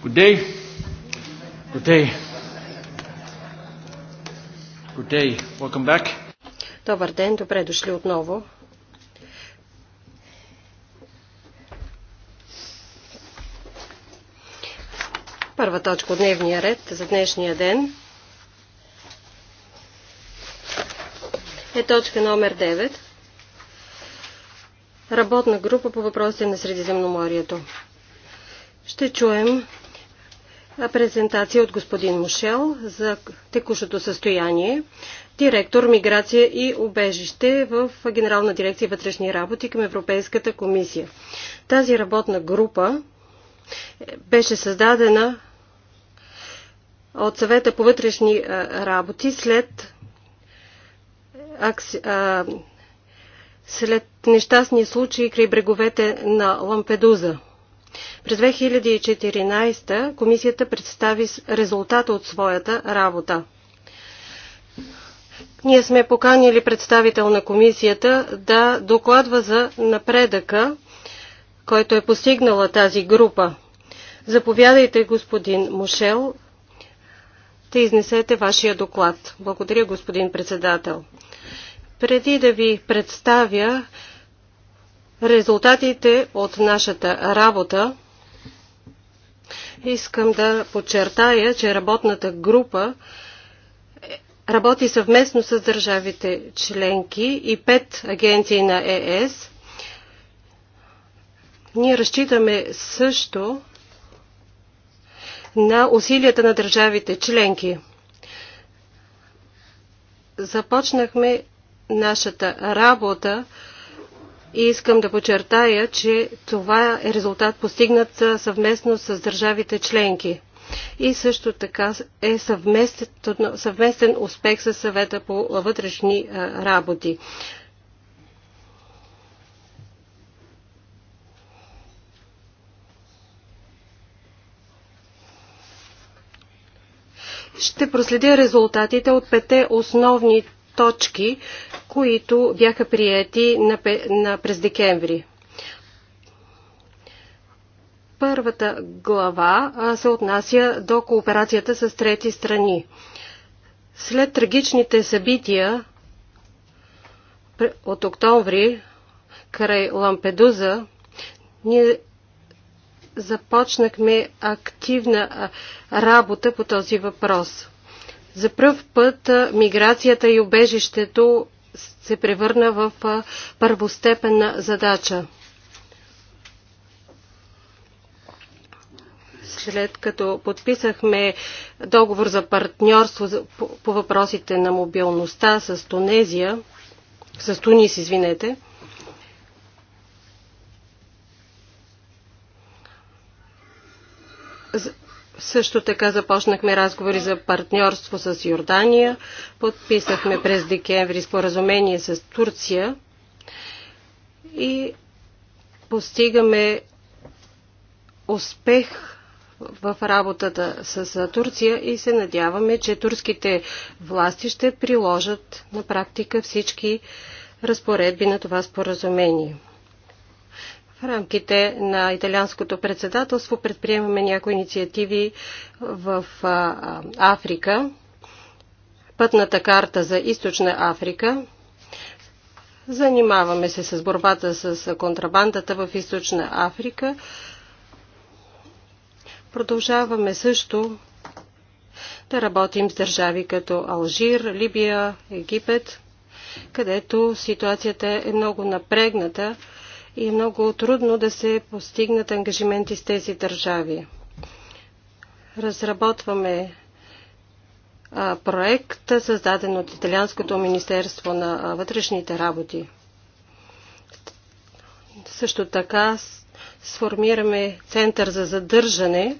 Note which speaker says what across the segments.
Speaker 1: Good day. Good day. Good day. Welcome back.
Speaker 2: Добър ден, добре дошли отново. Първа точка от дневния ред за днешния ден е точка номер 9. Работна група по въпросите на Средиземноморието. Ще чуем презентация от господин Мушел за текущото състояние, директор Миграция и обежище в Генерална дирекция вътрешни работи към Европейската комисия. Тази работна група беше създадена от съвета по вътрешни работи след, след нещастния случаи край бреговете на Лампедуза. През 2014 комисията представи резултата от своята работа. Ние сме поканили представител на комисията да докладва за напредъка, който е постигнала тази група. Заповядайте, господин Мушел, да изнесете вашия доклад. Благодаря, господин председател. Преди да ви представя резултатите от нашата работа. Искам да подчертая, че работната група работи съвместно с държавите членки и пет агенции на ЕС. Ние разчитаме също на усилията на държавите членки. Започнахме нашата работа и искам да подчертая, че това е резултат постигнат съвместно с държавите членки. И също така е съвместен, съвместен успех с съвета по вътрешни работи. Ще проследя резултатите от пете основни точки, които бяха приети на, на, през декември. Първата глава се отнася до кооперацията с трети страни. След трагичните събития от октомври край Лампедуза, ние започнахме активна работа по този въпрос. За пръв път миграцията и убежището се превърна в първостепенна задача. След като подписахме договор за партньорство по въпросите на мобилността с Тунезия, с Тунис, извинете, също така започнахме разговори за партньорство с Йордания. Подписахме през декември споразумение с Турция и постигаме успех в работата с Турция и се надяваме, че турските власти ще приложат на практика всички разпоредби на това споразумение. В рамките на италианското председателство предприемаме някои инициативи в Африка. Пътната карта за Източна Африка. Занимаваме се с борбата с контрабандата в Източна Африка. Продължаваме също да работим с държави като Алжир, Либия, Египет, където ситуацията е много напрегната и е много трудно да се постигнат ангажименти с тези държави. Разработваме проект, създаден от Италианското министерство на вътрешните работи. Също така сформираме център за задържане,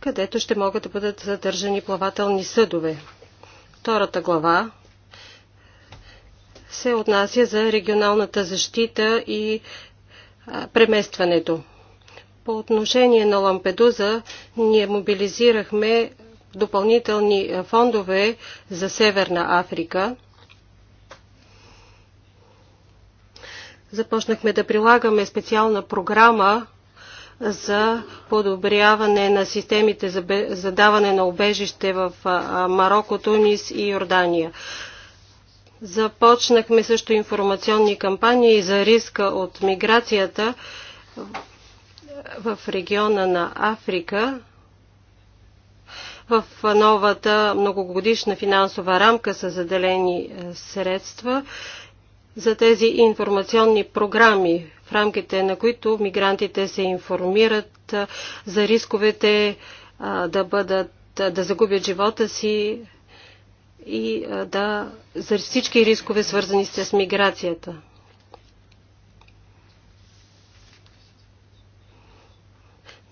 Speaker 2: където ще могат да бъдат задържани плавателни съдове. Втората глава се отнася за регионалната защита и преместването. По отношение на Лампедуза, ние мобилизирахме допълнителни фондове за Северна Африка. Започнахме да прилагаме специална програма за подобряване на системите за, даване на обежище в Марокко, Тунис и Йордания. Започнахме също информационни кампании за риска от миграцията в региона на Африка. В новата многогодишна финансова рамка са заделени е, средства за тези информационни програми, в рамките на които мигрантите се информират е, за рисковете е, да бъдат да загубят живота си и да за всички рискове, свързани с миграцията.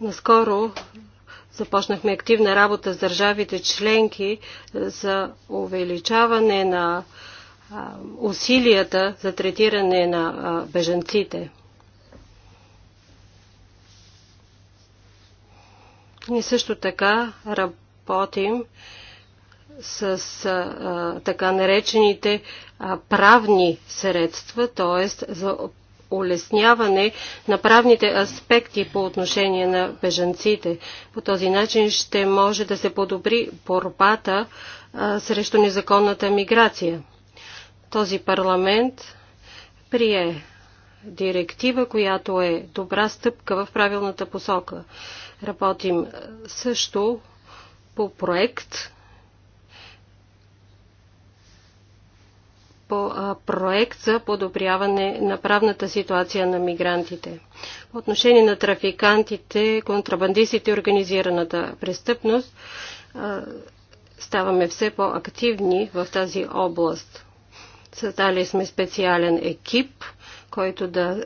Speaker 2: Наскоро започнахме активна работа с държавите членки за увеличаване на усилията за третиране на бежанците. Ние също така работим с а, така наречените а, правни средства, т.е. за улесняване на правните аспекти по отношение на бежанците. По този начин ще може да се подобри борбата а, срещу незаконната миграция. Този парламент прие директива, която е добра стъпка в правилната посока. Работим също по проект, по проект за подобряване на правната ситуация на мигрантите. По отношение на трафикантите, контрабандистите и организираната престъпност, ставаме все по-активни в тази област. Създали сме специален екип, който да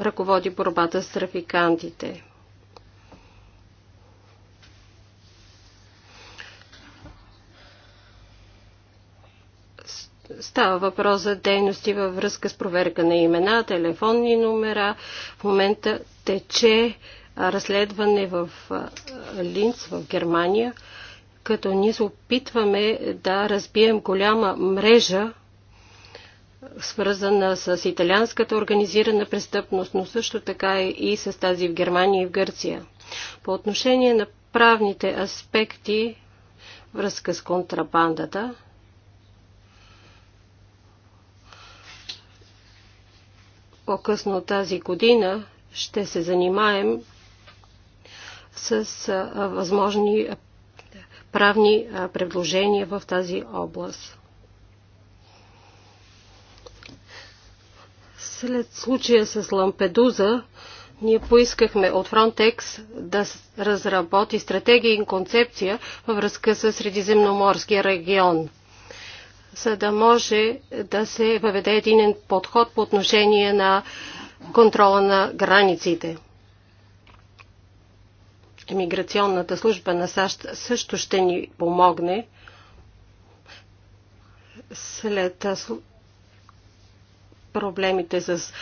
Speaker 2: ръководи борбата с трафикантите. Става въпрос за дейности във връзка с проверка на имена, телефонни номера. В момента тече разследване в Линц, в Германия, като ние се опитваме да разбием голяма мрежа, свързана с италианската организирана престъпност, но също така и с тази в Германия и в Гърция. По отношение на правните аспекти, връзка с контрабандата, по-късно тази година ще се занимаем с възможни правни предложения в тази област. След случая с Лампедуза, ние поискахме от Frontex да разработи стратегия и концепция във връзка с Средиземноморския регион – за да може да се въведе един подход по отношение на контрола на границите. Емиграционната служба на САЩ също ще ни помогне след проблемите с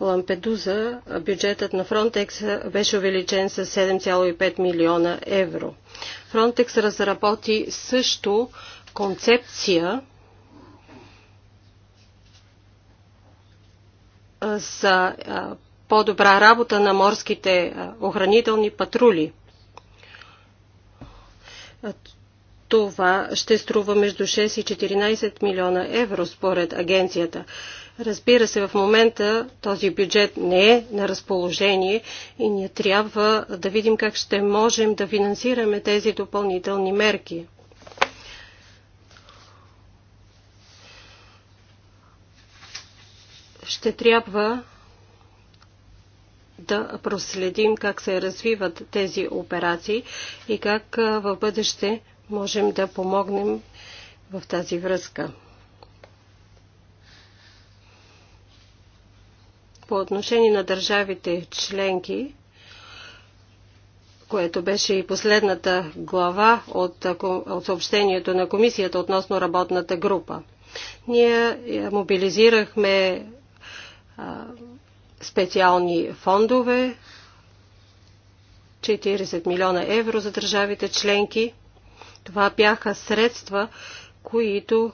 Speaker 2: Лампедуза, бюджетът на Фронтекс беше увеличен с 7,5 милиона евро. Фронтекс разработи също концепция за по-добра работа на морските охранителни патрули. Това ще струва между 6 и 14 милиона евро според агенцията. Разбира се, в момента този бюджет не е на разположение и ние трябва да видим как ще можем да финансираме тези допълнителни мерки. ще трябва да проследим как се развиват тези операции и как в бъдеще можем да помогнем в тази връзка. По отношение на държавите членки, което беше и последната глава от, от съобщението на комисията относно работната група. Ние мобилизирахме специални фондове, 40 милиона евро за държавите членки. Това бяха средства, които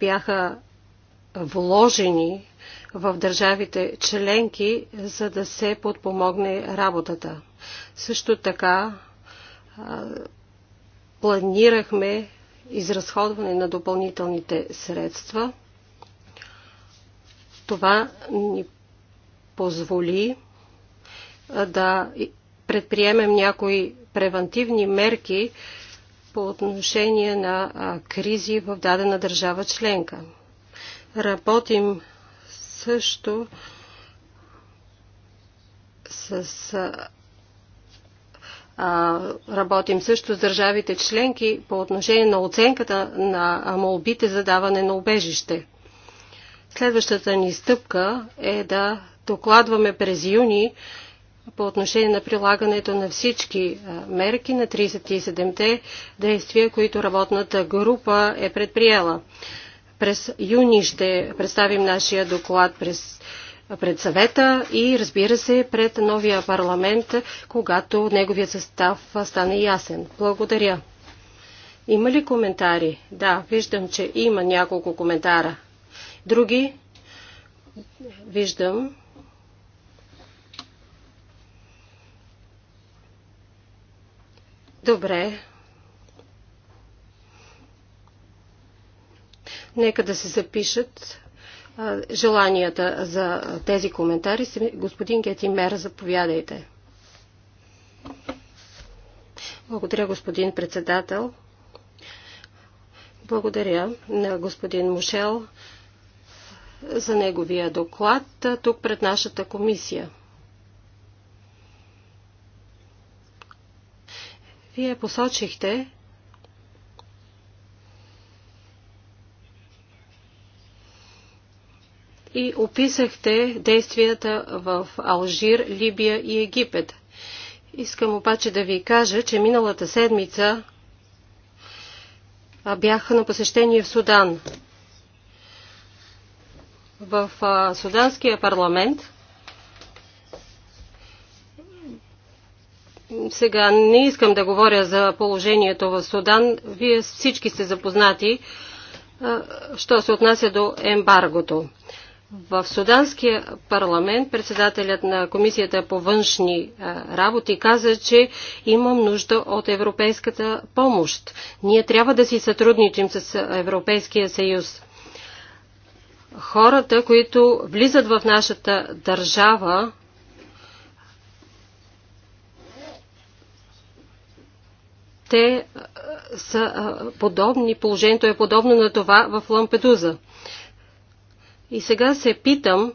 Speaker 2: бяха вложени в държавите членки, за да се подпомогне работата. Също така планирахме изразходване на допълнителните средства – това ни позволи да предприемем някои превантивни мерки по отношение на кризи в дадена държава членка. Работим също с работим също с държавите членки по отношение на оценката на молбите за даване на убежище. Следващата ни стъпка е да докладваме през юни по отношение на прилагането на всички мерки на 37-те действия, които работната група е предприела. През юни ще представим нашия доклад през, пред съвета и разбира се пред новия парламент, когато неговият състав стане ясен. Благодаря. Има ли коментари? Да, виждам, че има няколко коментара. Други? Виждам. Добре. Нека да се запишат желанията за тези коментари. Господин Гетимер, заповядайте. Благодаря, господин председател. Благодаря на господин Мушел за неговия доклад тук пред нашата комисия. Вие посочихте, и описахте действията в Алжир, Либия и Египет. Искам обаче да ви кажа, че миналата седмица бях на посещение в Судан в Суданския парламент Сега не искам да говоря за положението в Судан. Вие всички сте запознати, що се отнася до ембаргото. В Суданския парламент председателят на Комисията по външни работи каза, че имам нужда от европейската помощ. Ние трябва да си сътрудничим с Европейския съюз хората, които влизат в нашата държава, те са подобни, положението е подобно на това в Лампедуза. И сега се питам,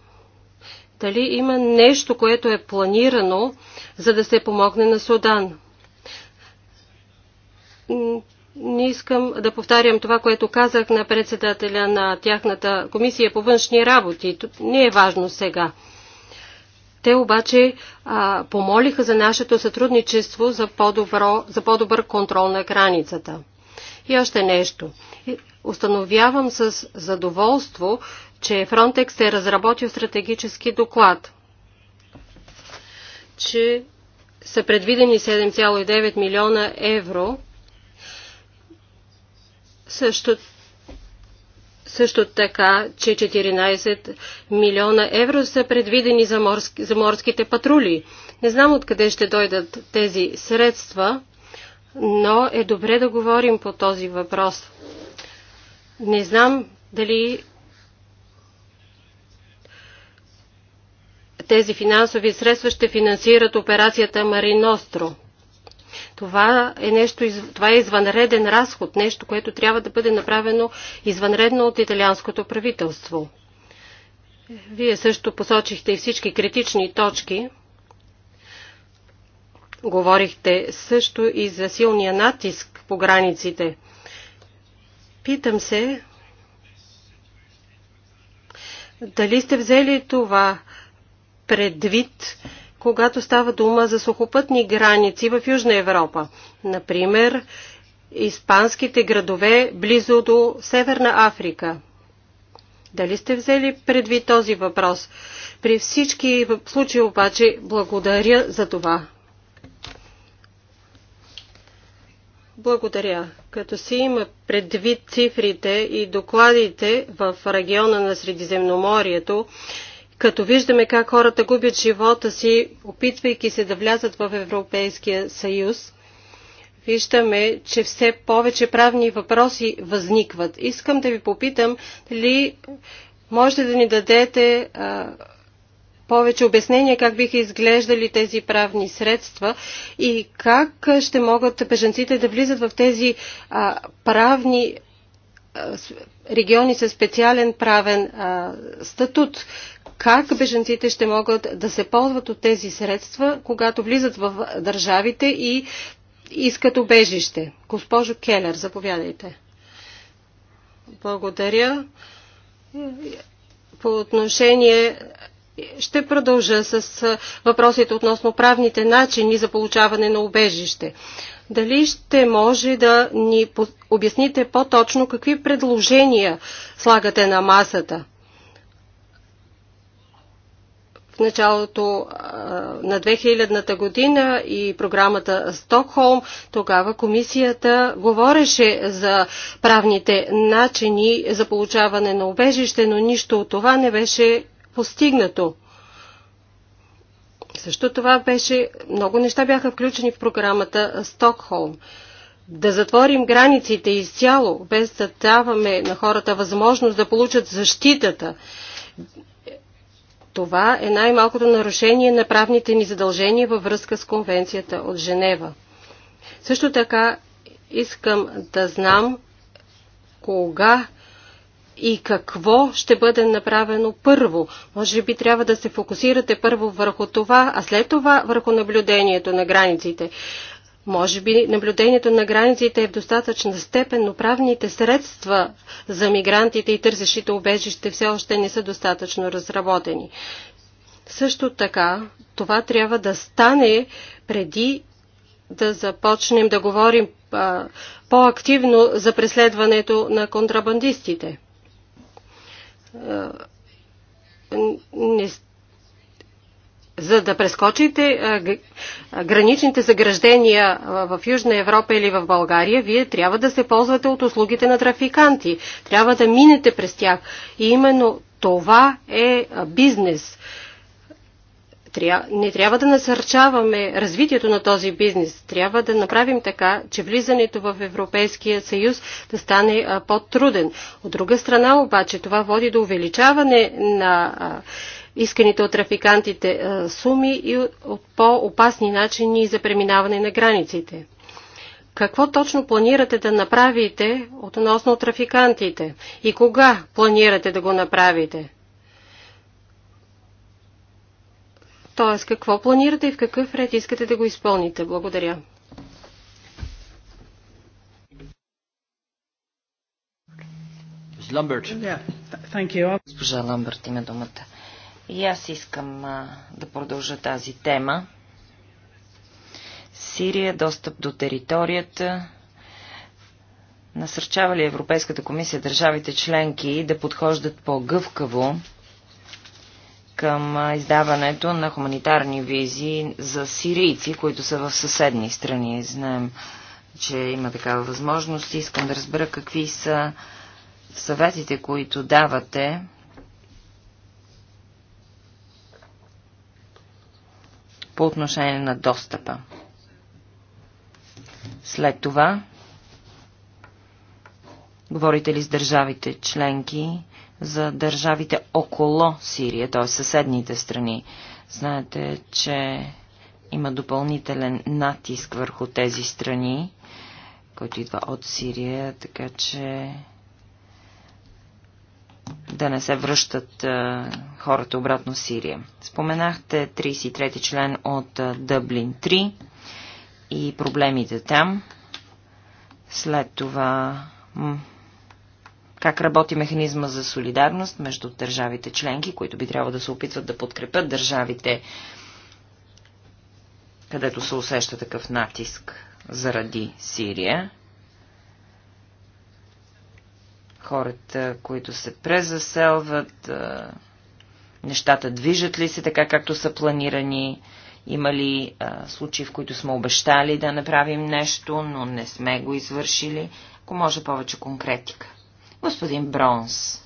Speaker 2: дали има нещо, което е планирано, за да се помогне на Судан. Не искам да повтарям това, което казах на председателя на тяхната комисия по външни работи. Не е важно сега. Те обаче а, помолиха за нашето сътрудничество за, по-добро, за по-добър контрол на границата. И още нещо. Установявам с задоволство, че Frontex е разработил стратегически доклад, че са предвидени 7,9 милиона евро – също, също така, че 14 милиона евро са предвидени за, морски, за морските патрули. Не знам откъде ще дойдат тези средства, но е добре да говорим по този въпрос. Не знам дали тези финансови средства ще финансират операцията Мариностро. Това е, нещо, това е извънреден разход, нещо, което трябва да бъде направено извънредно от италианското правителство. Вие също посочихте и всички критични точки. Говорихте също и за силния натиск по границите. Питам се, дали сте взели това предвид когато става дума за сухопътни граници в Южна Европа. Например, испанските градове близо до Северна Африка. Дали сте взели предвид този въпрос? При всички случаи обаче благодаря за това. Благодаря. Като си има предвид цифрите и докладите в региона на Средиземноморието като виждаме как хората губят живота си, опитвайки се да влязат в Европейския съюз, виждаме, че все повече правни въпроси възникват. Искам да ви попитам дали можете да ни дадете а, повече обяснения как биха изглеждали тези правни средства и как ще могат беженците да влизат в тези а, правни а, региони със специален правен а, статут как беженците ще могат да се ползват от тези средства, когато влизат в държавите и искат обежище. Госпожо Келер, заповядайте. Благодаря. По отношение ще продължа с въпросите относно правните начини за получаване на убежище. Дали ще може да ни обясните по-точно какви предложения слагате на масата? в началото на 2000-та година и програмата Стокхолм, тогава комисията говореше за правните начини за получаване на убежище, но нищо от това не беше постигнато. Също това беше, много неща бяха включени в програмата Стокхолм. Да затворим границите изцяло, без да даваме на хората възможност да получат защитата това е най-малкото нарушение на правните ни задължения във връзка с конвенцията от Женева. Също така искам да знам кога и какво ще бъде направено първо. Може би трябва да се фокусирате първо върху това, а след това върху наблюдението на границите. Може би наблюдението на границите е в достатъчна степен, но правните средства за мигрантите и търсещите убежище все още не са достатъчно разработени. Също така, това трябва да стане преди да започнем да говорим по-активно за преследването на контрабандистите. А, не, за да прескочите граничните заграждения в Южна Европа или в България, вие трябва да се ползвате от услугите на трафиканти. Трябва да минете през тях. И именно това е бизнес. Не трябва да насърчаваме развитието на този бизнес. Трябва да направим така, че влизането в Европейския съюз да стане по-труден. От друга страна обаче това води до увеличаване на исканите от трафикантите суми и по-опасни начини за преминаване на границите. Какво точно планирате да направите относно трафикантите и кога планирате да го направите? Тоест, какво планирате и в какъв ред искате да го изпълните? Благодаря.
Speaker 3: Госпожа Ламберт има думата. И аз искам а, да продължа тази тема. Сирия, достъп до територията. Насърчава ли Европейската комисия държавите членки да подхождат по-гъвкаво към издаването на хуманитарни визи за сирийци, които са в съседни страни? Знаем, че има такава възможност. Искам да разбера какви са съветите, които давате по отношение на достъпа. След това, говорите ли с държавите членки за държавите около Сирия, т.е. съседните страни? Знаете, че има допълнителен натиск върху тези страни, който идва от Сирия, така че да не се връщат а, хората обратно в Сирия. Споменахте 33 ти член от а, Дъблин 3 и проблемите там. След това как работи механизма за солидарност между държавите членки, които би трябвало да се опитват да подкрепят държавите, където се усеща такъв натиск заради Сирия хората, които се презаселват, нещата движат ли се така, както са планирани, има ли а, случаи, в които сме обещали да направим нещо, но не сме го извършили, ако може повече конкретика. Господин Бронс.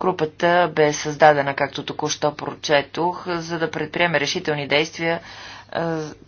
Speaker 3: Групата бе създадена, както току-що прочетох, за да предприеме решителни действия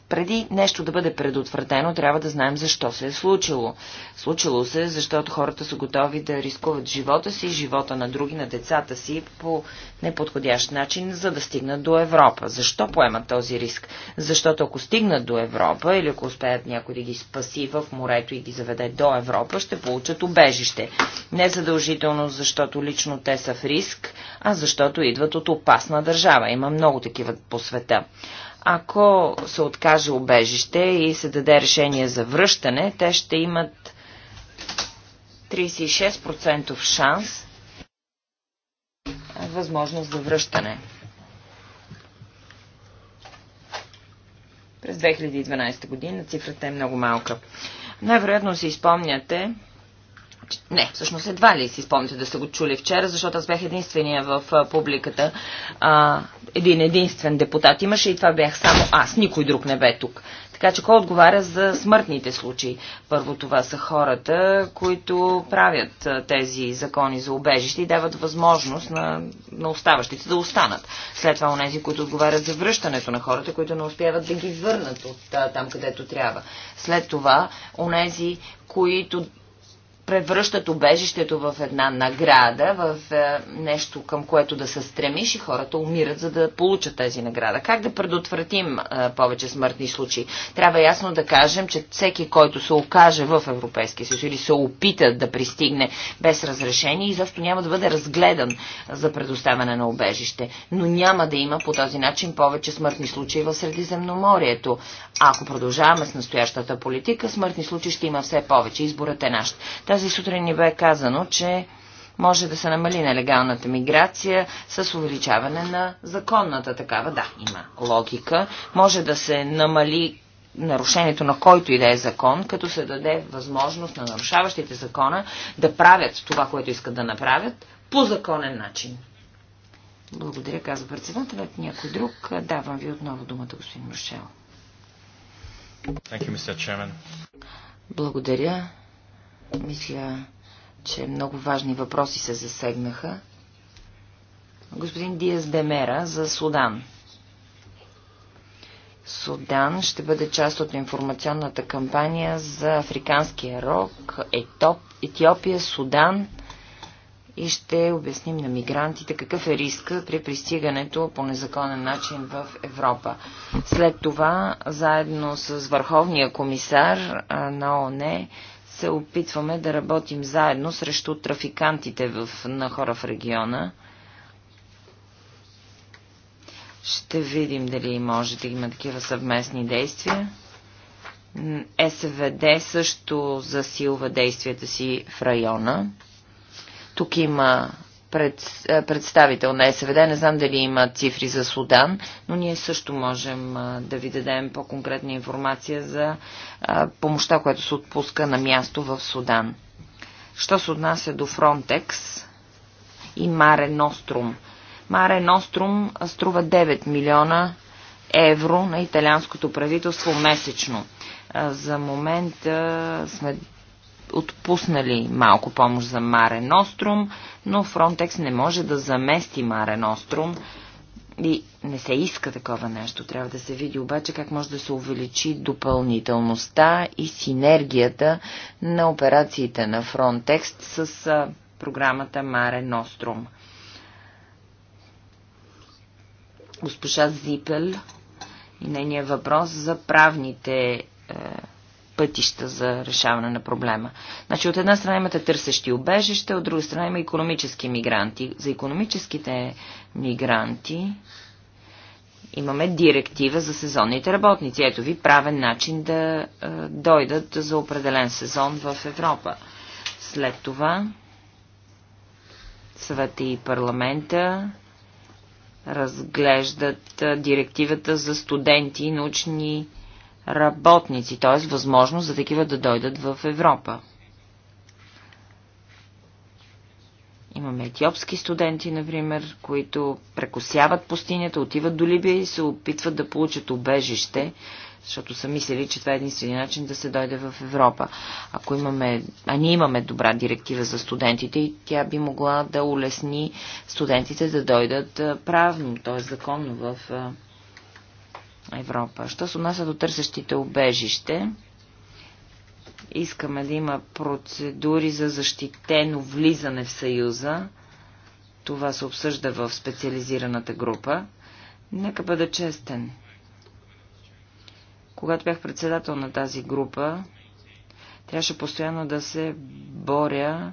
Speaker 3: преди нещо да бъде предотвратено, трябва да знаем защо се е случило. Случило се, защото хората са готови да рискуват живота си, живота на други, на децата си по неподходящ начин, за да стигнат до Европа. Защо поемат този риск? Защото ако стигнат до Европа или ако успеят някой да ги спаси в морето и ги заведе до Европа, ще получат убежище. Не задължително, защото лично те са в риск, а защото идват от опасна държава. Има много такива по света. Ако се откаже обежище и се даде решение за връщане, те ще имат 36% шанс възможност за връщане. През 2012 година цифрата е много малка. Най-вероятно си изпомняте. Не, всъщност едва ли си спомните да сте го чули вчера, защото аз бях единствения в публиката. А, един единствен депутат имаше и това бях само аз. Никой друг не бе тук. Така че кой отговаря за смъртните случаи? Първо това са хората, които правят тези закони за убежище и дават възможност на, на оставащите да останат. След това онези, които отговарят за връщането на хората, които не успяват да ги върнат от там, където трябва. След това онези, които превръщат убежището в една награда, в е, нещо към което да се стремиш и хората умират, за да получат тази награда. Как да предотвратим е, повече смъртни случаи? Трябва ясно да кажем, че всеки, който се окаже в Европейския съюз или се опита да пристигне без разрешение, изобщо няма да бъде разгледан за предоставяне на убежище. Но няма да има по този начин повече смъртни случаи в Средиземноморието. Ако продължаваме с настоящата политика, смъртни случаи ще има все повече. Изборът е наш. Тази сутрин ни бе казано, че може да се намали нелегалната миграция с увеличаване на законната такава. Да, има логика. Може да се намали нарушението на който и да е закон, като се даде възможност на нарушаващите закона да правят това, което искат да направят по законен начин. Благодаря, казва председателят. Някой друг. Давам ви отново думата, господин Мушел. Благодаря, мисля, че много важни въпроси се засегнаха. Господин Диас Демера за Судан. Судан ще бъде част от информационната кампания за Африканския рок, Етоп, Етиопия, Судан и ще обясним на мигрантите какъв е риска при пристигането по незаконен начин в Европа. След това, заедно с Върховния комисар на ОНЕ, се опитваме да работим заедно срещу трафикантите в, на хора в региона. Ще видим дали може да има такива съвместни действия. СВД също засилва действията си в района. Тук има пред, е, представител на СВД. Не знам дали има цифри за Судан, но ние също можем е, да ви дадем по-конкретна информация за е, помощта, която се отпуска на място в Судан. Що се отнася до Фронтекс и Маре Нострум? Маре Нострум струва 9 милиона евро на италианското правителство месечно. За момента сме отпуснали малко помощ за Маре Ностром, но Фронтекс не може да замести Маре Ностром и не се иска такова нещо. Трябва да се види обаче как може да се увеличи допълнителността и синергията на операциите на Фронтекс с програмата Маре Ностром. Госпожа Зипел и нейния въпрос за правните е, пътища за решаване на проблема. Значи от една страна имате търсещи обежища, от друга страна има економически мигранти. За економическите мигранти имаме директива за сезонните работници. Ето ви правен начин да е, дойдат за определен сезон в Европа. След това съвета и парламента разглеждат директивата за студенти и научни работници, т.е. възможност за такива да дойдат в Европа. Имаме етиопски студенти, например, които прекосяват пустинята, отиват до Либия и се опитват да получат убежище, защото са мислили, че това е единствения начин да се дойде в Европа. Ако имаме, а ние имаме добра директива за студентите и тя би могла да улесни студентите да дойдат правно, т.е. законно в Европа. Що се отнася до търсещите обежище, искаме да има процедури за защитено влизане в Съюза. Това се обсъжда в специализираната група. Нека бъда честен. Когато бях председател на тази група, трябваше постоянно да се боря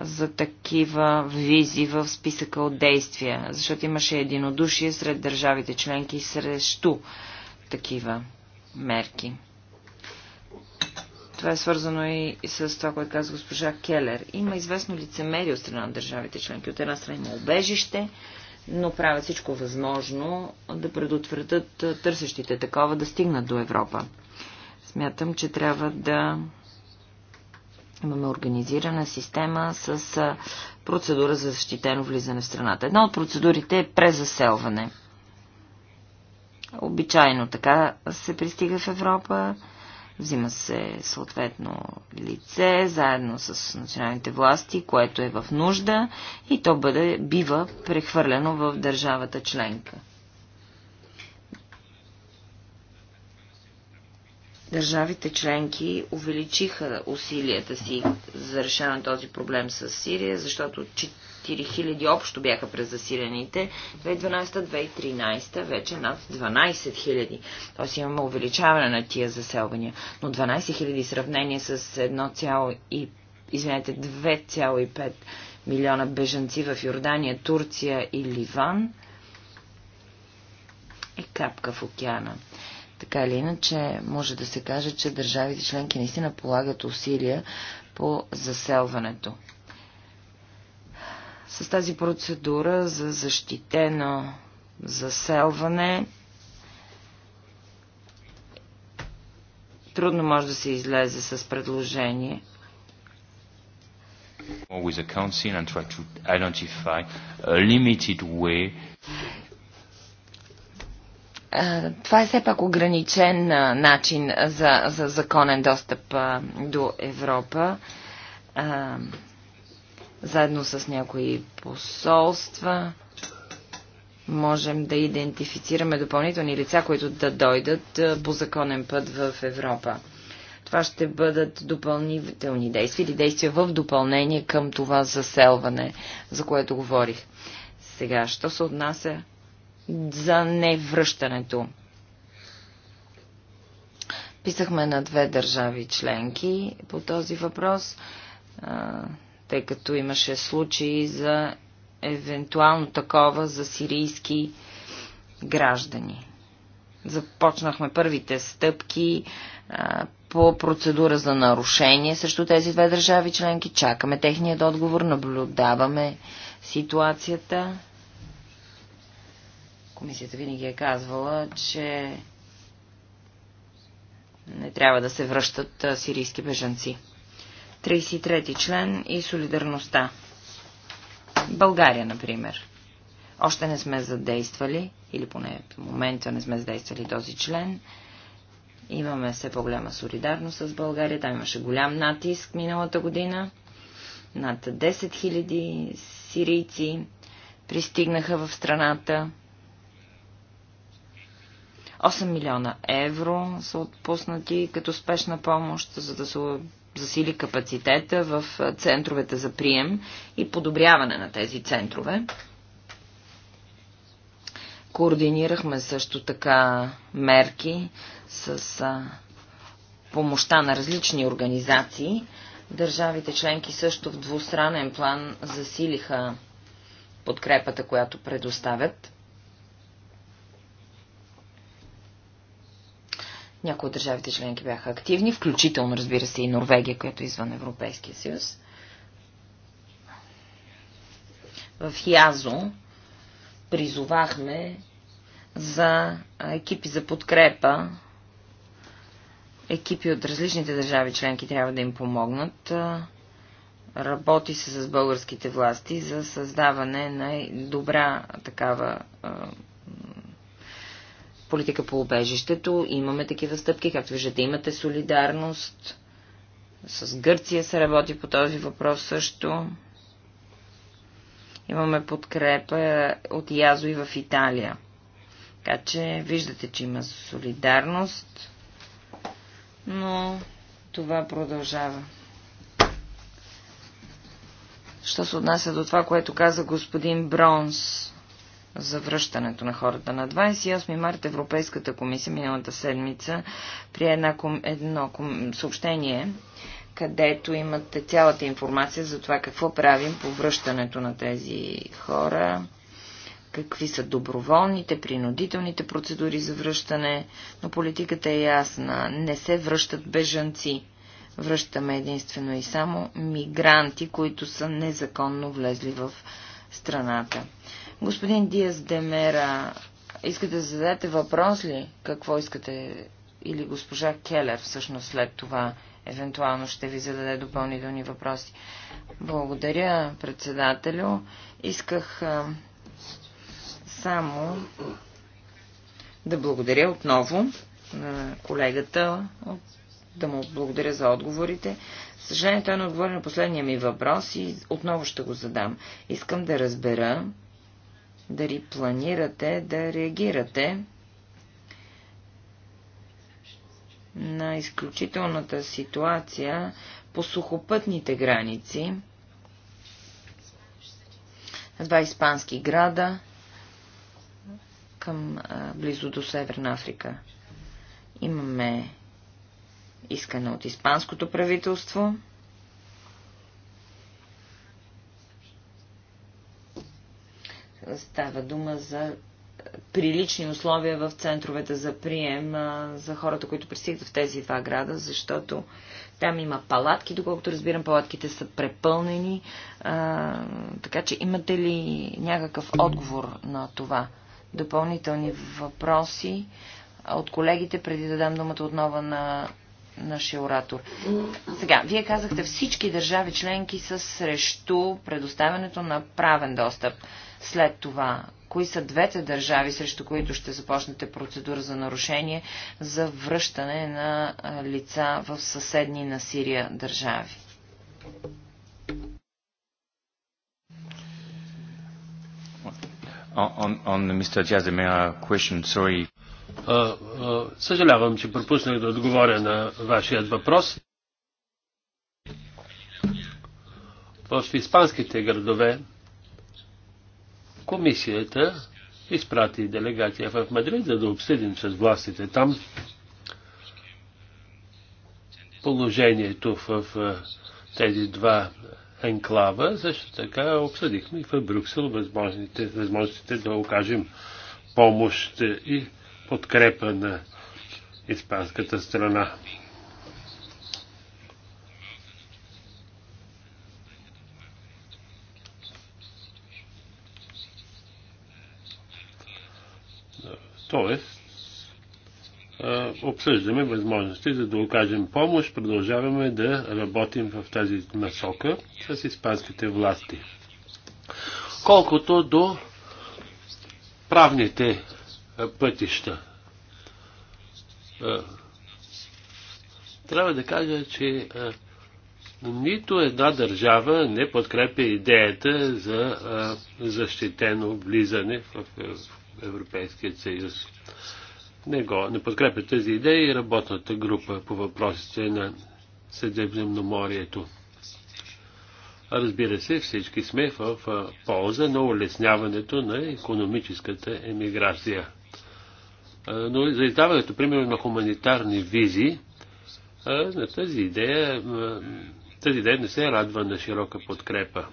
Speaker 3: за такива визи в списъка от действия, защото имаше единодушие сред държавите членки срещу такива мерки. Това е свързано и с това, което каза госпожа Келер. Има известно лицемерие от страна на държавите членки. От една страна има обежище, но правят всичко възможно да предотвратят търсещите такова да стигнат до Европа. Смятам, че трябва да Имаме организирана система с процедура за защитено влизане в страната. Една от процедурите е презаселване. Обичайно така се пристига в Европа. Взима се съответно лице, заедно с националните власти, което е в нужда и то бъде, бива прехвърлено в държавата членка. Държавите членки увеличиха усилията си за решаване на този проблем с Сирия, защото 4000 общо бяха през засилените, 2012-2013 вече над 12 000. Тоест имаме увеличаване на тия заселвания. Но 12 000 в сравнение с 1, извинете, 2,5 милиона бежанци в Йордания, Турция и Ливан е капка в океана. Така или иначе, може да се каже, че държавите членки наистина полагат усилия по заселването. С тази процедура за защитено заселване трудно може да се излезе с предложение. Това е все пак ограничен начин за, за законен достъп до Европа, заедно с някои посолства можем да идентифицираме допълнителни лица, които да дойдат по законен път в Европа. Това ще бъдат допълнителни действия или действия в допълнение към това заселване, за което говорих. Сега, що се отнася за невръщането. Писахме на две държави членки по този въпрос, тъй като имаше случаи за евентуално такова за сирийски граждани. Започнахме първите стъпки а, по процедура за нарушение срещу тези две държави членки. Чакаме техният отговор, наблюдаваме ситуацията. Комисията винаги е казвала, че не трябва да се връщат сирийски бежанци. 33-ти член и солидарността. България, например. Още не сме задействали, или поне в момента не сме задействали този член. Имаме все по-голяма солидарност с България. Там имаше голям натиск миналата година. Над 10 000 сирийци пристигнаха в страната. 8 милиона евро са отпуснати като спешна помощ, за да се засили капацитета в центровете за прием и подобряване на тези центрове. Координирахме също така мерки с помощта на различни организации. Държавите членки също в двустранен план засилиха подкрепата, която предоставят. Някои от държавите членки бяха активни, включително, разбира се, и Норвегия, която е извън Европейския съюз. В Язо призовахме за екипи за подкрепа. Екипи от различните държави членки трябва да им помогнат. Работи се с българските власти за създаване на добра такава политика по убежището. Имаме такива стъпки. Както виждате, имате солидарност. С Гърция се работи по този въпрос също. Имаме подкрепа от Язо и в Италия. Така че виждате, че има солидарност, но това продължава. Що се отнася до това, което каза господин Бронс? за връщането на хората. На 28 март Европейската комисия миналата седмица прие една, едно съобщение, където имате цялата информация за това какво правим по връщането на тези хора, какви са доброволните, принудителните процедури за връщане, но политиката е ясна. Не се връщат бежанци. Връщаме единствено и само мигранти, които са незаконно влезли в страната. Господин Диас Демера, искате да зададете въпрос ли? Какво искате? Или госпожа Келер, всъщност след това, евентуално ще ви зададе допълнителни въпроси. Благодаря, председателю. Исках а, само да благодаря отново на колегата, да му благодаря за отговорите. Съжаление, той не отговори на последния ми въпрос и отново ще го задам. Искам да разбера дали планирате да реагирате на изключителната ситуация по сухопътните граници, два испански града към а, близо до Северна Африка. Имаме искане от испанското правителство – Става дума за прилични условия в центровете за прием а, за хората, които пристигат в тези два града, защото там има палатки, доколкото разбирам, палатките са препълнени. А, така че имате ли някакъв отговор на това? Допълнителни въпроси от колегите, преди да дам думата отново на нашия оратор. Сега, вие казахте, всички държави членки са срещу предоставянето на правен достъп след това? Кои са двете държави, срещу които ще започнете процедура за нарушение за връщане на лица в съседни на Сирия държави?
Speaker 1: съжалявам, че пропуснах да отговоря на вашият въпрос. В испанските градове комисията изпрати делегация в Мадрид, за да обсъдим с властите там положението в тези два енклава. Също така обсъдихме и в Брюксел възможностите, възможностите да окажем помощ и подкрепа на испанската страна. Тоест, обсъждаме възможности за да окажем помощ, продължаваме да работим в тази насока с испанските власти. Колкото до правните пътища. Трябва да кажа, че нито една държава не подкрепя идеята за защитено влизане в Европейският съюз. Не, го, не подкрепя тази идея и работната група по въпросите на Средиземноморието. Разбира се, всички сме в полза на улесняването на економическата емиграция. Но за издаването, примерно, на хуманитарни визи, на тази идея, тази идея не се радва на широка подкрепа.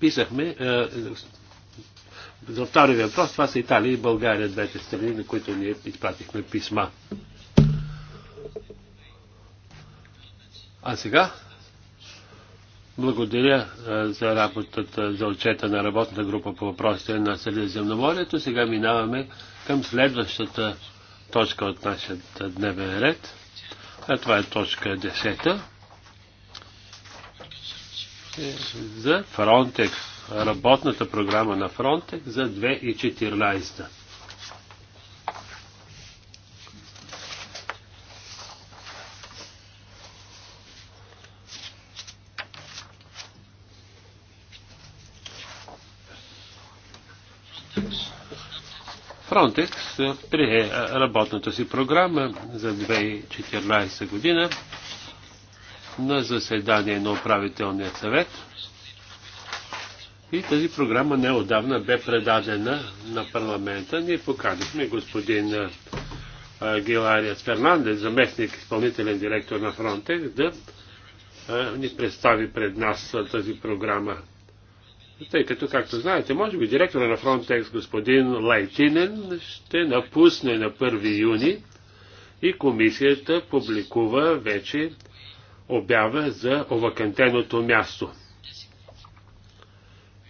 Speaker 1: Писахме за втори въпрос, това са Италия и България, двете страни, на които ние изпратихме писма. А сега благодаря за работата, за отчета на работната група по въпросите на Средиземноморието. Сега минаваме към следващата точка от нашия дневен ред. А това е точка 10. Е, за Фронтекс работната програма на Фронтек за 2014. Фронтекс прие е, работната си програма за 2014 година на заседание на управителния съвет – и тази програма неодавна бе предадена на парламента. Ние поканихме господин Гилариас Фернандес, заместник изпълнителен директор на Фронтекс, да ни представи пред нас тази програма. Тъй като, както знаете, може би директора на Фронтекс господин Лайтинен, ще напусне на 1 юни и комисията публикува вече обява за овакантеното място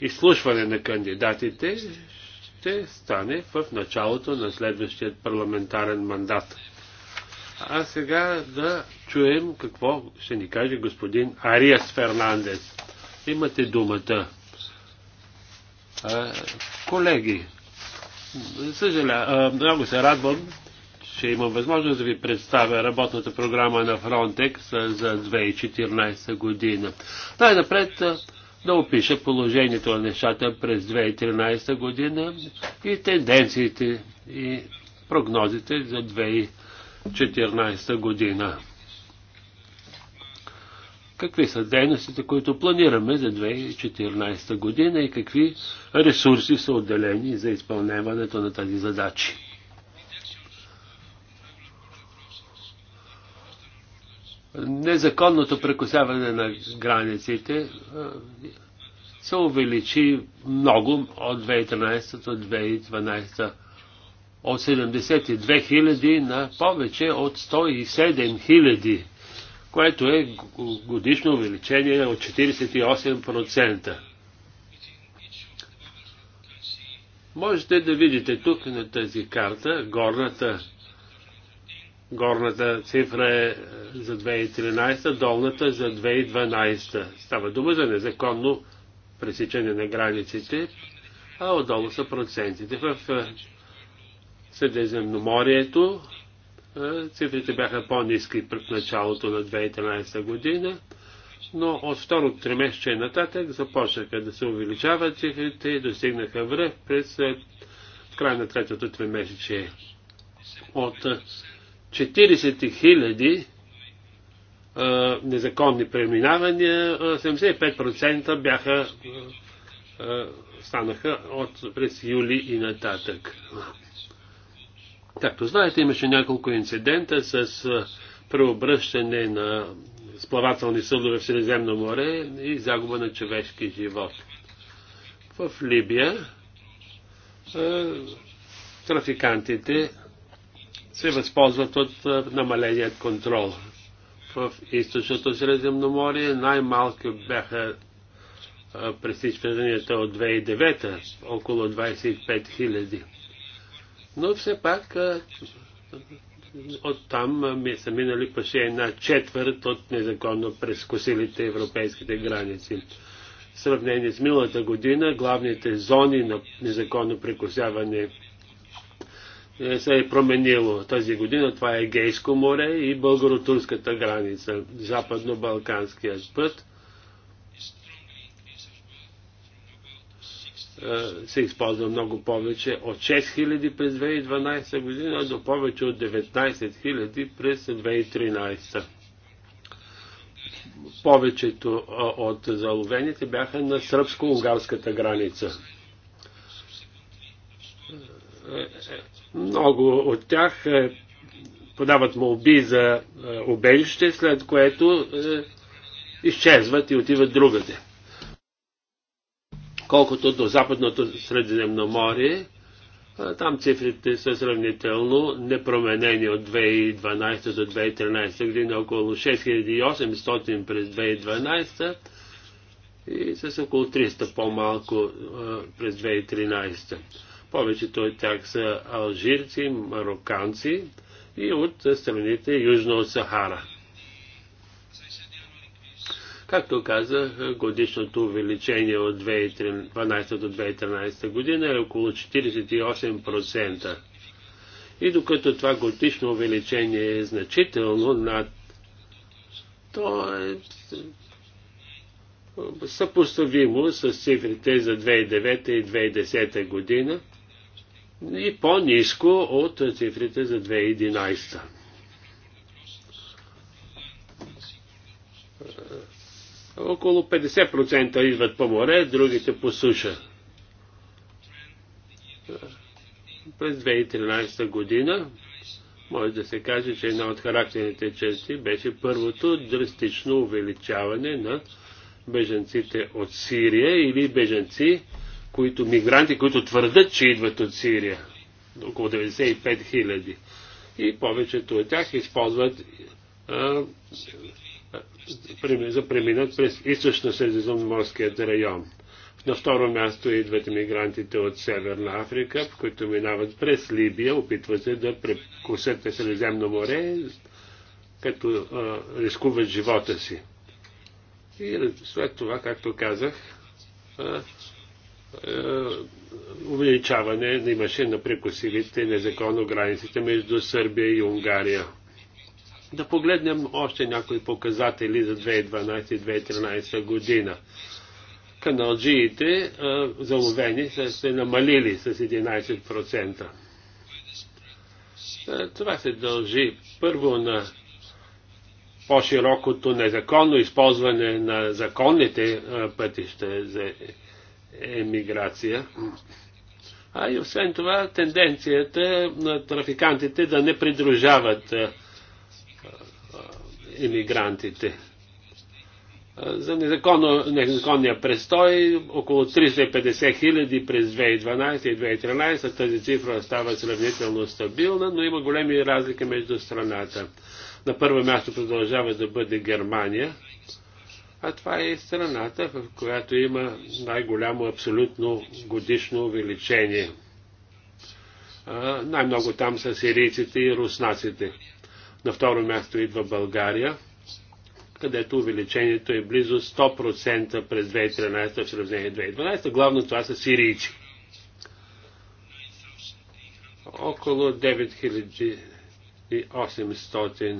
Speaker 1: изслушване на кандидатите ще стане в началото на следващия парламентарен мандат. А сега да чуем какво ще ни каже господин Ариас Фернандес. Имате думата. А, колеги, съжаля, а, много се радвам, че имам възможност да ви представя работната програма на Frontex за 2014 година. Най-напред да опиша положението на нещата през 2013 година и тенденциите и прогнозите за 2014 година. Какви са дейностите, които планираме за 2014 година и какви ресурси са отделени за изпълняването на тази задачи? незаконното прекусяване на границите се увеличи много от 2013 до 2012. От 72 хиляди на повече от 107 хиляди, което е годишно увеличение от 48%. Можете да видите тук на тази карта горната Горната цифра е, е за 2013, долната за 2012. Става дума за незаконно пресичане на границите, а отдолу са процентите. В е, Средиземноморието е, цифрите бяха по-низки пред началото на 2013 година, но от второто тримесечие нататък започнаха да се увеличават цифрите и достигнаха връх през края на третото тримесечие. От 40 хиляди незаконни преминавания, 75% бяха станаха от през юли и нататък. Както знаете, имаше няколко инцидента с преобръщане на сплавателни съдове в Средиземно море и загуба на човешки живот. В Либия трафикантите се възползват от намаленият контрол. В източното Средиземноморие най-малки бяха пресичванията от 2009, около 25 000. Но все пак там ми са минали паше една четвърт от незаконно прескосилите европейските граници. В сравнение с миналата година, главните зони на незаконно прекосяване се е променило. Тази година това е Егейско море и българо-турската граница, западно-балканският път. Е, се използва много повече от 6000 през 2012 година до повече от 19 000 през 2013. Повечето е, от заловените бяха на сръбско-унгарската граница е, много от тях е, подават молби за е, обежище, след което е, изчезват и отиват другаде. Колкото до Западното Средиземноморие, там цифрите са сравнително непроменени от 2012 до 2013 година, около 6800 през 2012 и с около 300 по-малко през 2013. Повечето от тях са алжирци, мароканци и от страните южно от Сахара. Както казах, годишното увеличение от 2012 до 2013 година е около 48%. И докато това годишно увеличение е значително над то е съпоставимо с цифрите за 2009 и 2010 година, и по-низко от цифрите за 2011. Около 50% идват по море, другите по суша. През 2013 година може да се каже, че една от характерните части беше първото драстично увеличаване на беженците от Сирия или беженци, които, мигранти, които твърдат, че идват от Сирия. Около 95 хиляди. И повечето от тях използват за преминат през източно-средиземноморският район. На второ място идват мигрантите от Северна Африка, които минават през Либия, опитват се да прекусят Средиземно море, като а, рискуват живота си. И след това, както казах, а, е, увеличаване на имаше на прекосилите незаконно границите между Сърбия и Унгария. Да погледнем още някои показатели за 2012-2013 година. Каналджиите е, заловени са се намалили с 11%. Е, това се дължи първо на по-широкото незаконно използване на законните пътища за емиграция. А и освен това тенденцията на трафикантите да не придружават емигрантите. За незаконно, незаконния престой около 350 хиляди през 2012 и 2013 тази цифра става сравнително стабилна, но има големи разлики между страната. На първо място продължава да бъде Германия а това е страната, в която има най-голямо абсолютно годишно увеличение. Най-много там са сирийците и руснаците. На второ място идва България, където увеличението е близо 100% през 2013 в сравнение 2012. Главно това са сирийци. Около 9800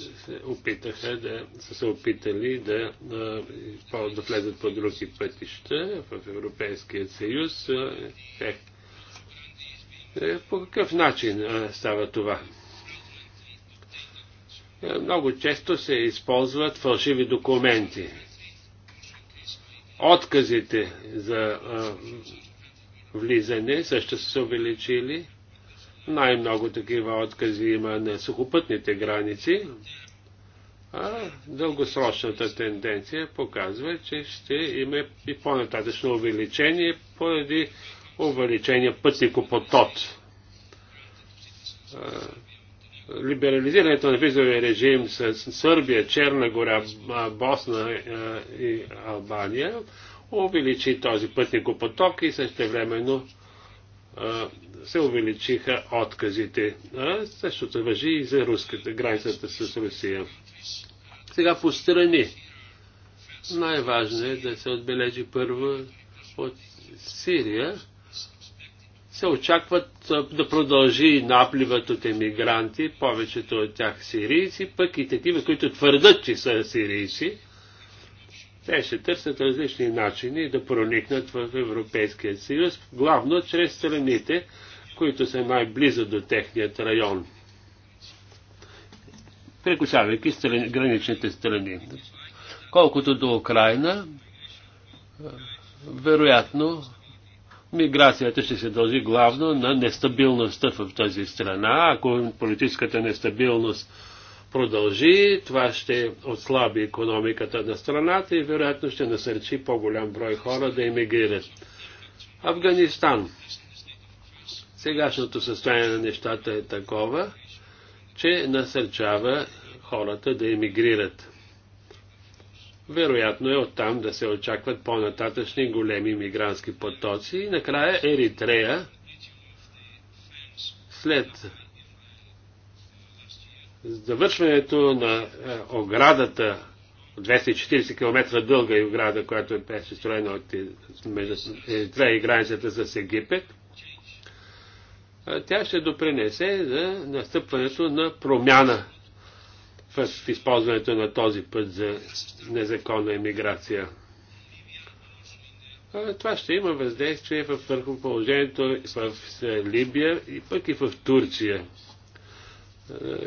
Speaker 1: се опитаха да са се опитали да, да влезат по други пътища в Европейския съюз. Е, е, е по какъв начин е, става това? Е, много често се използват фалшиви документи. Отказите за влизане също са се увеличили най-много такива откази има на сухопътните граници, а дългосрочната тенденция показва, че ще има и по-нататъчно увеличение поради увеличение пътникопотот. Либерализирането на визовия режим с Сърбия, Черна гора, Босна и Албания увеличи този пътникопоток и същевременно се увеличиха отказите. А същото въжи и за руската, границата с Русия. Сега по страни. Най-важно е да се отбележи първо от Сирия. Се очакват да продължи напливът от емигранти, повечето от тях сирийци, пък и такива, които твърдат, че са сирийци. Те ще търсят различни начини да проникнат в Европейския съюз, главно чрез страните, които са най-близо до техният район, прекусявайки граничните страни. Колкото до Украина,
Speaker 4: е,
Speaker 1: вероятно миграцията ще се дължи главно на нестабилността в тази страна. Ако политическата нестабилност продължи, това ще отслаби економиката на страната и вероятно ще насърчи по-голям брой хора да емигрират. Афганистан. Сегашното състояние на нещата е такова, че насърчава хората да емигрират. Вероятно е оттам да се очакват по-нататъчни големи мигрантски потоци. И накрая Еритрея, след завършването на е, оградата, 240 км дълга и ограда, която е строена от Еритрея и границата с Египет, тя ще допринесе за настъпването на промяна в използването на този път за незаконна емиграция. Това ще има въздействие върху положението в Либия и пък и в Турция,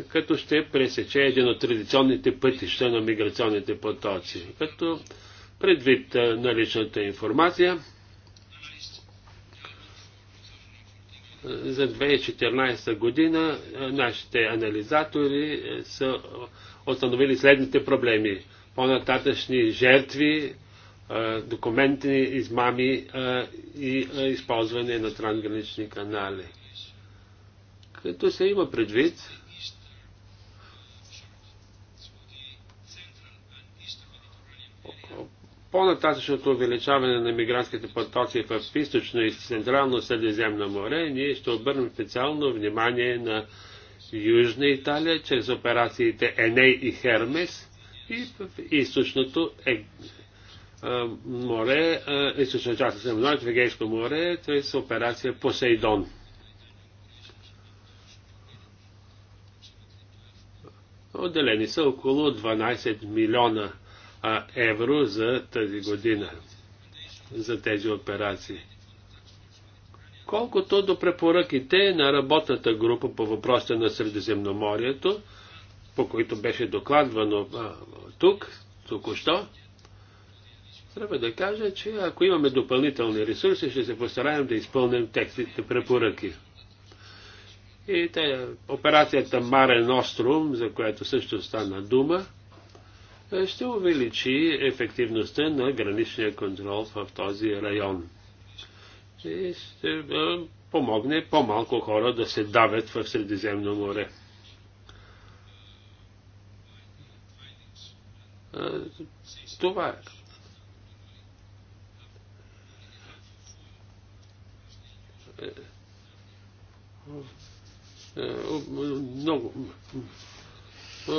Speaker 1: като ще пресече един от традиционните пътища на миграционните потоци. Като предвид наличната информация, за 2014 година е, нашите анализатори е, са установили следните проблеми. По-нататъчни жертви, е, документни измами и използване на трансгранични канали. Като се има предвид, по-нататъчното увеличаване на мигрантските потоци в източно и централно Средиземно море, ние ще обърнем специално внимание на Южна Италия чрез операциите Еней и Хермес и в източното е, море, източна част на Средиземно, Егейско море, т.е. операция Посейдон. Отделени са около 12 милиона евро за тази година, за тези операции. Колкото до препоръките на работната група по въпросите на Средиземноморието, по които беше докладвано а, тук, току-що, трябва да кажа, че ако имаме допълнителни ресурси, ще се постараем да изпълним текстите препоръки. И те, операцията Марен Острум, за която също стана дума, ще увеличи ефективността на граничния контрол в този район. И ще помогне по-малко хора да се давят в Средиземно море. Това е. е, е много, е,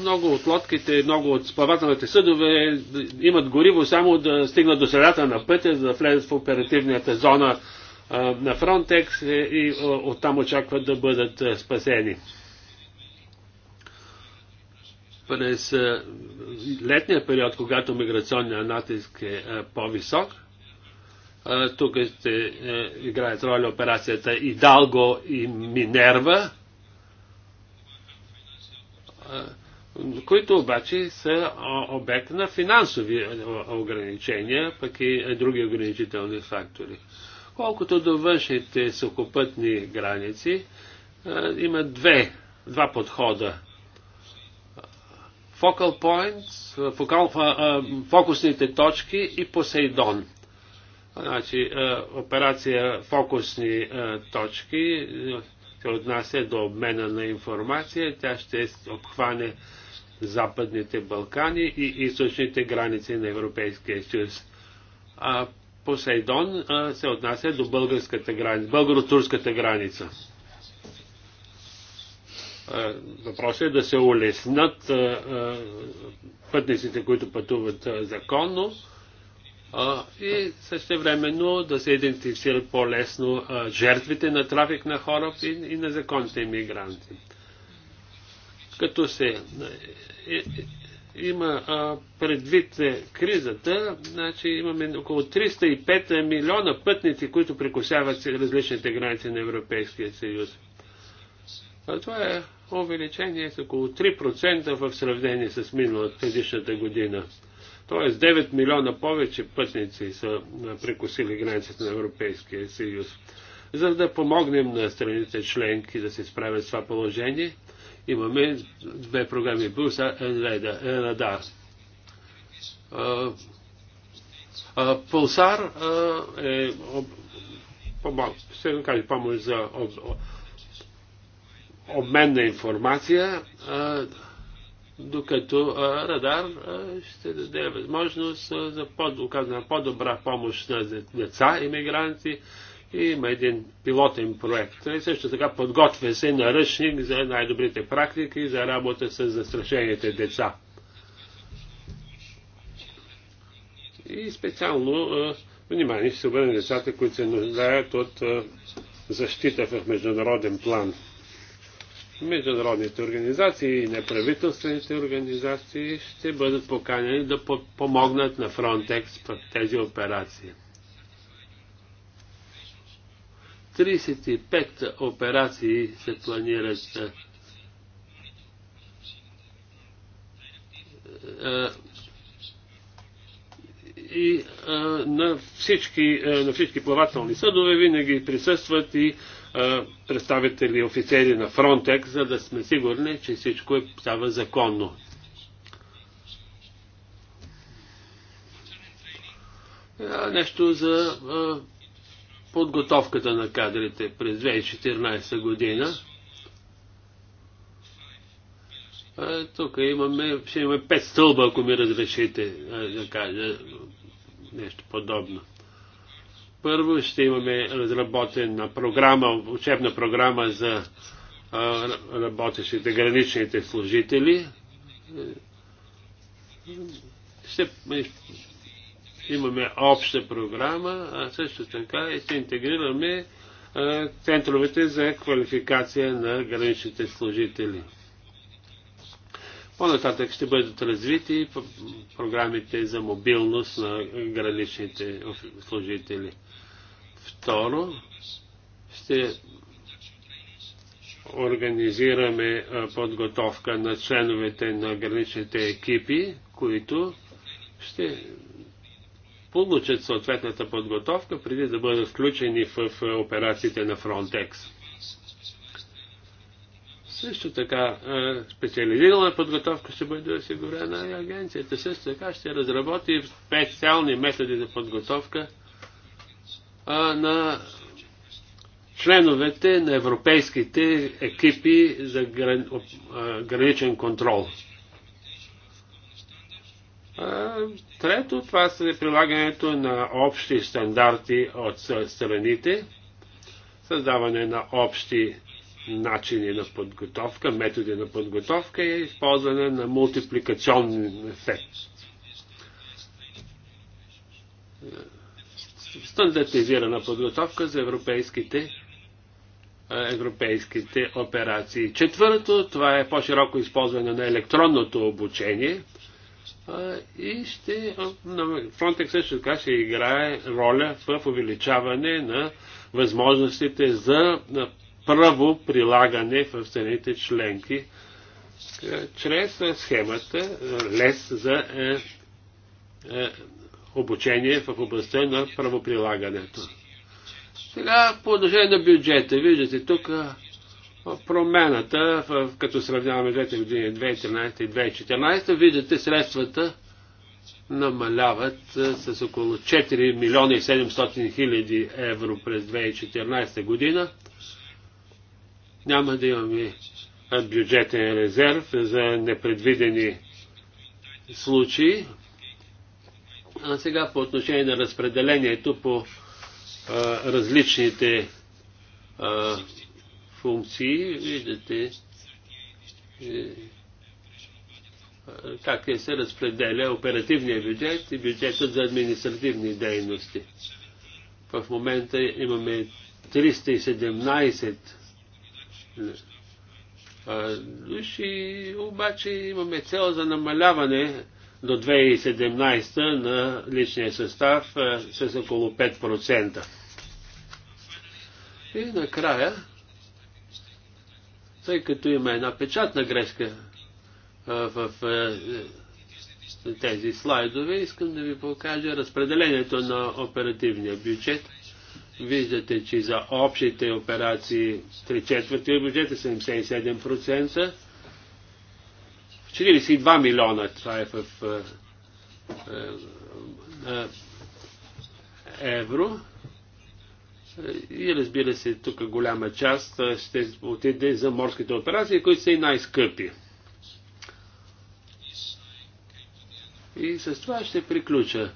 Speaker 1: много от лодките, много от спавателните съдове имат гориво само да стигнат до средата на пътя, за да влезат в оперативната зона е, на Фронтекс е, и оттам очакват да бъдат спасени. През летния период, когато миграционният натиск е по-висок, тук ще играят роля операцията Идалго и Минерва, които обаче са обект на финансови ограничения, пък и други ограничителни фактори. Колкото до външните сухопътни граници, има две, два подхода. Focal points, фокал, фокусните точки и Посейдон. Значи, операция фокусни точки се отнася до обмена на информация. Тя ще обхване Западните Балкани и източните граници на Европейския съюз. А Посейдон а, се отнася до българската граница, българо-турската граница. Въпросът е да се улеснат а, а, пътниците, които пътуват законно, и и същевременно да се идентифицират по-лесно жертвите на трафик на хора и, и на законните иммигранти. Като се е, е, има а, предвид е, кризата, значи имаме около 305 милиона пътници, които прекусяват различните граници на Европейския съюз. А това е увеличение с около 3% в сравнение с миналата предишната година. Тоест 9 милиона повече пътници са прекусили границата на Европейския съюз. За да помогнем на страните членки да се справят с това положение, имаме две програми и Енада. Пулсар е помощ каже, за обмен на информация докато а, радар а, ще даде възможност а, за под, оказана по-добра помощ на деца, иммигранти. И има един пилотен проект. И също така подготвя се наръчник за най-добрите практики за работа с застрашените деца. И специално а, внимание ще се обърне децата, които се нуждаят от а, защита в международен план. Международните организации и неправителствените организации ще бъдат поканени да помогнат на Фронтекс в тези операции. 35 операции се планират е, е, и е, на, всички, на всички плавателни съдове винаги присъстват и представители и офицери на Фронтек, за да сме сигурни, че всичко е става законно. Нещо за подготовката на кадрите през 2014 година. Тук имаме, ще имаме пет стълба, ако ми разрешите да кажа нещо подобно. Първо ще имаме разработена програма, учебна програма за работещите граничните служители. Ще имаме обща програма, а също така и ще интегрираме центровете за квалификация на граничните служители. По-нататък ще бъдат развити програмите за мобилност на граничните служители. Второ, ще организираме подготовка на членовете на граничните екипи, които ще получат съответната подготовка преди да бъдат включени в операциите на Фронтекс. Също така, е, специализирана подготовка ще бъде осигурена и агенцията. Също така ще разработи специални методи за подготовка на членовете на европейските екипи за граничен контрол. Трето, това са прилагането на общи стандарти от страните, създаване на общи начини на подготовка, методи на подготовка и използване на мултипликационни ефект. Стандартизирана подготовка за европейските, европейските операции. Четвърто, това е по-широко използване на електронното обучение и ще, Frontex също така ще играе роля в увеличаване на възможностите за първо прилагане в страните членки е, чрез схемата е, ЛЕС за е, обучение в областта на правоприлагането. Сега по отношение на бюджета, виждате тук промената, в, като сравняваме двете години 2013 и 2014, виждате средствата намаляват с около 4 милиона и 700 хиляди евро през 2014 година няма да имаме бюджетен резерв за непредвидени случаи. А сега по отношение на разпределението по а, различните а, функции, виждате е, как е се разпределя оперативния бюджет и бюджетът за административни дейности. В момента имаме 317 души, обаче имаме цел за намаляване до 2017 на личния състав с около 5%. И накрая, тъй като има една печатна грешка в тези слайдове, искам да ви покажа разпределението на оперативния бюджет Виждате, че за общите операции 3 четвърти от бюджета 77%. Е 42 милиона, това е в е, е, евро. И разбира се, тук голяма част ще отиде за морските операции, които са и най-скъпи. И с това ще приключа.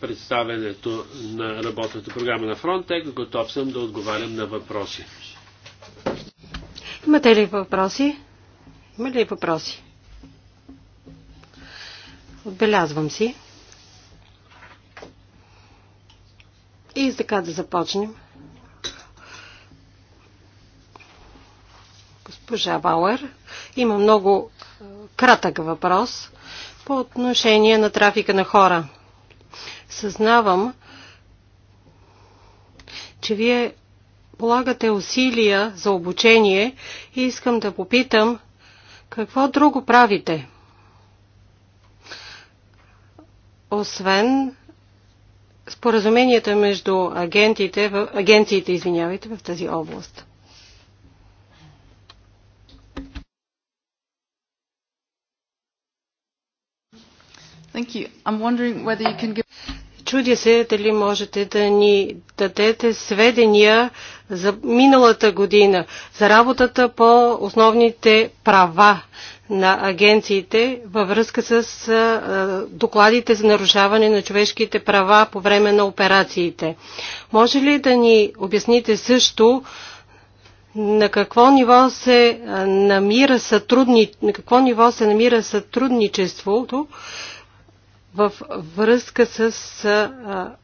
Speaker 1: Представянето на работната програма на Frontex. Готов съм да отговарям на въпроси.
Speaker 2: Имате ли въпроси? Има ли въпроси? Отбелязвам си. И така да започнем. Госпожа Бауер, има много кратък въпрос по отношение на трафика на хора. Съзнавам, че вие полагате усилия за обучение и искам да попитам какво друго правите. Освен споразуменията между агентите, агенциите извинявайте, в тази област. Thank you. I'm wondering whether you can give... Чудя се дали можете да ни дадете сведения за миналата година, за работата по основните права на агенциите във връзка с докладите за нарушаване на човешките права по време на операциите. Може ли да ни обясните също на какво ниво се намира, сътрудни... на какво ниво се намира сътрудничеството в връзка с а,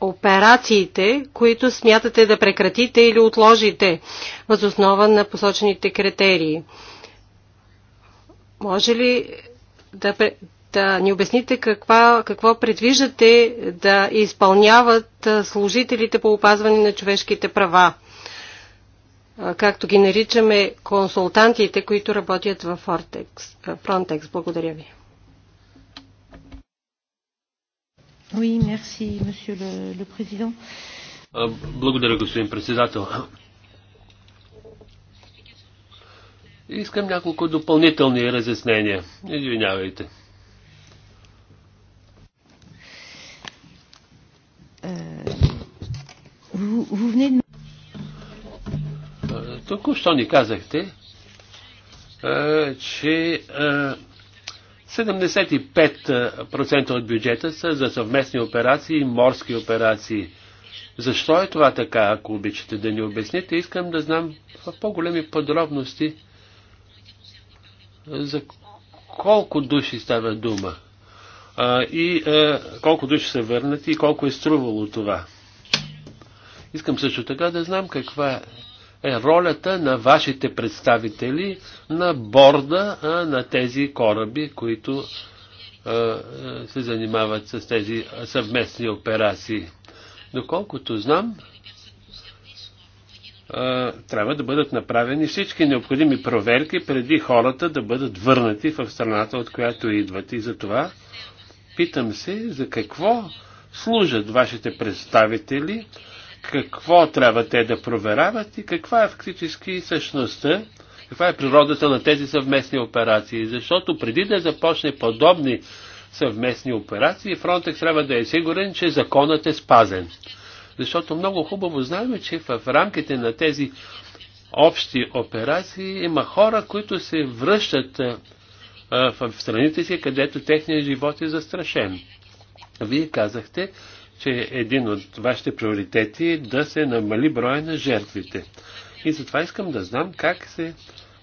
Speaker 2: операциите, които смятате да прекратите или отложите възоснова на посочените критерии. Може ли да, да ни обясните каква, какво предвиждате да изпълняват служителите по опазване на човешките права? както ги наричаме консултантите, които работят в Фронтекс. Благодаря ви.
Speaker 1: Благодаря, господин председател. Искам няколко допълнителни разяснения. Извинявайте. Е, Току-що ни казахте, е, че е, 75% от бюджета са за съвместни операции и морски операции. Защо е това така, ако обичате да ни обясните? Искам да знам в по-големи подробности за колко души става дума а, и а, колко души са върнати и колко е струвало това. Искам също така да знам каква е ролята на вашите представители на борда а, на тези кораби, които а, е, е, се занимават с тези съвместни операции. Доколкото знам, а, е, трябва да бъдат направени всички необходими проверки преди хората да бъдат върнати в страната, от която идват. И затова питам се за какво служат вашите представители, какво трябва те да проверяват и каква е фактически същността, каква е природата на тези съвместни операции. Защото преди да започне подобни съвместни операции, Фронтекс трябва да е сигурен, че законът е спазен. Защото много хубаво знаем, че в рамките на тези общи операции има хора, които се връщат в страните си, където техният живот е застрашен. Вие казахте, че един от вашите приоритети е да се намали броя на жертвите. И затова искам да знам как се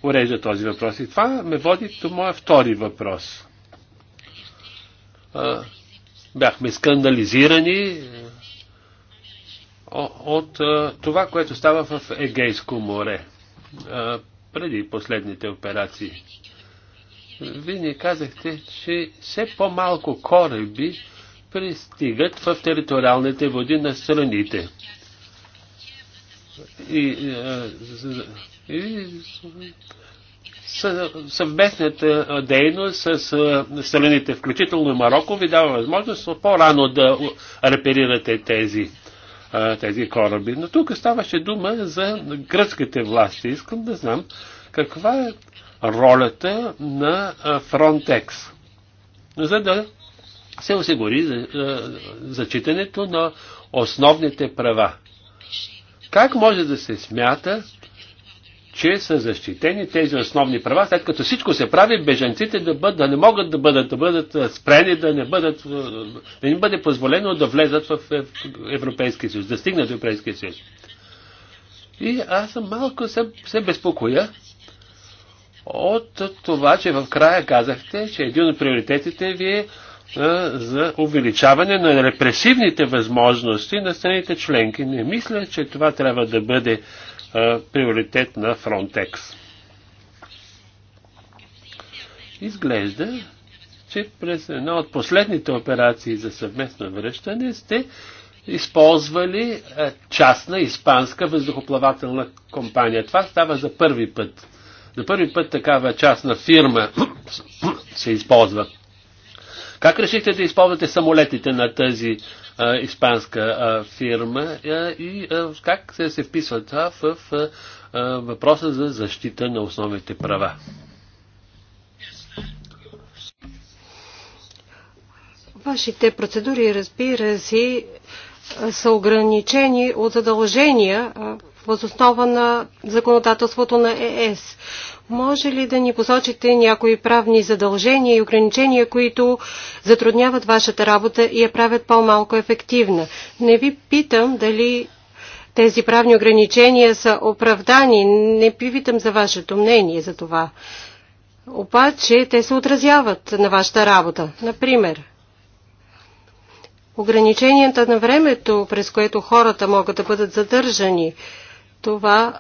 Speaker 1: урежда този въпрос. И това ме води до моя втори въпрос. Бяхме скандализирани от това, което става в Егейско море преди последните операции. Вие ни казахте, че все по-малко кораби пристигат в териториалните води на страните. И, е, е, и съвместната дейност с е, страните, включително и Марокко, ви дава възможност по-рано да реперирате тези, тези кораби. Но тук ставаше дума за гръцките власти. Искам да знам каква е ролята на Фронтекс, за да се осигури за, е, за, е, зачитането на основните права. Как може да се смята, че са защитени тези основни права, след като всичко се прави, бежанците да, бъд, да не могат да бъдат, да бъдат е, спрени, да не, бъдат, да не бъде позволено да влезат в Европейския съюз, да стигнат в Европейския съюз. И аз съм малко се, се безпокоя от това, че в края казахте, че един от приоритетите ви е за увеличаване на репресивните възможности на страните членки. Не мисля, че това трябва да бъде приоритет на Frontex. Изглежда, че през една от последните операции за съвместно връщане сте използвали частна испанска въздухоплавателна компания. Това става за първи път. За първи път такава частна фирма се използва как решихте да използвате самолетите на тази а, испанска а, фирма а, и а, как се, се вписва това в а, а, въпроса за защита на основните права?
Speaker 2: Вашите процедури, разбира се, са ограничени от задължения, възоснова на законодателството на ЕС. Може ли да ни посочите някои правни задължения и ограничения, които затрудняват вашата работа и я правят по-малко ефективна? Не ви питам дали тези правни ограничения са оправдани. Не питам за вашето мнение за това. Обаче те се отразяват на вашата работа. Например, ограниченията на времето, през което хората могат да бъдат задържани – това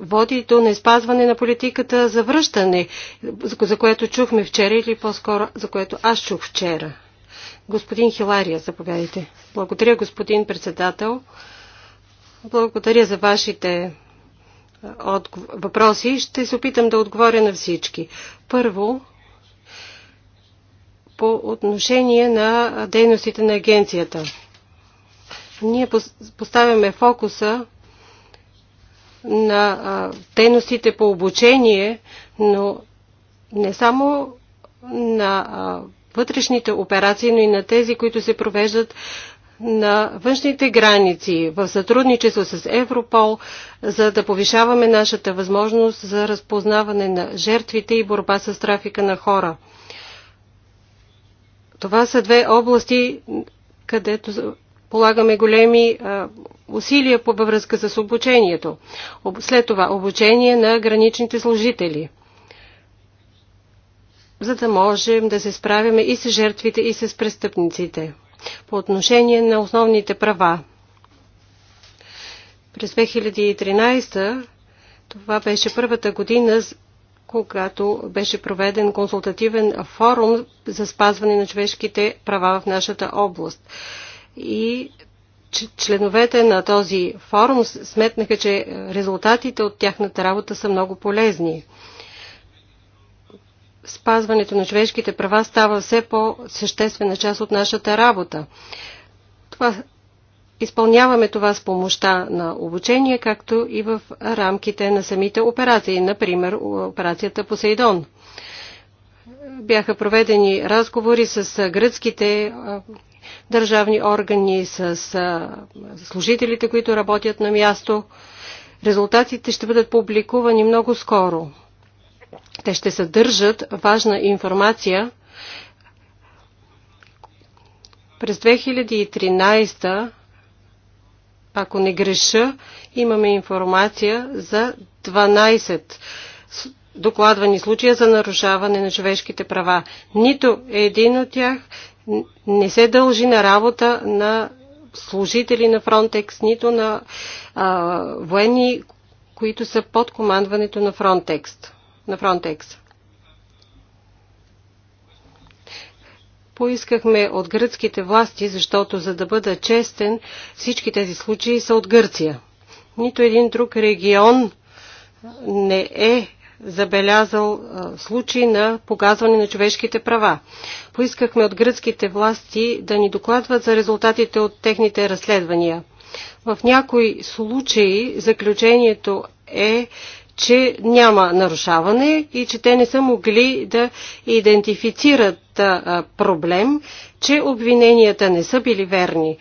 Speaker 2: води до неспазване на политиката за връщане, за което чухме вчера или по-скоро за което аз чух вчера. Господин Хилария, заповядайте. Благодаря, господин председател. Благодаря за вашите въпроси. Ще се опитам да отговоря на всички. Първо, по отношение на дейностите на агенцията. Ние поставяме фокуса на дейностите по обучение, но не само на вътрешните операции, но и на тези, които се провеждат на външните граници в сътрудничество с Европол, за да повишаваме нашата възможност за разпознаване на жертвите и борба с трафика на хора. Това са две области, където полагаме големи усилия по връзка с обучението. След това обучение на граничните служители за да можем да се справяме и с жертвите, и с престъпниците. По отношение на основните права. През 2013 това беше първата година, когато беше проведен консултативен форум за спазване на човешките права в нашата област. И членовете на този форум сметнаха, че резултатите от тяхната работа са много полезни. Спазването на човешките права става все по-съществена част от нашата работа. Това, изпълняваме това с помощта на обучение, както и в рамките на самите операции, например операцията Посейдон. Бяха проведени разговори с гръцките държавни органи, с служителите, които работят на място. Резултатите ще бъдат публикувани много скоро. Те ще съдържат важна информация. През 2013, ако не греша, имаме информация за 12 докладвани случая за нарушаване на човешките права. Нито един от тях не се дължи на работа на служители на Фронтекс, нито на а, военни, които са под командването на Фронтекс. На Фронтекс. Поискахме от гръцките власти, защото за да бъда честен, всички тези случаи са от Гърция. Нито един друг регион не е забелязал случаи на погазване на човешките права. Поискахме от гръцките власти да ни докладват за резултатите от техните разследвания. В някои случаи заключението е, че няма нарушаване и че те не са могли да идентифицират проблем, че обвиненията не са били верни.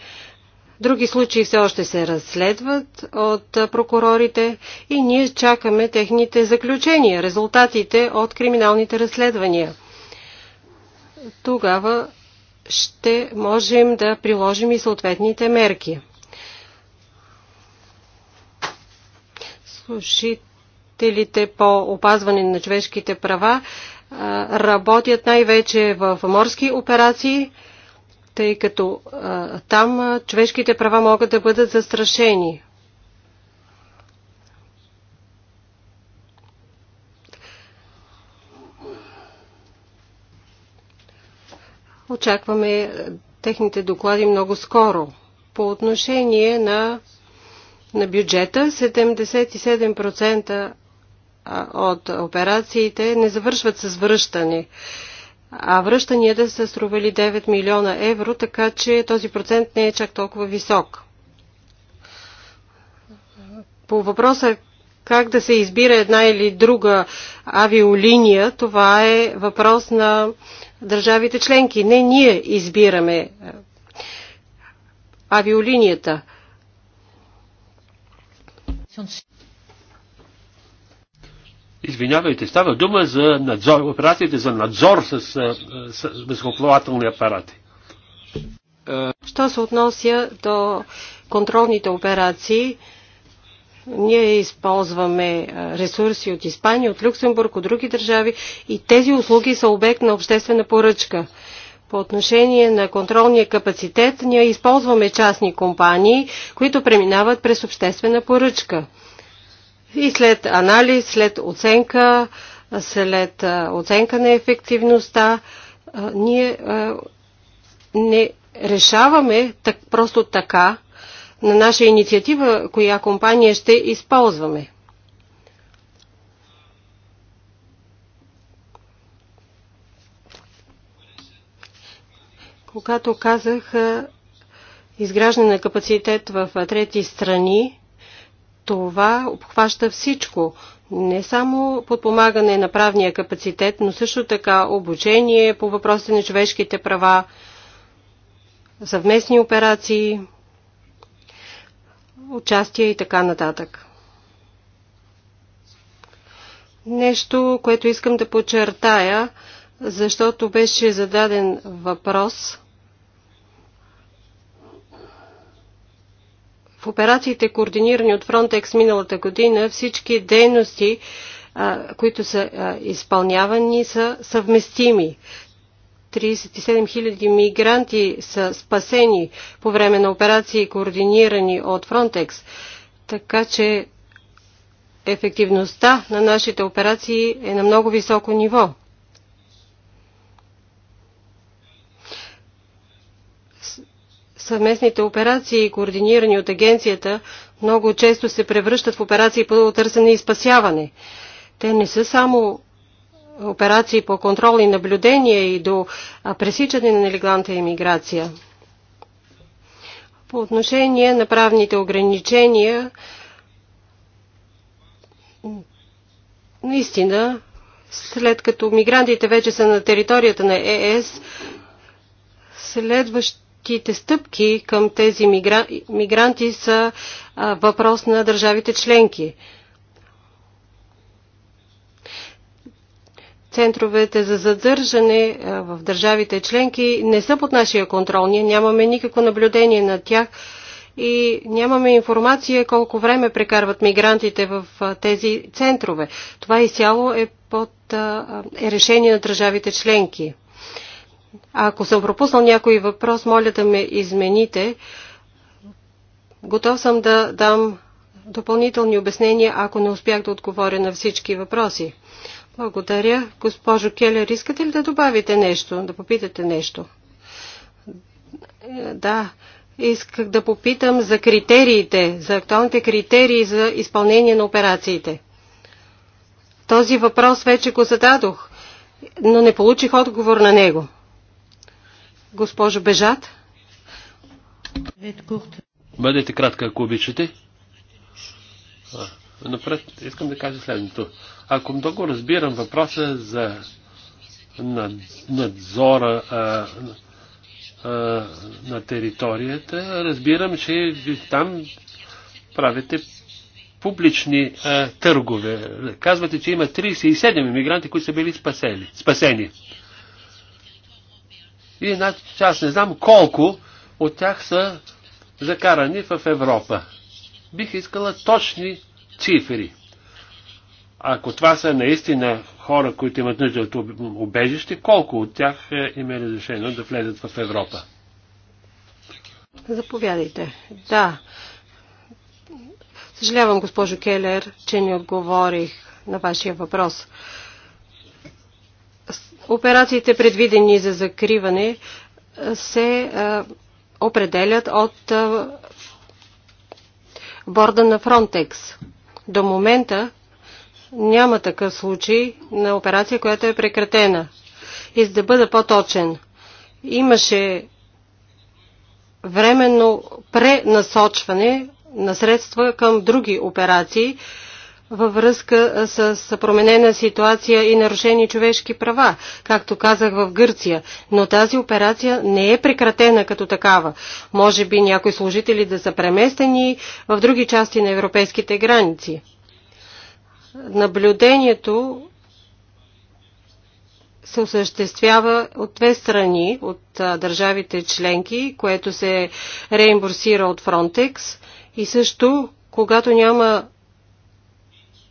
Speaker 2: Други случаи все още се разследват от прокурорите и ние чакаме техните заключения, резултатите от криминалните разследвания. Тогава ще можем да приложим и съответните мерки. Служителите по опазване на човешките права работят най-вече в морски операции – тъй като а, там а, човешките права могат да бъдат застрашени. Очакваме техните доклади много скоро. По отношение на, на бюджета, 77% от операциите не завършват с връщане а връщанията са стрували 9 милиона евро, така че този процент не е чак толкова висок. По въпроса как да се избира една или друга авиолиния, това е въпрос на държавите членки. Не ние избираме е, авиолинията.
Speaker 1: Извинявайте, става дума за надзор, операциите за надзор с, с, с безхоплавателни апарати. Е. Що се относя
Speaker 2: до контролните операции, ние използваме е, ресурси от Испания, от Люксембург, от други държави и тези услуги са обект на обществена поръчка. По отношение на контролния капацитет, ние използваме частни компании, които преминават през обществена поръчка. И след анализ, след оценка, след оценка на ефективността, ние не решаваме так, просто така на наша инициатива, коя компания ще използваме. Когато казах изграждане на капацитет в трети страни, това обхваща всичко. Не само подпомагане на правния капацитет, но също така обучение по въпросите на човешките права, съвместни операции, участие и така нататък. Нещо, което искам да подчертая, защото беше зададен въпрос – в операциите, координирани от Frontex миналата година, всички дейности, които са изпълнявани, са съвместими. 37 000 мигранти са спасени по време на операции, координирани от Frontex. Така че ефективността на нашите операции е на много високо ниво. съвместните операции, координирани от агенцията, много често се превръщат в операции по търсене и спасяване. Те не са само операции по контрол и наблюдение и до пресичане на нелегалната иммиграция. По отношение на правните ограничения, наистина, след като мигрантите вече са на територията на ЕС, е следващ следващите стъпки към тези мигра... мигранти са а, въпрос на държавите членки. Центровете за задържане а, в държавите членки не са под нашия контрол. Ние нямаме никакво наблюдение на тях и нямаме информация колко време прекарват мигрантите в тези центрове. Това изцяло е, под, е решение на държавите членки. Ако съм пропуснал някой въпрос, моля да ме измените. Готов съм да дам допълнителни обяснения, ако не успях да отговоря на всички въпроси. Благодаря. Госпожо Келер, искате ли да добавите нещо, да попитате нещо? Да, исках да попитам за критериите, за актуалните критерии за изпълнение на операциите. Този въпрос вече го зададох, но не получих отговор на него. Госпожо Бежат.
Speaker 1: Бъдете кратка, ако обичате. Напред искам да кажа следното. Ако много разбирам въпроса за надзора а, а, на територията, разбирам, че там правите публични а, търгове. Казвате, че има 37 иммигранти, които са били спасели, спасени. И значи, аз не знам колко от тях са закарани в Европа. Бих искала точни цифри. Ако това са наистина хора, които имат нужда от убежище, колко от тях е, има е разрешено да влезат в Европа?
Speaker 2: Заповядайте. Да. Съжалявам, госпожо Келер, че не отговорих на вашия въпрос. Операциите, предвидени за закриване, се определят от борда на Фронтекс. До момента няма такъв случай на операция, която е прекратена. И за да бъда по-точен, имаше временно пренасочване на средства към други операции, във връзка с променена ситуация и нарушени човешки права, както казах в Гърция. Но тази операция не е прекратена като такава. Може би някои служители да са преместени в други части на европейските граници. Наблюдението се осъществява от две страни, от държавите членки, което се реимбурсира от Фронтекс и също когато няма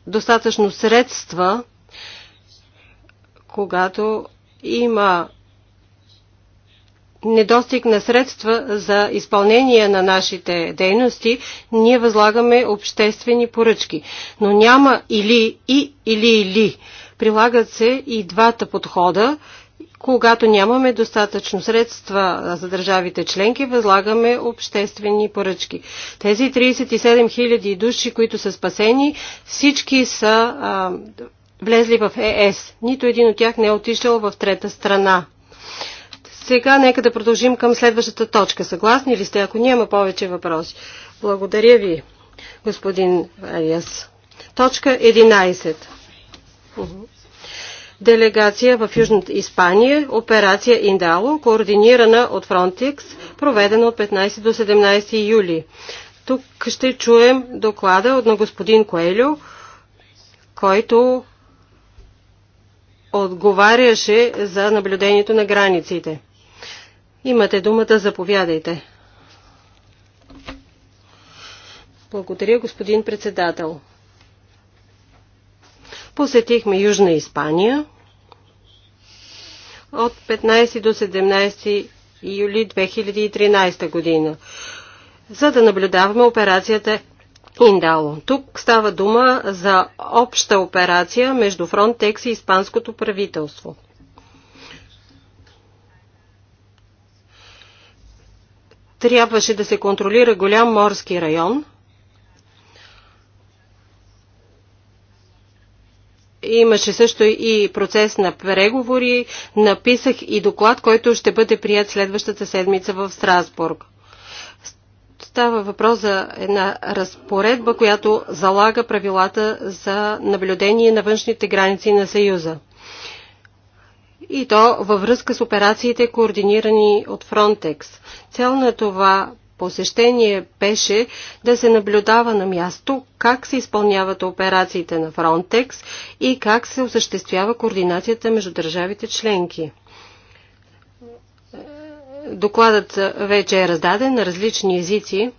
Speaker 2: достатъчно средства, когато има недостиг на средства за изпълнение на нашите дейности, ние възлагаме обществени поръчки. Но няма или и или или. Прилагат се и двата подхода когато нямаме достатъчно средства за държавите членки, възлагаме обществени поръчки. Тези 37 000 души, които са спасени, всички са а, влезли в ЕС. Нито един от тях не е отишъл в трета страна. Сега нека да продължим към следващата точка. Съгласни ли сте, ако няма повече въпроси? Благодаря ви, господин Ариас. Точка 11 делегация в Южната Испания, операция Индало, координирана от Фронтикс, проведена от 15 до 17 юли. Тук ще чуем доклада от на господин Коелю, който отговаряше за наблюдението на границите. Имате думата, заповядайте. Благодаря, господин председател. Посетихме Южна Испания от 15 до 17 юли 2013 година, за да наблюдаваме операцията Индало. Тук става дума за обща операция между Фронтекс и Испанското правителство. Трябваше да се контролира голям морски район – Имаше също и процес на преговори. Написах и доклад, който ще бъде прият следващата седмица в Страсбург. Става въпрос за една разпоредба, която залага правилата за наблюдение на външните граници на Съюза. И то във връзка с операциите, координирани от Фронтекс. Цел на това посещение беше да се наблюдава на място как се изпълняват операциите на Frontex и как се осъществява координацията между държавите членки. Докладът вече е раздаден на различни езици.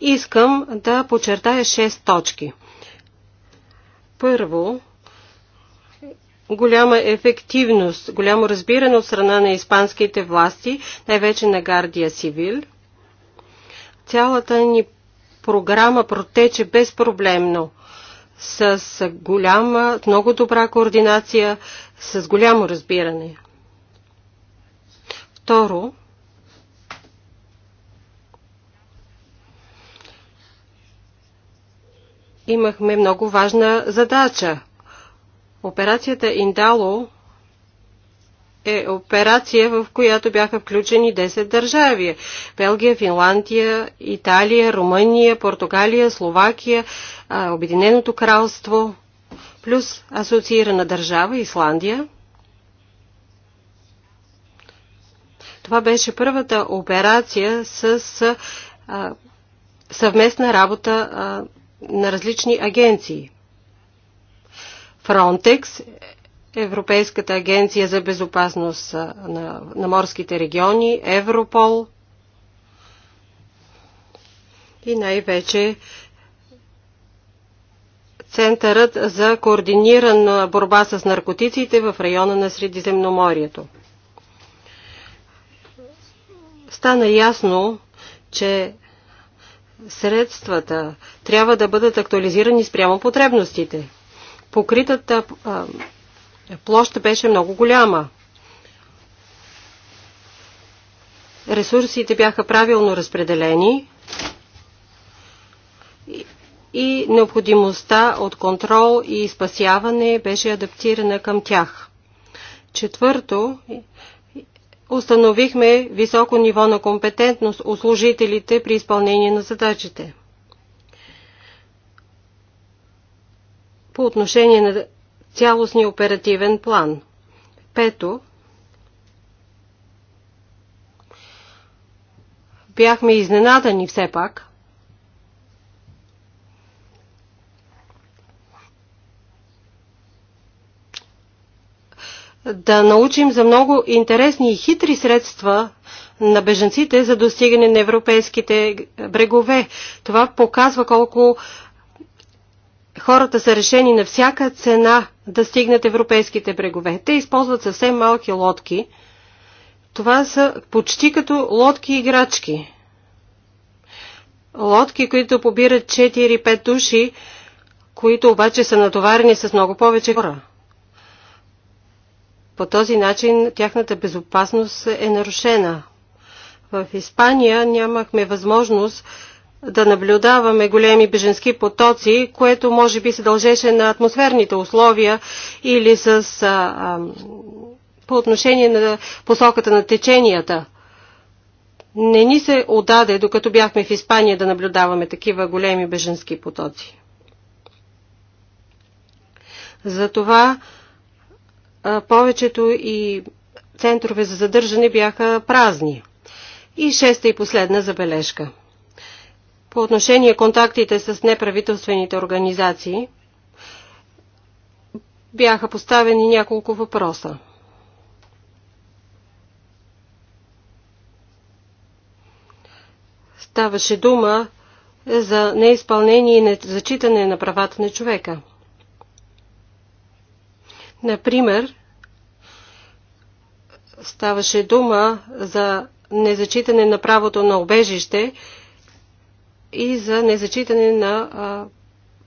Speaker 2: Искам да подчертая 6 точки. Първо, голяма ефективност, голямо разбиране от страна на испанските власти, най-вече на Гардия Сивил. Цялата ни програма протече безпроблемно, с голяма, много добра координация, с голямо разбиране. Второ, имахме много важна задача Операцията Индало е операция, в която бяха включени 10 държави. Белгия, Финландия, Италия, Румъния, Португалия, Словакия, Обединеното кралство, плюс асоциирана държава Исландия. Това беше първата операция с съвместна работа на различни агенции. Фронтекс, Европейската агенция за безопасност на, на морските региони, Европол и най-вече Центърът за координирана борба с наркотиците в района на Средиземноморието. Стана ясно, че средствата трябва да бъдат актуализирани спрямо потребностите покритата площа беше много голяма. Ресурсите бяха правилно разпределени и необходимостта от контрол и спасяване беше адаптирана към тях. Четвърто, установихме високо ниво на компетентност у служителите при изпълнение на задачите – по отношение на цялостния оперативен план. Пето, бяхме изненадани все пак. Да научим за много интересни и хитри средства на беженците за достигане на европейските брегове. Това показва колко хората са решени на всяка цена да стигнат европейските брегове. Те използват съвсем малки лодки. Това са почти като лодки-играчки. Лодки, които побират 4-5 души, които обаче са натоварени с много повече хора. По този начин тяхната безопасност е нарушена. В Испания нямахме възможност да наблюдаваме големи беженски потоци, което може би се дължеше на атмосферните условия или с, а, а, по отношение на посоката на теченията. Не ни се отдаде, докато бяхме в Испания, да наблюдаваме такива големи беженски потоци. Затова а, повечето и центрове за задържане бяха празни. И шеста и последна забележка – по отношение контактите с неправителствените организации бяха поставени няколко въпроса. Ставаше дума за неизпълнение и незачитане на правата на човека. Например, ставаше дума за незачитане на правото на обежище и за незачитане на а,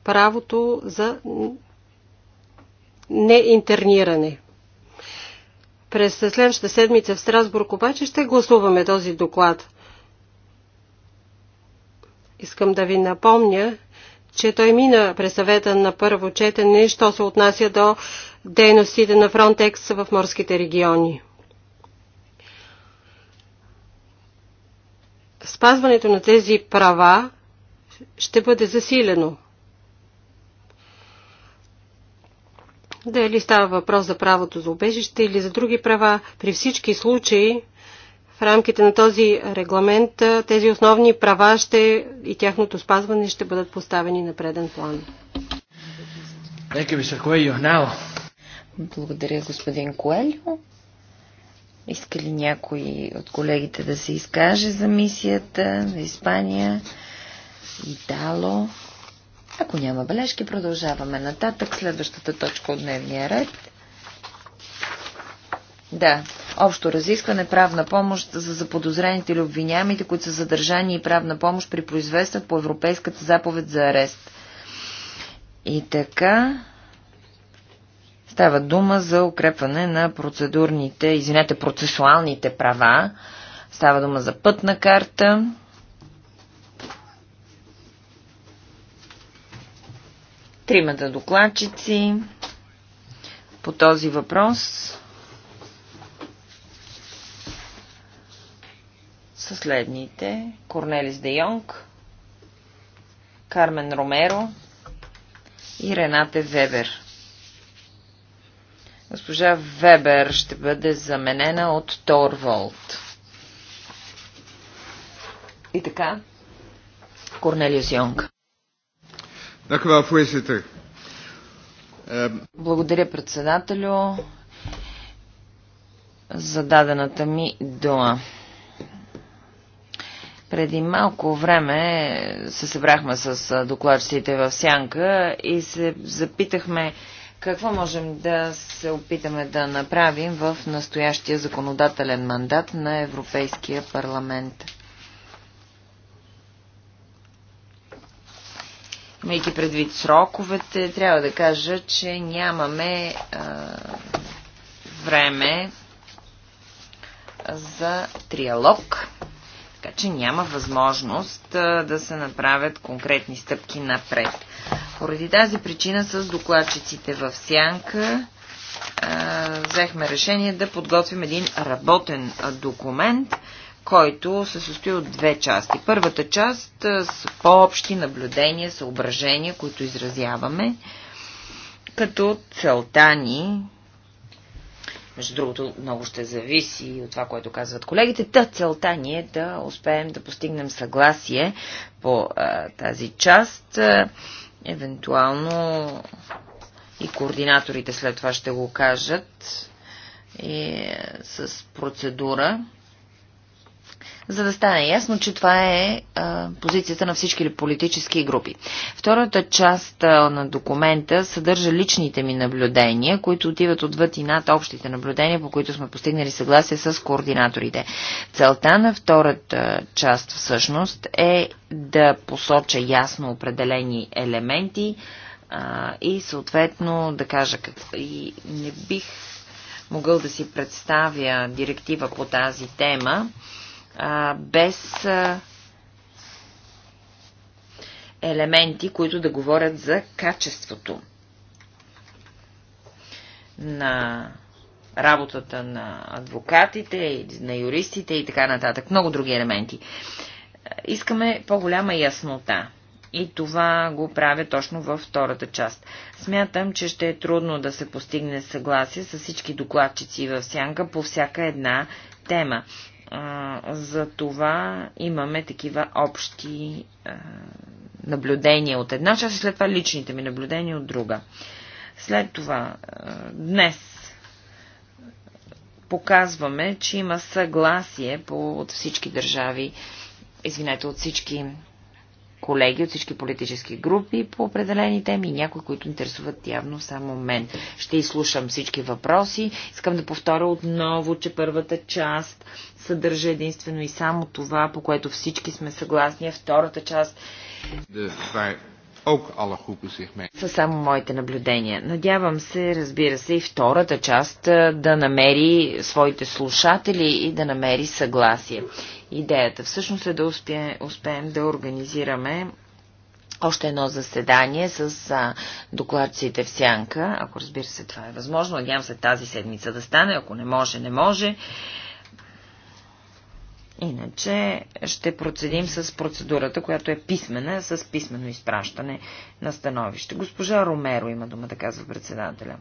Speaker 2: правото за неинтерниране. През следващата седмица в Страсбург обаче ще гласуваме този доклад. Искам да ви напомня, че той мина през съвета на първо четене, що се отнася до дейностите на Фронтекс в морските региони. спазването на тези права ще бъде засилено. Дали става въпрос за правото за убежище или за други права, при всички случаи в рамките на този регламент тези основни права ще и тяхното спазване ще бъдат поставени на преден план.
Speaker 3: Благодаря, господин Коелио. Иска ли някой от колегите да се изкаже за мисията на Испания? Итало? Ако няма бележки, продължаваме нататък. Следващата точка от дневния ред. Да, общо разискване правна помощ за заподозрените или обвинямите, които са задържани и правна помощ при произвестът по Европейската заповед за арест. И така, Става дума за укрепване на процедурните, извинете, процесуалните права. Става дума за пътна карта. Тримата докладчици по този въпрос са следните. Корнелис Де Йонг, Кармен Ромеро и Ренате Вебер. Госпожа Вебер ще бъде заменена от Торволт. И така, Корнелиус Йонг. Благодаря, председателю, за дадената ми дума. Преди малко време се събрахме с докладчиците в Сянка и се запитахме какво можем да се опитаме да направим в настоящия законодателен мандат на Европейския парламент? Имайки предвид сроковете, трябва да кажа, че нямаме а, време за триалог. Така че няма възможност да се направят конкретни стъпки напред. Поради тази причина с докладчиците в Сянка взехме решение да подготвим един работен документ, който се състои от две части. Първата част с по-общи наблюдения, съображения, които изразяваме, като целта ни между другото, много ще зависи от това, което казват колегите. Та целта ни е да успеем да постигнем съгласие по а, тази част. А, евентуално и координаторите след това ще го кажат и с процедура за да стане ясно, че това е а, позицията на всички политически групи. Втората част а, на документа съдържа личните ми наблюдения, които отиват отвъд и над общите наблюдения, по които сме постигнали съгласие с координаторите. Целта на втората част всъщност е да посоча ясно определени елементи а, и съответно да кажа какво. И не бих могъл да си представя директива по тази тема, а, без а, елементи, които да говорят за качеството на работата на адвокатите, на юристите и така нататък. Много други елементи. Искаме по-голяма яснота. И това го правя точно във втората част. Смятам, че ще е трудно да се постигне съгласие с всички докладчици в сянка по всяка една тема за това имаме такива общи а, наблюдения от една част и след това личните ми наблюдения от друга. След това, а, днес показваме, че има съгласие по, от всички държави, извинете, от всички колеги от всички политически групи по определени теми и някои, които интересуват явно само мен. Ще изслушам всички въпроси. Искам да повторя отново, че първата част съдържа единствено и само това, по което всички сме съгласни, а втората част... Са само моите наблюдения. Надявам се, разбира се, и втората част да намери своите слушатели и да намери съгласие. Идеята всъщност е да успе, успеем да организираме още едно заседание с а, докладците в сянка, ако разбира се това е възможно. Надявам се тази седмица да стане, ако не може, не може. Иначе ще процедим с процедурата, която е писмена, с писмено изпращане на становище. Госпожа Ромеро има дума да казва председателя.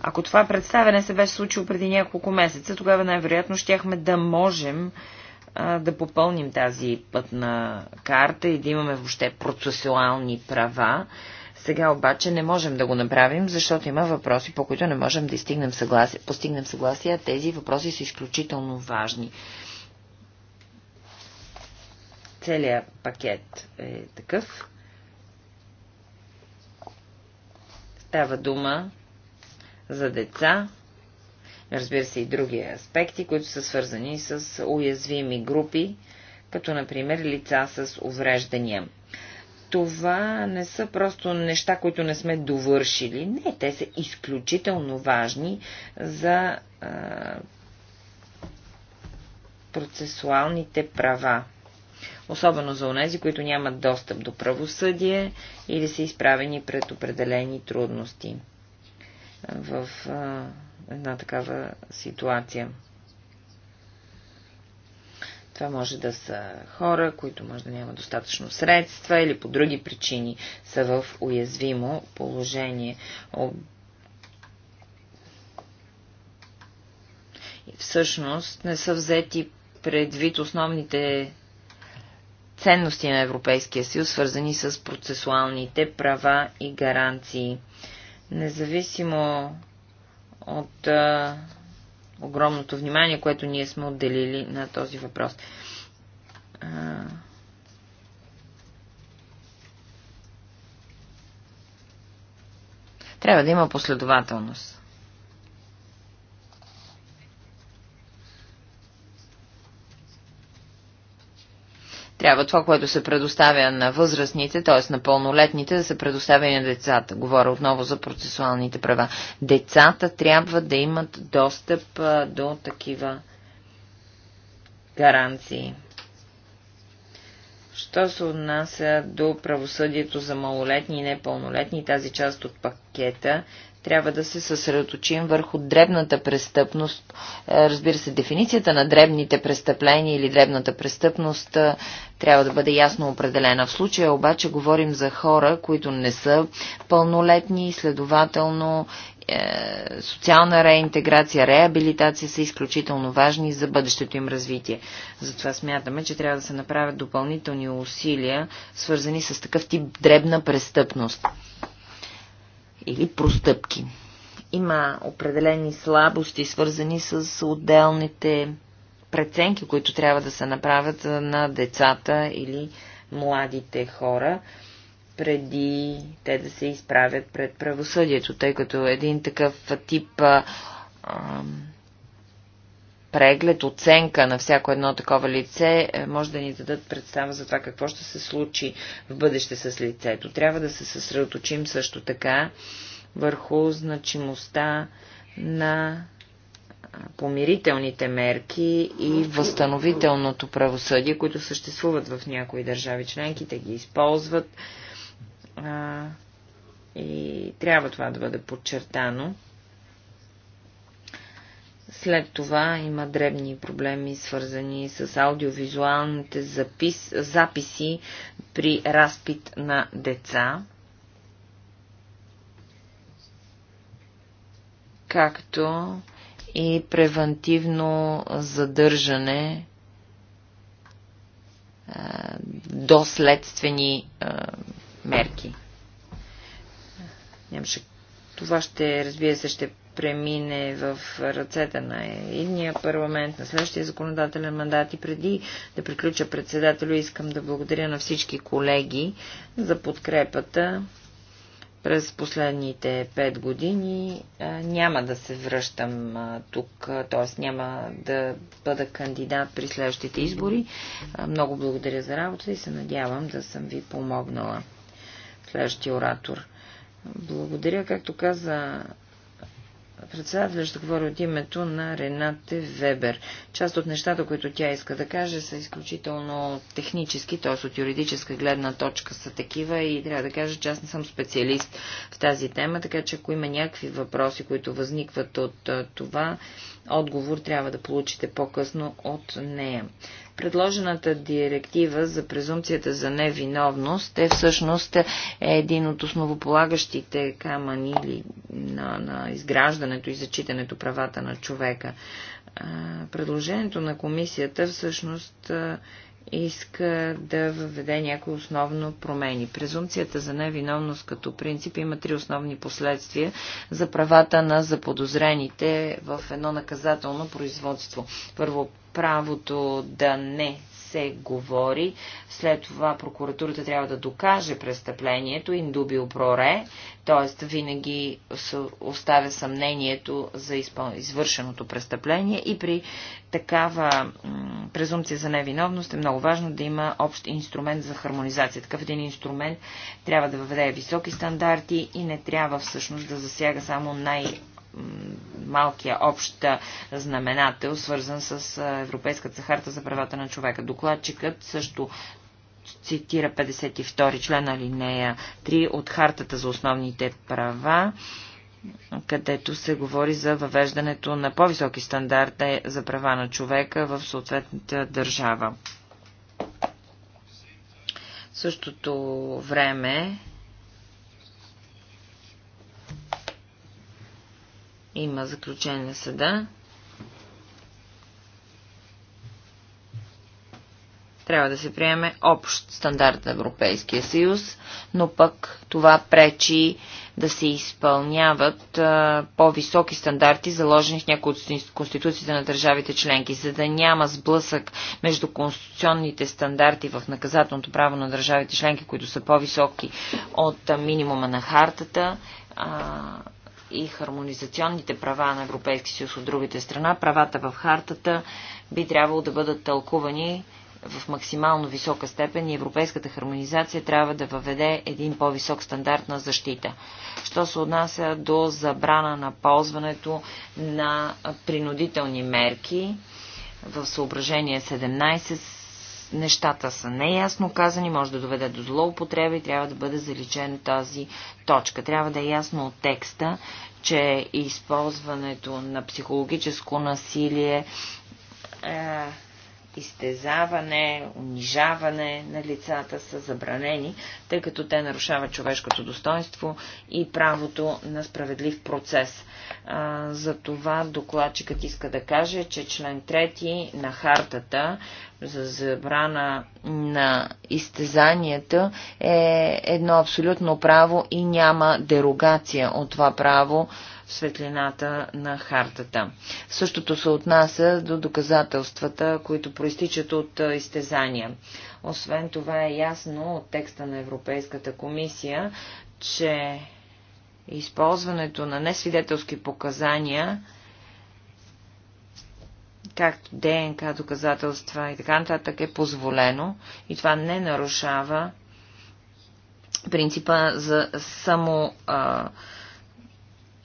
Speaker 3: Ако това представяне се беше случило преди няколко месеца, тогава най-вероятно щяхме да можем да попълним тази пътна карта и да имаме въобще процесуални права. Сега обаче не можем да го направим, защото има въпроси, по които не можем да стигнем съгласие, постигнем съгласие, а тези въпроси са изключително важни. Целият пакет е такъв. Става дума за деца, Разбира се и други аспекти, които са свързани с уязвими групи, като например лица с увреждания. Това не са просто неща, които не сме довършили. Не, те са изключително важни за а, процесуалните права особено за онези, които нямат достъп до правосъдие или са изправени пред определени трудности. В една такава ситуация. Това може да са хора, които може да няма достатъчно средства или по други причини са в уязвимо положение. И всъщност не са взети предвид основните ценности на Европейския съюз, свързани с процесуалните права и гаранции. Независимо от а, огромното внимание, което ние сме отделили на този въпрос. А... Трябва да има последователност. Трябва това, което се предоставя на възрастните, т.е. на пълнолетните, да се предоставя и на децата. Говоря отново за процесуалните права. Децата трябва да имат достъп до такива гаранции. Що се отнася до правосъдието за малолетни и непълнолетни, тази част от пакета трябва да се съсредоточим върху дребната престъпност. Е, разбира се, дефиницията на дребните престъпления или дребната престъпност е, трябва да бъде ясно определена. В случая обаче говорим за хора, които не са пълнолетни, следователно е, социална реинтеграция, реабилитация са изключително важни за бъдещето им развитие. Затова смятаме, че трябва да се направят допълнителни усилия, свързани с такъв тип дребна престъпност или простъпки. Има определени слабости, свързани с отделните преценки, които трябва да се направят на децата или младите хора, преди те да се изправят пред правосъдието, тъй като един такъв тип а, преглед, оценка на всяко едно такова лице е, може да ни дадат представа за това какво ще се случи в бъдеще с лицето. Трябва да се съсредоточим също така върху значимостта на помирителните мерки и възстановителното правосъдие, които съществуват в някои държави членки, те ги използват. А, и трябва това да бъде подчертано. След това има дребни проблеми, свързани с аудиовизуалните запис, записи при разпит на деца, както и превентивно задържане до следствени мерки. Нямаше. Това ще, разбира се, ще премине в ръцете на едния парламент, на следващия законодателен мандат и преди да приключа председателю, искам да благодаря на всички колеги за подкрепата през последните пет години. Няма да се връщам тук, т.е. няма да бъда кандидат при следващите избори. Много благодаря за работа и се надявам да съм ви помогнала. Следващия оратор. Благодаря, както каза председателя ще говори от името на Ренате Вебер. Част от нещата, които тя иска да каже, са изключително технически, т.е. от юридическа гледна точка са такива и трябва да кажа, че аз не съм специалист в тази тема, така че ако има някакви въпроси, които възникват от това, отговор трябва да получите по-късно от нея. Предложената директива за презумпцията за невиновност е всъщност е един от основополагащите камъни или на, на изграждането и зачитането правата на човека. Предложението на комисията всъщност иска да въведе някои основно промени. Презумцията за невиновност като принцип има три основни последствия за правата на заподозрените в едно наказателно производство. Първо, правото да не се говори. След това прокуратурата трябва да докаже престъплението индубио проре, т.е. винаги оставя съмнението за извършеното престъпление и при такава презумпция за невиновност е много важно да има общ инструмент за хармонизация. Такъв един инструмент трябва да въведе високи стандарти и не трябва всъщност да засяга само най- малкия общ знаменател, свързан с Европейската харта за правата на човека. Докладчикът също цитира 52 член алинея 3 от Хартата за основните права, където се говори за въвеждането на по-високи стандарти за права на човека в съответната държава. В същото време Има заключение на съда. Трябва да се приеме общ стандарт на Европейския съюз, но пък това пречи да се изпълняват по-високи стандарти, заложени в някои от конституциите на държавите членки. За да няма сблъсък между конституционните стандарти в наказателното право на държавите членки, които са по-високи от а, минимума на хартата, а, и хармонизационните права на Европейски съюз от другите страна, правата в хартата би трябвало да бъдат тълкувани в максимално висока степен и европейската хармонизация трябва да въведе един по-висок стандарт на защита. Що се отнася до забрана на ползването на принудителни мерки в съображение 17 нещата са неясно казани, може да доведе до злоупотреба и трябва да бъде заличена тази точка. Трябва да е ясно от текста, че използването на психологическо насилие е, изтезаване, унижаване на лицата са забранени, тъй като те нарушават човешкото достоинство и правото на справедлив процес. А, за това докладчикът иска да каже, че член 3 на хартата за забрана на изтезанията е едно абсолютно право и няма дерогация от това право светлината на хартата. Същото се отнася до доказателствата, които проистичат от изтезания. Освен това е ясно от текста на Европейската комисия, че използването на несвидетелски показания както ДНК доказателства и така нататък е позволено и това не нарушава принципа за само а,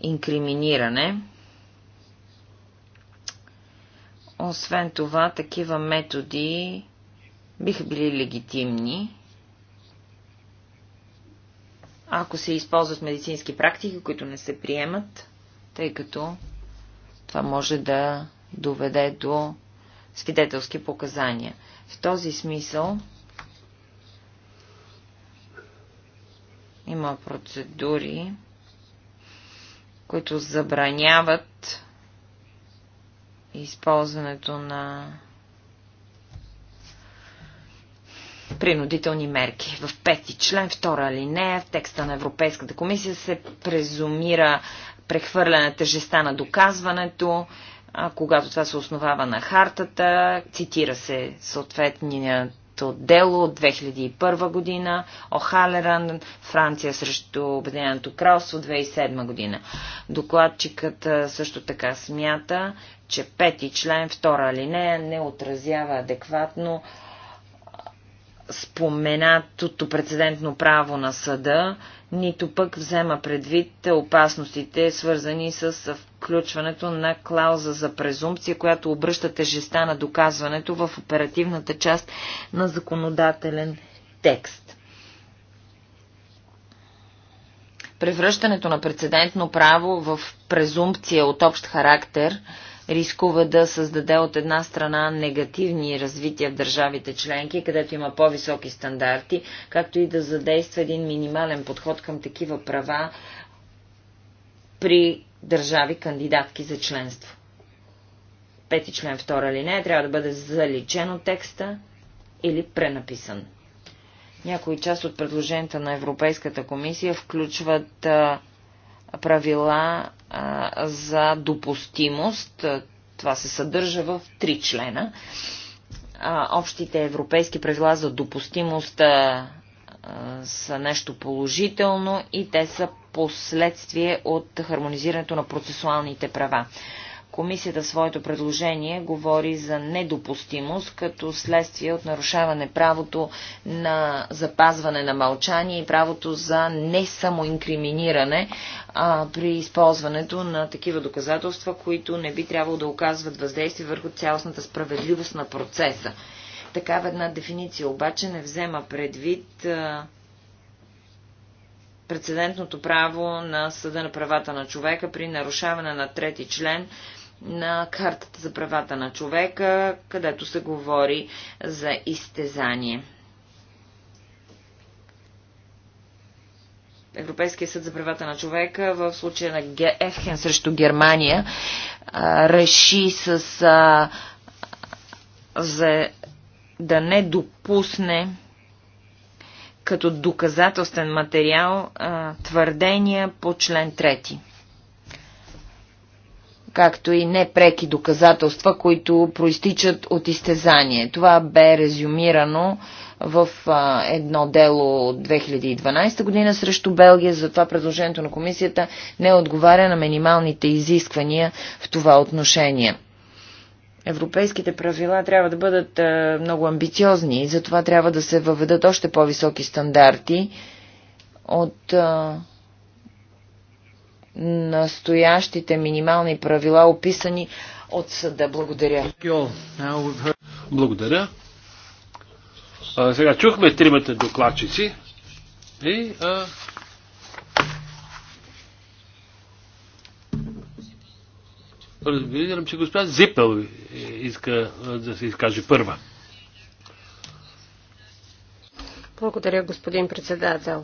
Speaker 3: инкриминиране. Освен това, такива методи биха били легитимни, ако се използват медицински практики, които не се приемат, тъй като това може да доведе до свидетелски показания. В този смисъл има процедури, които забраняват използването на принудителни мерки. В пети член, втора алинея, в текста на Европейската комисия се презумира прехвърляне тежеста на доказването, а когато това се основава на хартата, цитира се съответният като дело от 2001 година, Охалеран, Франция срещу Обединеното кралство 2007 година. Докладчикът също така смята, че пети член, втора алинея, не отразява адекватно споменатото прецедентно право на съда нито пък взема предвид опасностите, свързани с включването на клауза за презумпция, която обръща тежеста на доказването в оперативната част на законодателен текст. Превръщането на прецедентно право в презумпция от общ характер – рискува да създаде от една страна негативни развития в държавите членки, където има по-високи стандарти, както и да задейства един минимален подход към такива права при държави кандидатки за членство. Пети член втора линия трябва да бъде заличен от текста или пренаписан. Някои част от предложенията на Европейската комисия включват правила за допустимост. Това се съдържа в три члена. Общите европейски правила за допустимост са нещо положително и те са последствие от хармонизирането на процесуалните права. Комисията в своето предложение говори за недопустимост като следствие от нарушаване правото на запазване на мълчание и правото за несамоинкриминиране а, при използването на такива доказателства, които не би трябвало да оказват въздействие върху цялостната справедливост на процеса. Такава една дефиниция обаче не взема предвид прецедентното право на Съда на правата на човека при нарушаване на трети член на картата за правата на човека, където се говори за изтезание. Европейския съд за правата на човека в случая на Ефхен срещу Германия реши с а, за да не допусне като доказателствен материал а, твърдения по член 3 както и непреки доказателства, които проистичат от изтезание. Това бе резюмирано в а, едно дело от 2012 година срещу Белгия, затова предложението на комисията не отговаря на минималните изисквания в това отношение. Европейските правила трябва да бъдат а, много амбициозни и затова трябва да се въведат още по-високи стандарти от а, настоящите минимални правила, описани от съда. Благодаря.
Speaker 1: Благодаря. А, сега чухме тримата докладчици и а, Разбирам, че госпожа Зипел иска да се изкаже първа.
Speaker 2: Благодаря, господин председател.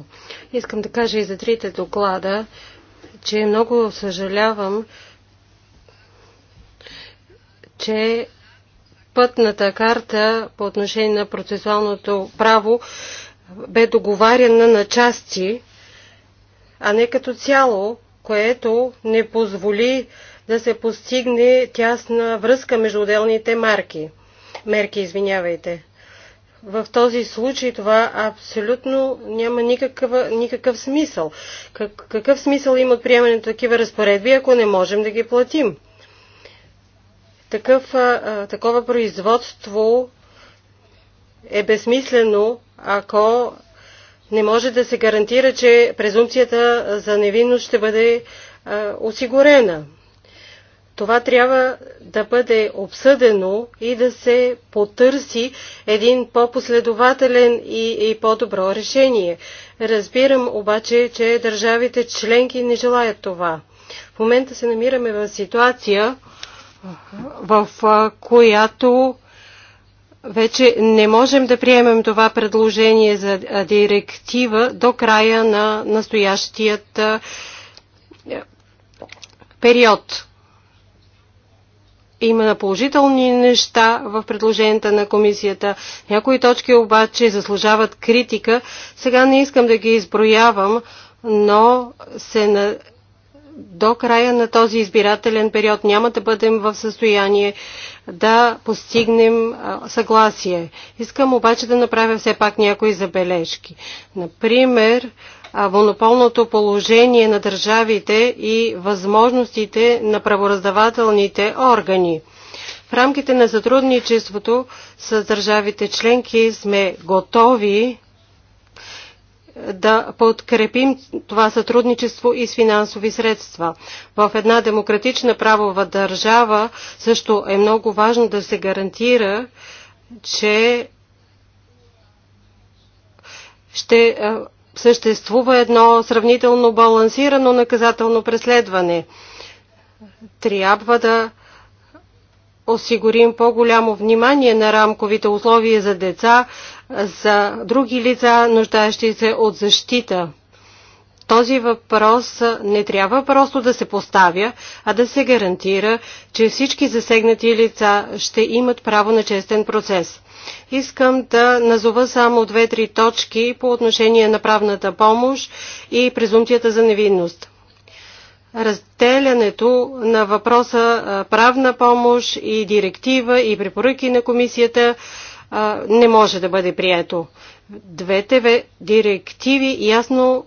Speaker 2: Искам да кажа и за трите доклада, че много съжалявам, че пътната карта по отношение на процесуалното право бе договаряна на части, а не като цяло, което не позволи да се постигне тясна връзка между отделните марки. Мерки, извинявайте в този случай това абсолютно няма никакъв, никакъв смисъл. Как, какъв смисъл има приемането такива разпоредби, ако не можем да ги платим? Такъв, а, такова производство е безсмислено, ако не може да се гарантира, че презумпцията за невинност ще бъде а, осигурена. Това трябва да бъде обсъдено и да се потърси един по-последователен и, и по-добро решение. Разбирам обаче, че държавите членки не желаят това. В момента се намираме в ситуация, в която вече не можем да приемем това предложение за директива до края на настоящият период. Има положителни неща в предложенията на комисията. Някои точки обаче заслужават критика. Сега не искам да ги изброявам, но се на... до края на този избирателен период няма да бъдем в състояние да постигнем съгласие. Искам обаче да направя все пак някои забележки. Например, монополното положение на държавите и възможностите на правораздавателните органи. В рамките на сътрудничеството с държавите членки сме готови е, да подкрепим това сътрудничество и с финансови средства. В една демократична правова държава също е много важно да се гарантира, че е, ще е, съществува едно сравнително балансирано наказателно преследване. Трябва да осигурим по-голямо внимание на рамковите условия за деца, за други лица, нуждаещи се от защита. Този въпрос не трябва просто да се поставя, а да се гарантира, че всички засегнати лица ще имат право на честен процес. Искам да назова само две-три точки по отношение на правната помощ и презумцията за невинност. Разделянето на въпроса правна помощ и директива и препоръки на комисията не може да бъде прието. Двете директиви ясно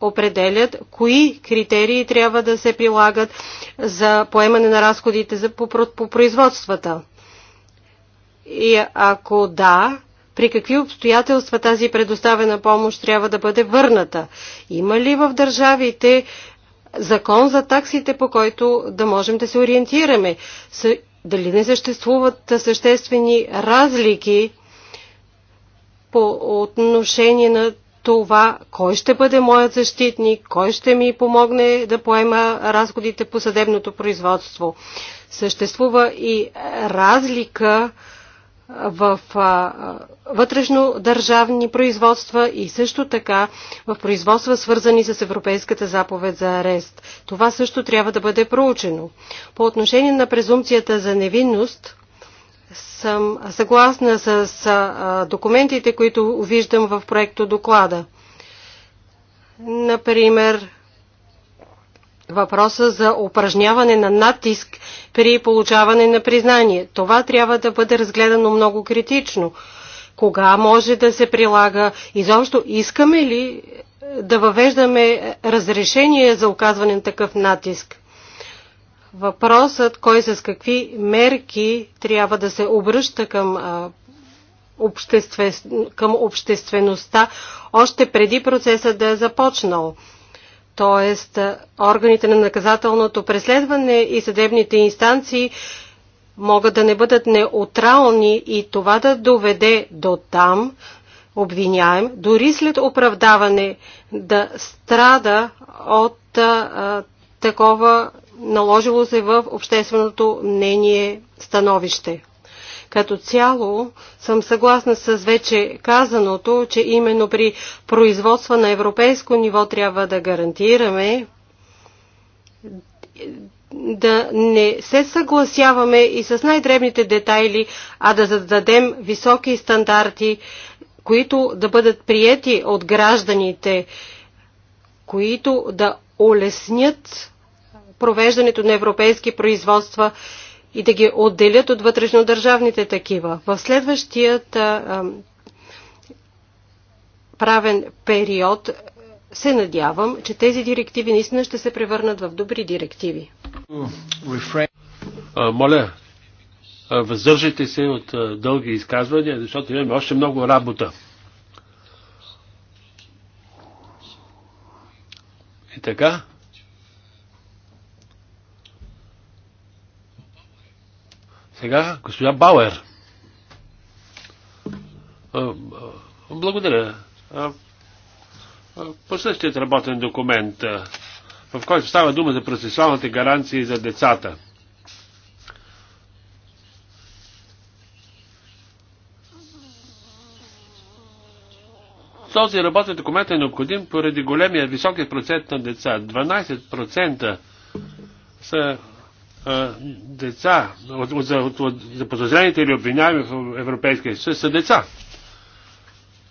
Speaker 2: определят кои критерии трябва да се прилагат за поемане на разходите по производствата. И ако да, при какви обстоятелства тази предоставена помощ трябва да бъде върната? Има ли в държавите закон за таксите, по който да можем да се ориентираме? Дали не съществуват съществени разлики по отношение на това, кой ще бъде моят защитник, кой ще ми помогне да поема разходите по съдебното производство. Съществува и разлика в вътрешно държавни производства и също така в производства свързани с Европейската заповед за арест. Това също трябва да бъде проучено. По отношение на презумцията за невинност, съм съгласна с документите, които виждам в проекто доклада. Например, въпроса за упражняване на натиск при получаване на признание. Това трябва да бъде разгледано много критично. Кога може да се прилага? Изобщо искаме ли е, да въвеждаме разрешение за оказване на такъв натиск? Въпросът кой с какви мерки трябва да се обръща към обществе, към обществеността още преди процеса да е започнал т.е. органите на наказателното преследване и съдебните инстанции могат да не бъдат неутрални и това да доведе до там обвиняем, дори след оправдаване да страда от а, такова наложило се в общественото мнение становище. Като цяло съм съгласна с вече казаното, че именно при производства на европейско ниво трябва да гарантираме да не се съгласяваме и с най-дребните детайли, а да зададем високи стандарти, които да бъдат приети от гражданите, които да улеснят провеждането на европейски производства и да ги отделят от вътрешнодържавните такива. В следващият правен период се надявам, че тези директиви наистина ще се превърнат в добри директиви.
Speaker 1: Моля, въздържайте се от дълги изказвания, защото имаме още много работа. И така, Сега, госпожа Бауер. Благодаря. По същият работен документ, в който става дума за процесуалните гаранции за децата. Този работен документ е необходим поради големия високи процент на деца. 12% са деца, от, от, от, от заподозрените или обвиняеми в Европейския съюз са деца.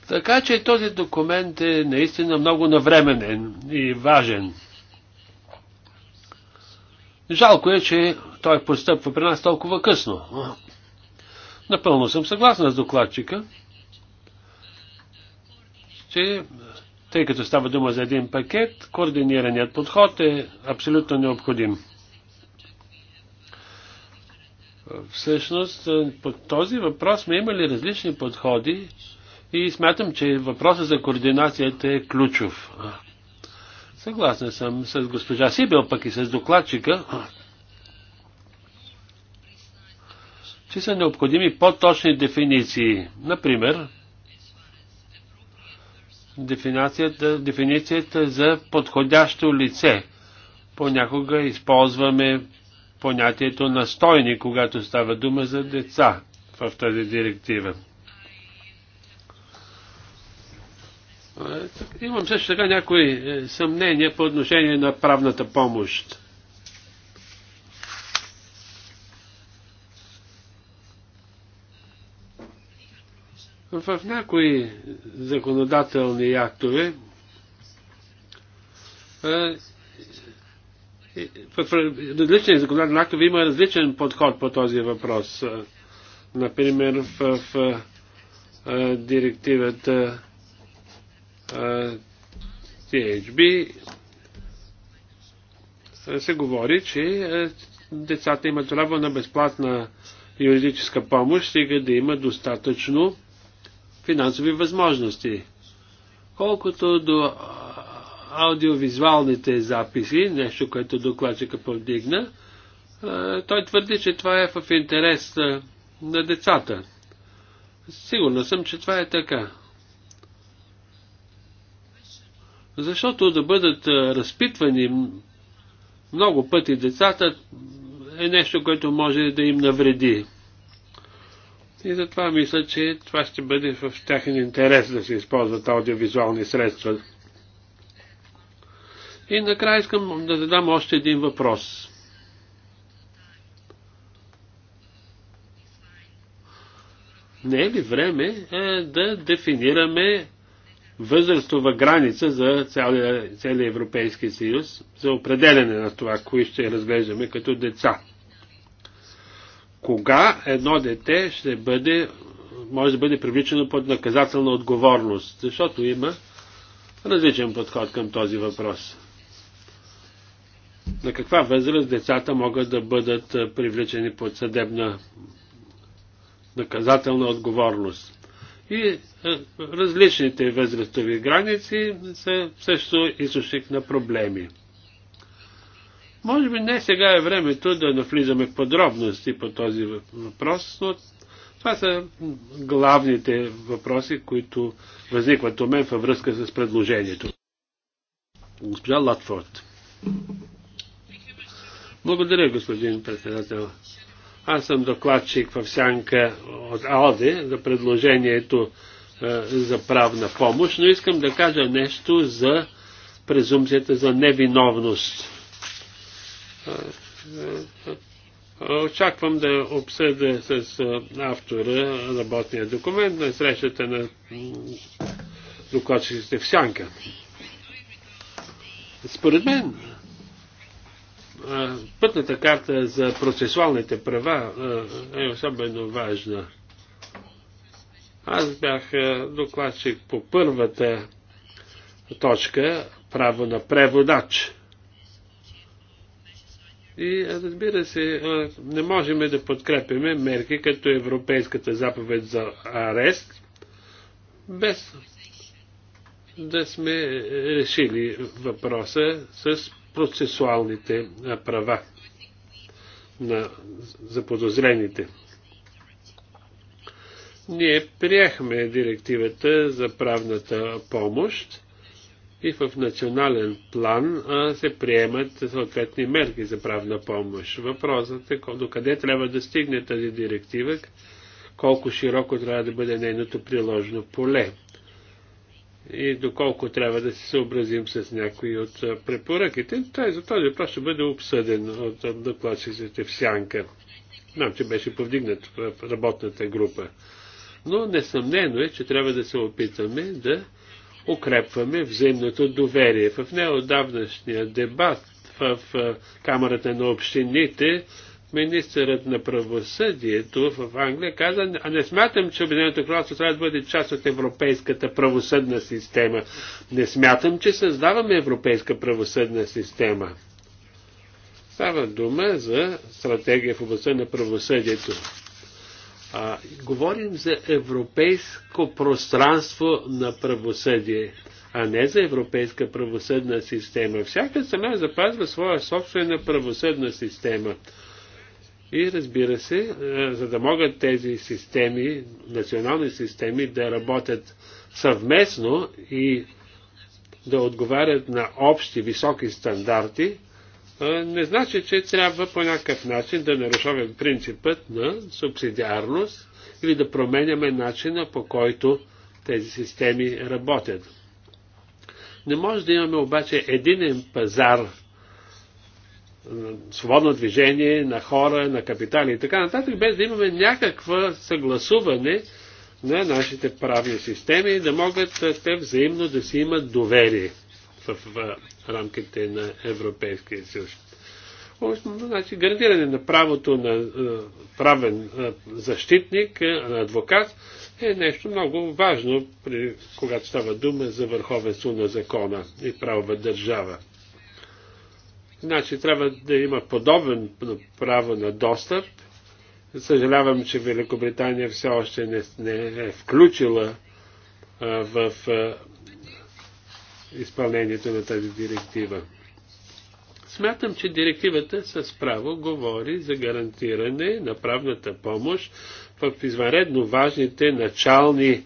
Speaker 1: Така че този документ е наистина много навременен и важен. Жалко е, че той постъпва при нас толкова късно. Напълно съм съгласна с докладчика, че тъй като става дума за един пакет, координираният подход е абсолютно необходим. Всъщност, е, по този въпрос сме имали различни подходи и смятам, че въпросът за координацията е ключов. Съгласен съм с госпожа Сибел, пък и с докладчика, че са необходими по-точни дефиниции. Например, дефиницията, дефиницията за подходящо лице. Понякога използваме понятието настойни, когато става дума за деца в тази директива. Е, имам също така някои е, съмнения по отношение на правната помощ. В някои законодателни актове е, в различни законодателни актове има различен подход по този въпрос. Например, в, в директивата CHB THB се говори, че децата имат право на безплатна юридическа помощ, стига да има достатъчно финансови възможности. Колкото до аудиовизуалните записи, нещо, което докладчика повдигна, той твърди, че това е в интерес на децата. Сигурна съм, че това е така. Защото да бъдат разпитвани много пъти децата е нещо, което може да им навреди. И затова мисля, че това ще бъде в тяхен интерес да се използват аудиовизуални средства. И накрая искам да задам още един въпрос. Не е ли време е, да дефинираме възрастова граница за целия, целия Европейски съюз, за определене на това, кои ще разглеждаме като деца? Кога едно дете ще бъде, може да бъде привличано под наказателна отговорност? Защото има различен подход към този въпрос на каква възраст децата могат да бъдат привлечени под съдебна наказателна отговорност. И различните възрастови граници са също източник на проблеми. Може би не сега е времето да навлизаме подробности по този въпрос, но това са главните въпроси, които възникват у мен във връзка с предложението. Госпожа Латфорд. Благодаря, господин председател. Аз съм докладчик в сянка от Алди за предложението е, за правна помощ, но искам да кажа нещо за презумцията за невиновност. Е, е, е, очаквам да обсъда с автора работния документ на срещата на докладчиците в Сянка. Според мен, пътната карта за процесуалните права е особено важна. Аз бях докладчик по първата точка право на преводач. И разбира се, не можем да подкрепяме мерки като Европейската заповед за арест, без да сме решили въпроса с процесуалните права на заподозрените. Ние приехме директивата за правната помощ и в национален план се приемат съответни мерки за правна помощ. Въпросът е до къде трябва да стигне тази директива, колко широко трябва да бъде нейното приложено поле и доколко трябва да се съобразим с някои от препоръките. Той за този въпрос ще бъде обсъден от докладчиците в Сянка. Знам, че беше повдигнат в работната група. Но несъмнено е, че трябва да се опитаме да укрепваме взаимното доверие. В неодавнашния дебат в Камерата на общините министърът на правосъдието в Англия каза, а не смятам, че Обединеното кралство трябва да бъде част от европейската правосъдна система. Не смятам, че създаваме европейска правосъдна система. Става дума за стратегия в областта на правосъдието. А, говорим за европейско пространство на правосъдие, а не за европейска правосъдна система. Всяка страна запазва своя собствена правосъдна система. И разбира се, е, за да могат тези системи, национални системи да работят съвместно и да отговарят на общи високи стандарти, е, не значи, че трябва по някакъв начин да нарушаваме принципът на субсидиарност или да променяме начина по който тези системи работят. Не може да имаме обаче единен пазар е, свободно движение на хора, на капитали и така нататък, без да имаме някаква съгласуване на нашите правни системи, да могат е, те взаимно да си имат доверие в, рамките на Европейския съюз. Значи, гарантиране на правото на е, правен защитник, на адвокат, е нещо много важно, при, когато става дума за върховенство на закона и правова държава. Значи трябва да има подобен право на достъп. Съжалявам, че Великобритания все още не, не е включила а, в а, изпълнението на тази директива. Смятам, че директивата с право говори за гарантиране на правната помощ в извънредно важните начални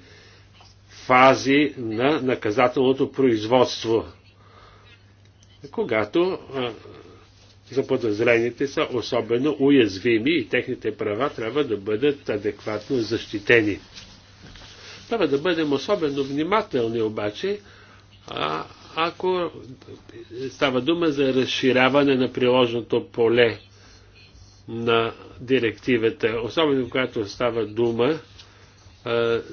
Speaker 1: фази на наказателното производство когато заподозрените са особено уязвими и техните права трябва да бъдат адекватно защитени. Трябва да бъдем особено внимателни обаче, а, ако става дума за разширяване на приложното поле на директивата, особено когато става дума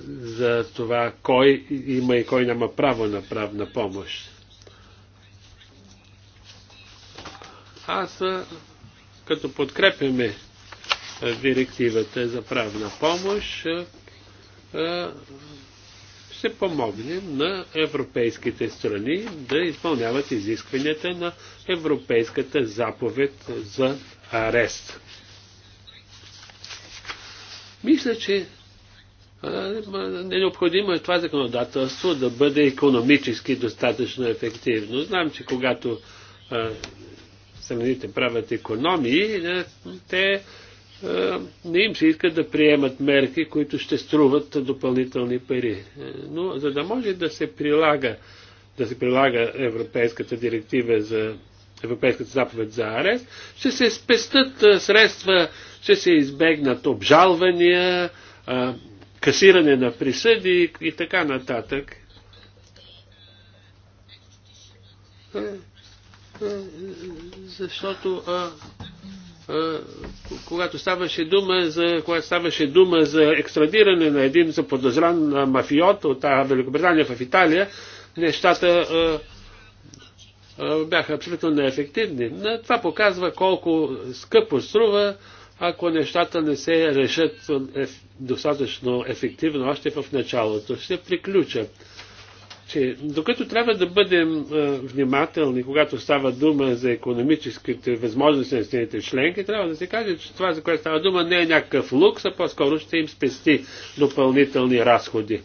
Speaker 1: за това кой има и кой няма право на правна помощ. Аз като подкрепяме директивата за правна помощ, ще помогнем на европейските страни да изпълняват изискванията на Европейската заповед за арест. Мисля, че е необходимо е това законодателство да бъде економически достатъчно ефективно. Знам, че когато страните правят економии, е, те е, не им се искат да приемат мерки, които ще струват допълнителни пари. Е, но за да може да се прилага, да се прилага Европейската директива за Европейската заповед за арест, ще се спестат средства, ще се избегнат обжалвания, касиране на присъди и така нататък защото а, а, когато ставаше дума за, когато ставаше дума за екстрадиране на един заподозран мафиот от Великобритания в Италия, нещата а, а, бяха абсолютно неефективни. Но това показва колко скъпо струва, ако нещата не се решат достатъчно ефективно още в началото. Ще приключа че докато трябва да бъдем а, внимателни, когато става дума за економическите възможности на страните членки, трябва да се каже, че това, за което става дума, не е някакъв лукс, а по-скоро ще им спести допълнителни разходи.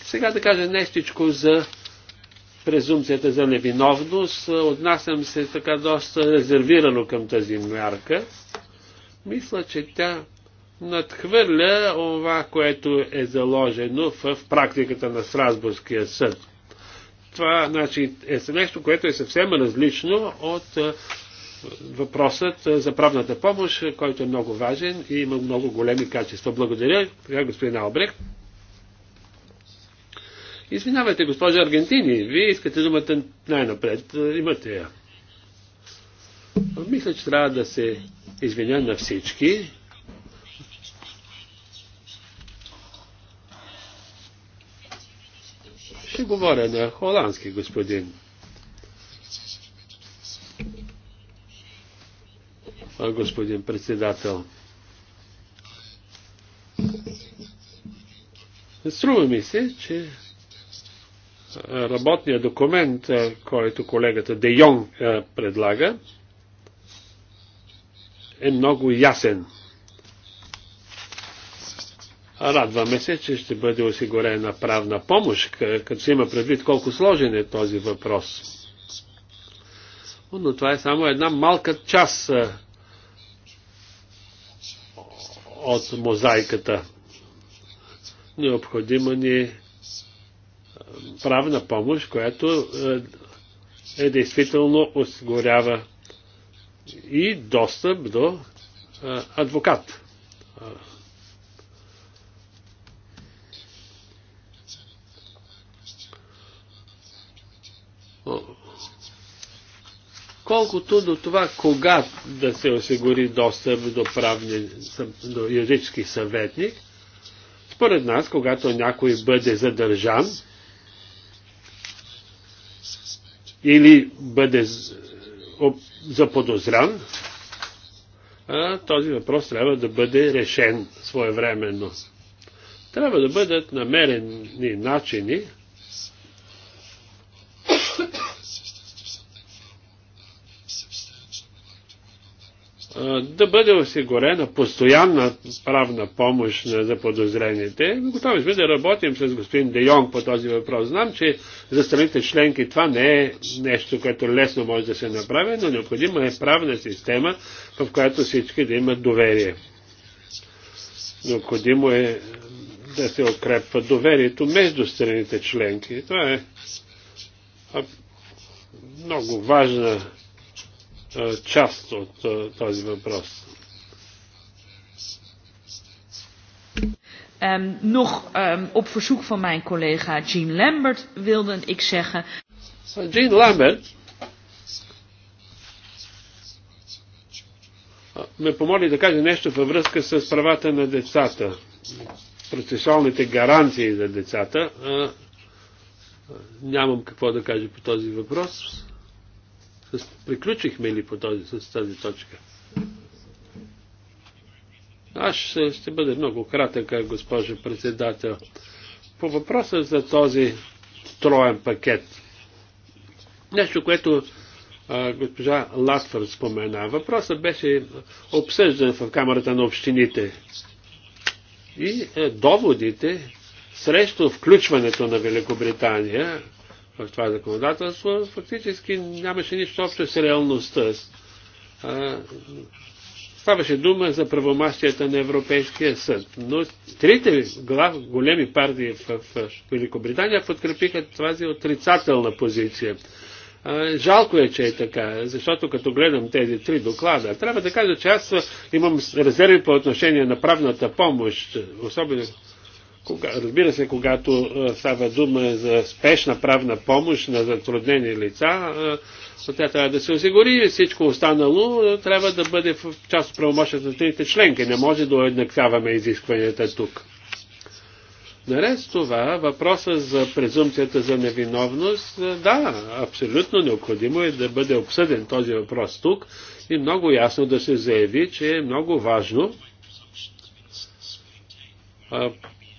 Speaker 1: Сега да кажа нещичко за презумцията за невиновност. Отнасям се така доста резервирано към тази мярка. Мисля, че тя надхвърля това, което е заложено в практиката на Страсбургския съд. Това значи, е нещо, което е съвсем различно от въпросът за правната помощ, който е много важен и има много големи качества. Благодаря, господин Албрех. Извинявайте, госпожа Аргентини, вие искате думата най-напред. Имате я. Мисля, че трябва да се извиня на всички. Ще говоря на холандски, господин. А Господин председател. Струва ми се, че работният документ, който колегата Де Йонг предлага, е много ясен. Радваме се, че ще бъде осигурена правна помощ, като се има предвид колко сложен е този въпрос. Но това е само една малка част от мозайката. Необходима ни правна помощ, която е действително осигурява и достъп до адвокат Колкото до това, кога да се осигури достъп до правни, до юридически съветник, според нас, когато някой бъде задържан или бъде заподозран, този въпрос трябва да бъде решен своевременно. Трябва да бъдат намерени начини да бъде осигурена постоянна правна помощ на заподозрените. Готови сме да работим с господин Де Йонг по този въпрос. Знам, че за страните членки това не е нещо, което лесно може да се направи, но необходима е правна система, в която всички да имат доверие. Необходимо е да се укрепва доверието между страните членки. Това е много важна е, част от е, този въпрос.
Speaker 3: Um, nog um, op verzoek van mijn collega Jean Lambert wilde ik zeggen. Jean Lambert
Speaker 1: е, ме помоли да кажа нещо във връзка с правата на децата, процесуалните гаранции за децата. Нямам какво да кажа по този въпрос приключихме ли по този, с тази точка? Аз ще, ще бъде много кратък, госпожо председател. По въпроса за този троен пакет. Нещо, което а, госпожа Ласфорд спомена. Въпросът беше обсъждан в Камерата на общините. И е, доводите срещу включването на Великобритания в това законодателство, фактически нямаше нищо общо с реалността. Ставаше дума за правомастията на Европейския съд. Но трите глав, големи партии в, в Великобритания подкрепиха тази отрицателна позиция. Жалко е, че е така, защото като гледам тези три доклада, трябва да кажа, че аз имам резерви по отношение на правната помощ, особено кога, разбира се, когато става дума за спешна правна помощ на затруднени лица, тя трябва да се осигури и всичко останало трябва да бъде в част от правомощията на трите членки. Не може да уеднаквяваме изискванията тук. Наред с това, въпроса за презумпцията за невиновност, да, абсолютно необходимо е да бъде обсъден този въпрос тук и много ясно да се заяви, че е много важно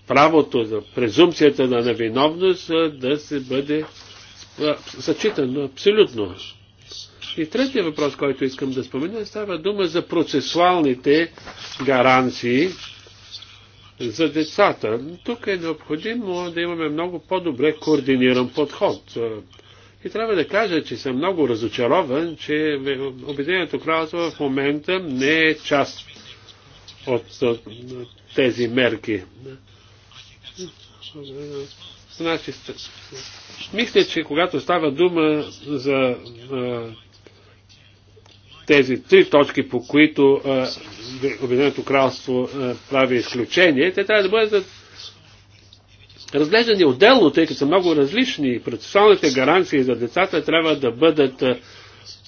Speaker 1: правото, за презумпцията на невиновност да се бъде зачитано абсолютно. И третия въпрос, който искам да спомена, става дума за процесуалните гаранции за децата. Тук е необходимо да имаме много по-добре координиран подход. И трябва да кажа, че съм много разочарован, че Обединеното кралство в момента не е част от тези мерки. Значи, мисля, че когато става дума за а, тези три точки, по които Обединеното кралство а, прави изключение, те трябва да бъдат разглеждани отделно, тъй като са много различни. Процесуалните гаранции за децата трябва да бъдат а,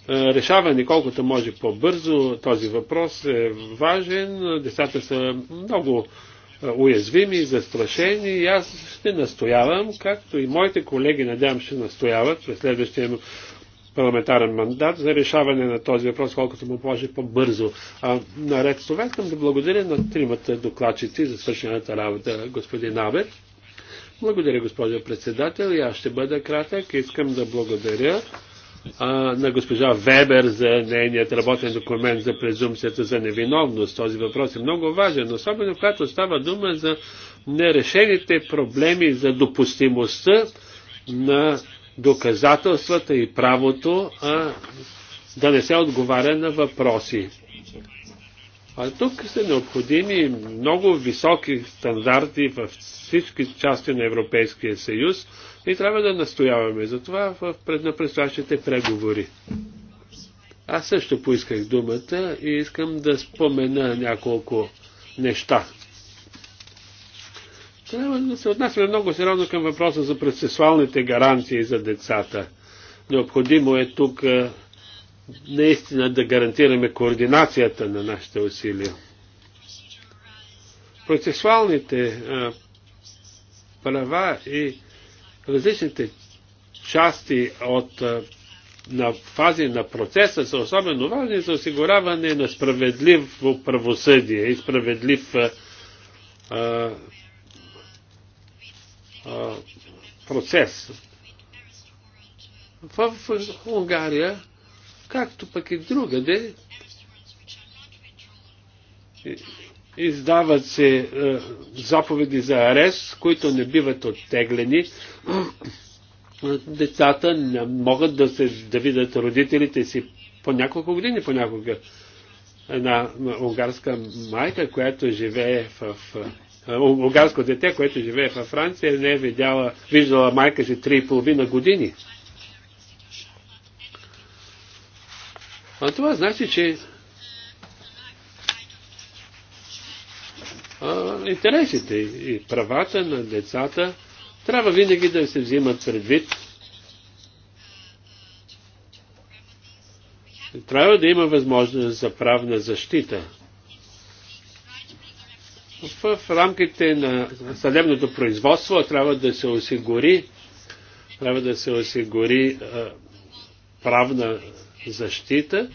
Speaker 1: решавани колкото може по-бързо. Този въпрос е важен. Децата са много уязвими, застрашени и аз ще настоявам, както и моите колеги, надявам, ще настояват през следващия парламентарен мандат за решаване на този въпрос, колкото му може по-бързо. А, наред с това искам да благодаря на тримата докладчици за свършената работа, господин Абер. Благодаря, госпожо председател, и аз ще бъда кратък. Искам да благодаря на госпожа Вебер за нейният работен документ за презумцията за невиновност. Този въпрос е много важен, особено когато става дума за нерешените проблеми за допустимостта на доказателствата и правото а, да не се отговаря на въпроси. А тук са необходими много високи стандарти във всички части на Европейския съюз, ние трябва да настояваме за това в преднапредстоящите преговори. Аз също поисках думата и искам да спомена няколко неща. Трябва да се отнасяме много сериозно към въпроса за процесуалните гарантии за децата. Необходимо е тук наистина да гарантираме координацията на нашите усилия. Процесуалните права и различните части от, на фази на процеса са особено важни за осигуряване на справедливо правосъдие и справедлив а, а, процес. В Унгария, както пък и другаде, Издават се е, заповеди за арест, които не биват оттеглени. Децата не могат да, се, да видят родителите си по няколко години, понякога. Една унгарска майка, която живее в е, унгарско дете, което живее във Франция, не е видяла, виждала майка си 3,5 години. А това значи, че интересите и правата на децата трябва винаги да се взимат предвид. Трябва да има възможност за правна защита. В рамките на съдебното производство трябва да се осигури, трябва да се осигури правна защита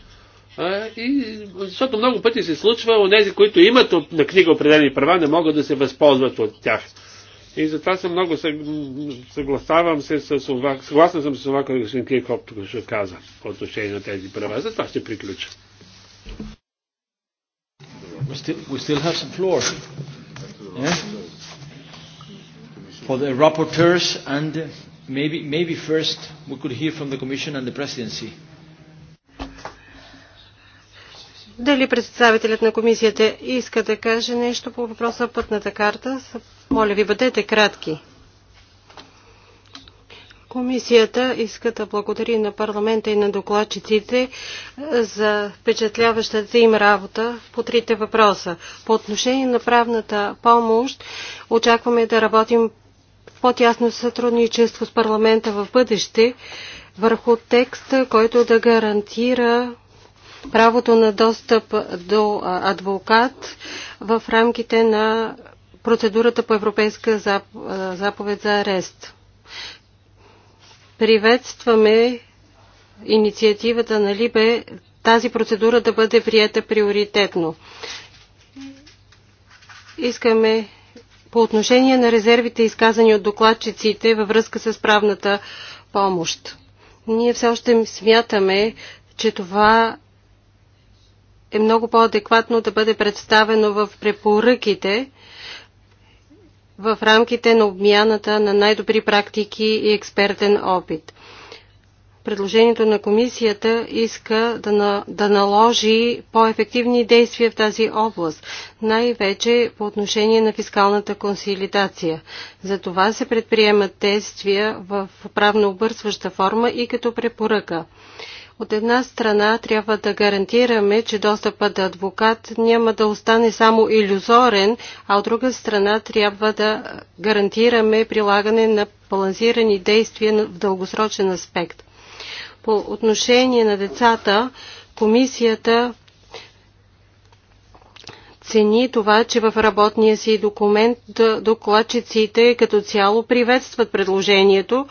Speaker 1: а, и, защото много пъти се случва, нези, които имат на книга определени права, не могат да се възползват от тях. И затова съм много съгласавам се с това, съгласен съм с това, което господин Киркоп тук ще каза по отношение на тези права. Затова ще приключа. We still, we still have some floor. Yeah? For the rapporteurs and
Speaker 3: maybe, maybe first we could hear from the Commission and the Presidency.
Speaker 2: Дали представителят на комисията иска да каже нещо по въпроса пътната карта? Моля ви, бъдете кратки. Комисията иска да благодари на парламента и на докладчиците за впечатляващата им работа по трите въпроса. По отношение на правната помощ очакваме да работим по-тясно сътрудничество с парламента в бъдеще върху текст, който да гарантира правото на достъп до адвокат в рамките на процедурата по Европейска заповед за арест. Приветстваме инициативата на Либе тази процедура да бъде приета приоритетно. Искаме по отношение на резервите, изказани от докладчиците във връзка с правната помощ. Ние все още смятаме, че това е много по-адекватно да бъде представено в препоръките в рамките на обмяната на най-добри практики и експертен опит. Предложението на комисията иска да, на, да наложи по-ефективни действия в тази област, най-вече по отношение на фискалната консилидация. За това се предприемат действия в правно обърсваща форма и като препоръка. От една страна трябва да гарантираме, че достъпът до адвокат няма да остане само иллюзорен, а от друга страна трябва да гарантираме прилагане на балансирани действия в дългосрочен аспект. По отношение на децата, комисията цени това, че в работния си документ докладчиците като цяло приветстват предложението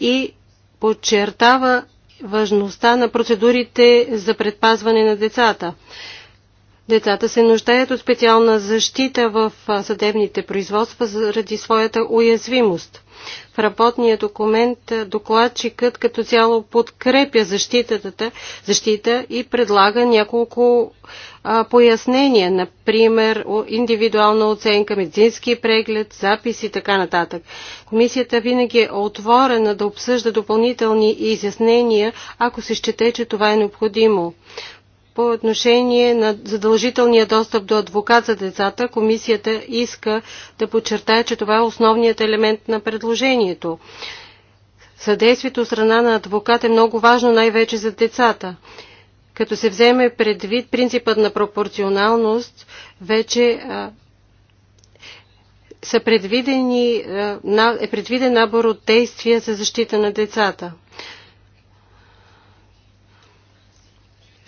Speaker 2: и подчертава важността на процедурите за предпазване на децата. Децата се нуждаят от специална защита в съдебните производства заради своята уязвимост. В работния документ докладчикът като цяло подкрепя защитата, защита и предлага няколко пояснения, например индивидуална оценка, медицински преглед, запис и така нататък. Комисията винаги е отворена да обсъжда допълнителни изяснения, ако се счете, че това е необходимо. По отношение на задължителния достъп до адвокат за децата, комисията иска да подчертае, че това е основният елемент на предложението. Съдействието от страна на адвокат е много важно най-вече за децата. Като се вземе предвид принципът на пропорционалност, вече са предвидени, е предвиден набор от действия за защита на децата.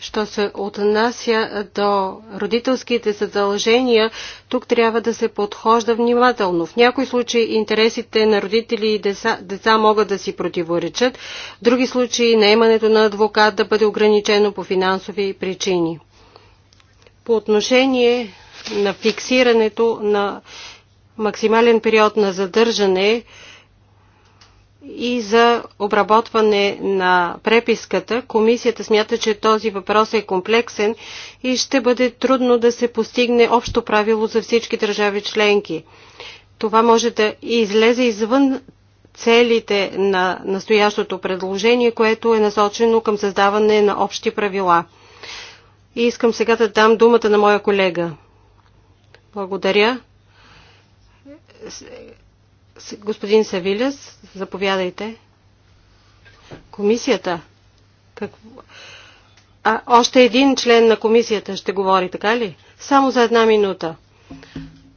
Speaker 2: Що се отнася до родителските задължения, тук трябва да се подхожда внимателно. В някои случаи интересите на родители и деца, деца могат да си противоречат, в други случаи наемането на адвокат да бъде ограничено по финансови причини. По отношение на фиксирането на максимален период на задържане, и за обработване на преписката. Комисията смята, че този въпрос е комплексен и ще бъде трудно да се постигне общо правило за всички държави членки. Това може да излезе извън целите на настоящото предложение, което е насочено към създаване на общи правила. И искам сега да дам думата на моя колега. Благодаря Господин Савиляс, заповядайте. Комисията. Как... А, още един член на комисията ще говори, така ли? Само за една минута.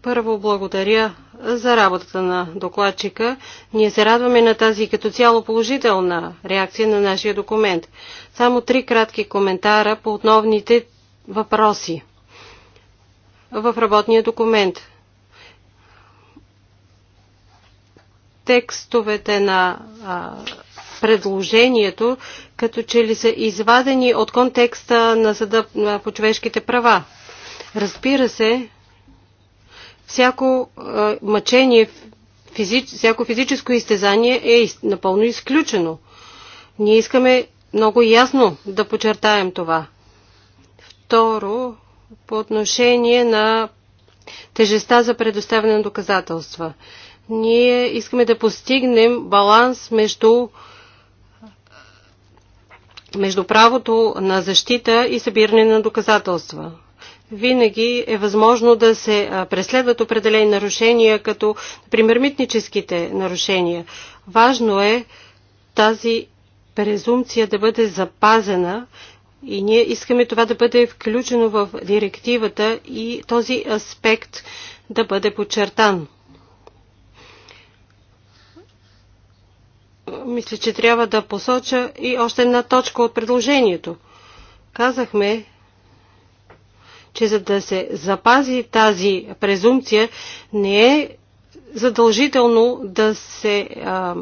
Speaker 2: Първо благодаря за работата на докладчика. Ние се радваме на тази като цяло положителна реакция на нашия документ. Само три кратки коментара по основните въпроси в работния документ. текстовете на а, предложението, като че ли са извадени от контекста на съда по човешките права. Разбира се, всяко а, мъчение, физич, всяко физическо изтезание е из, напълно изключено. Ние искаме много ясно да подчертаем това. Второ, по отношение на тежеста за предоставяне на доказателства. Ние искаме да постигнем баланс между, между правото на защита и събиране на доказателства винаги е възможно да се преследват определени нарушения, като, например, митническите нарушения. Важно е тази презумпция да бъде запазена и ние искаме това да бъде включено в директивата и този аспект да бъде подчертан. мисля, че трябва да посоча и още една точка от предложението. Казахме, че за да се запази тази презумпция, не е задължително да се. А,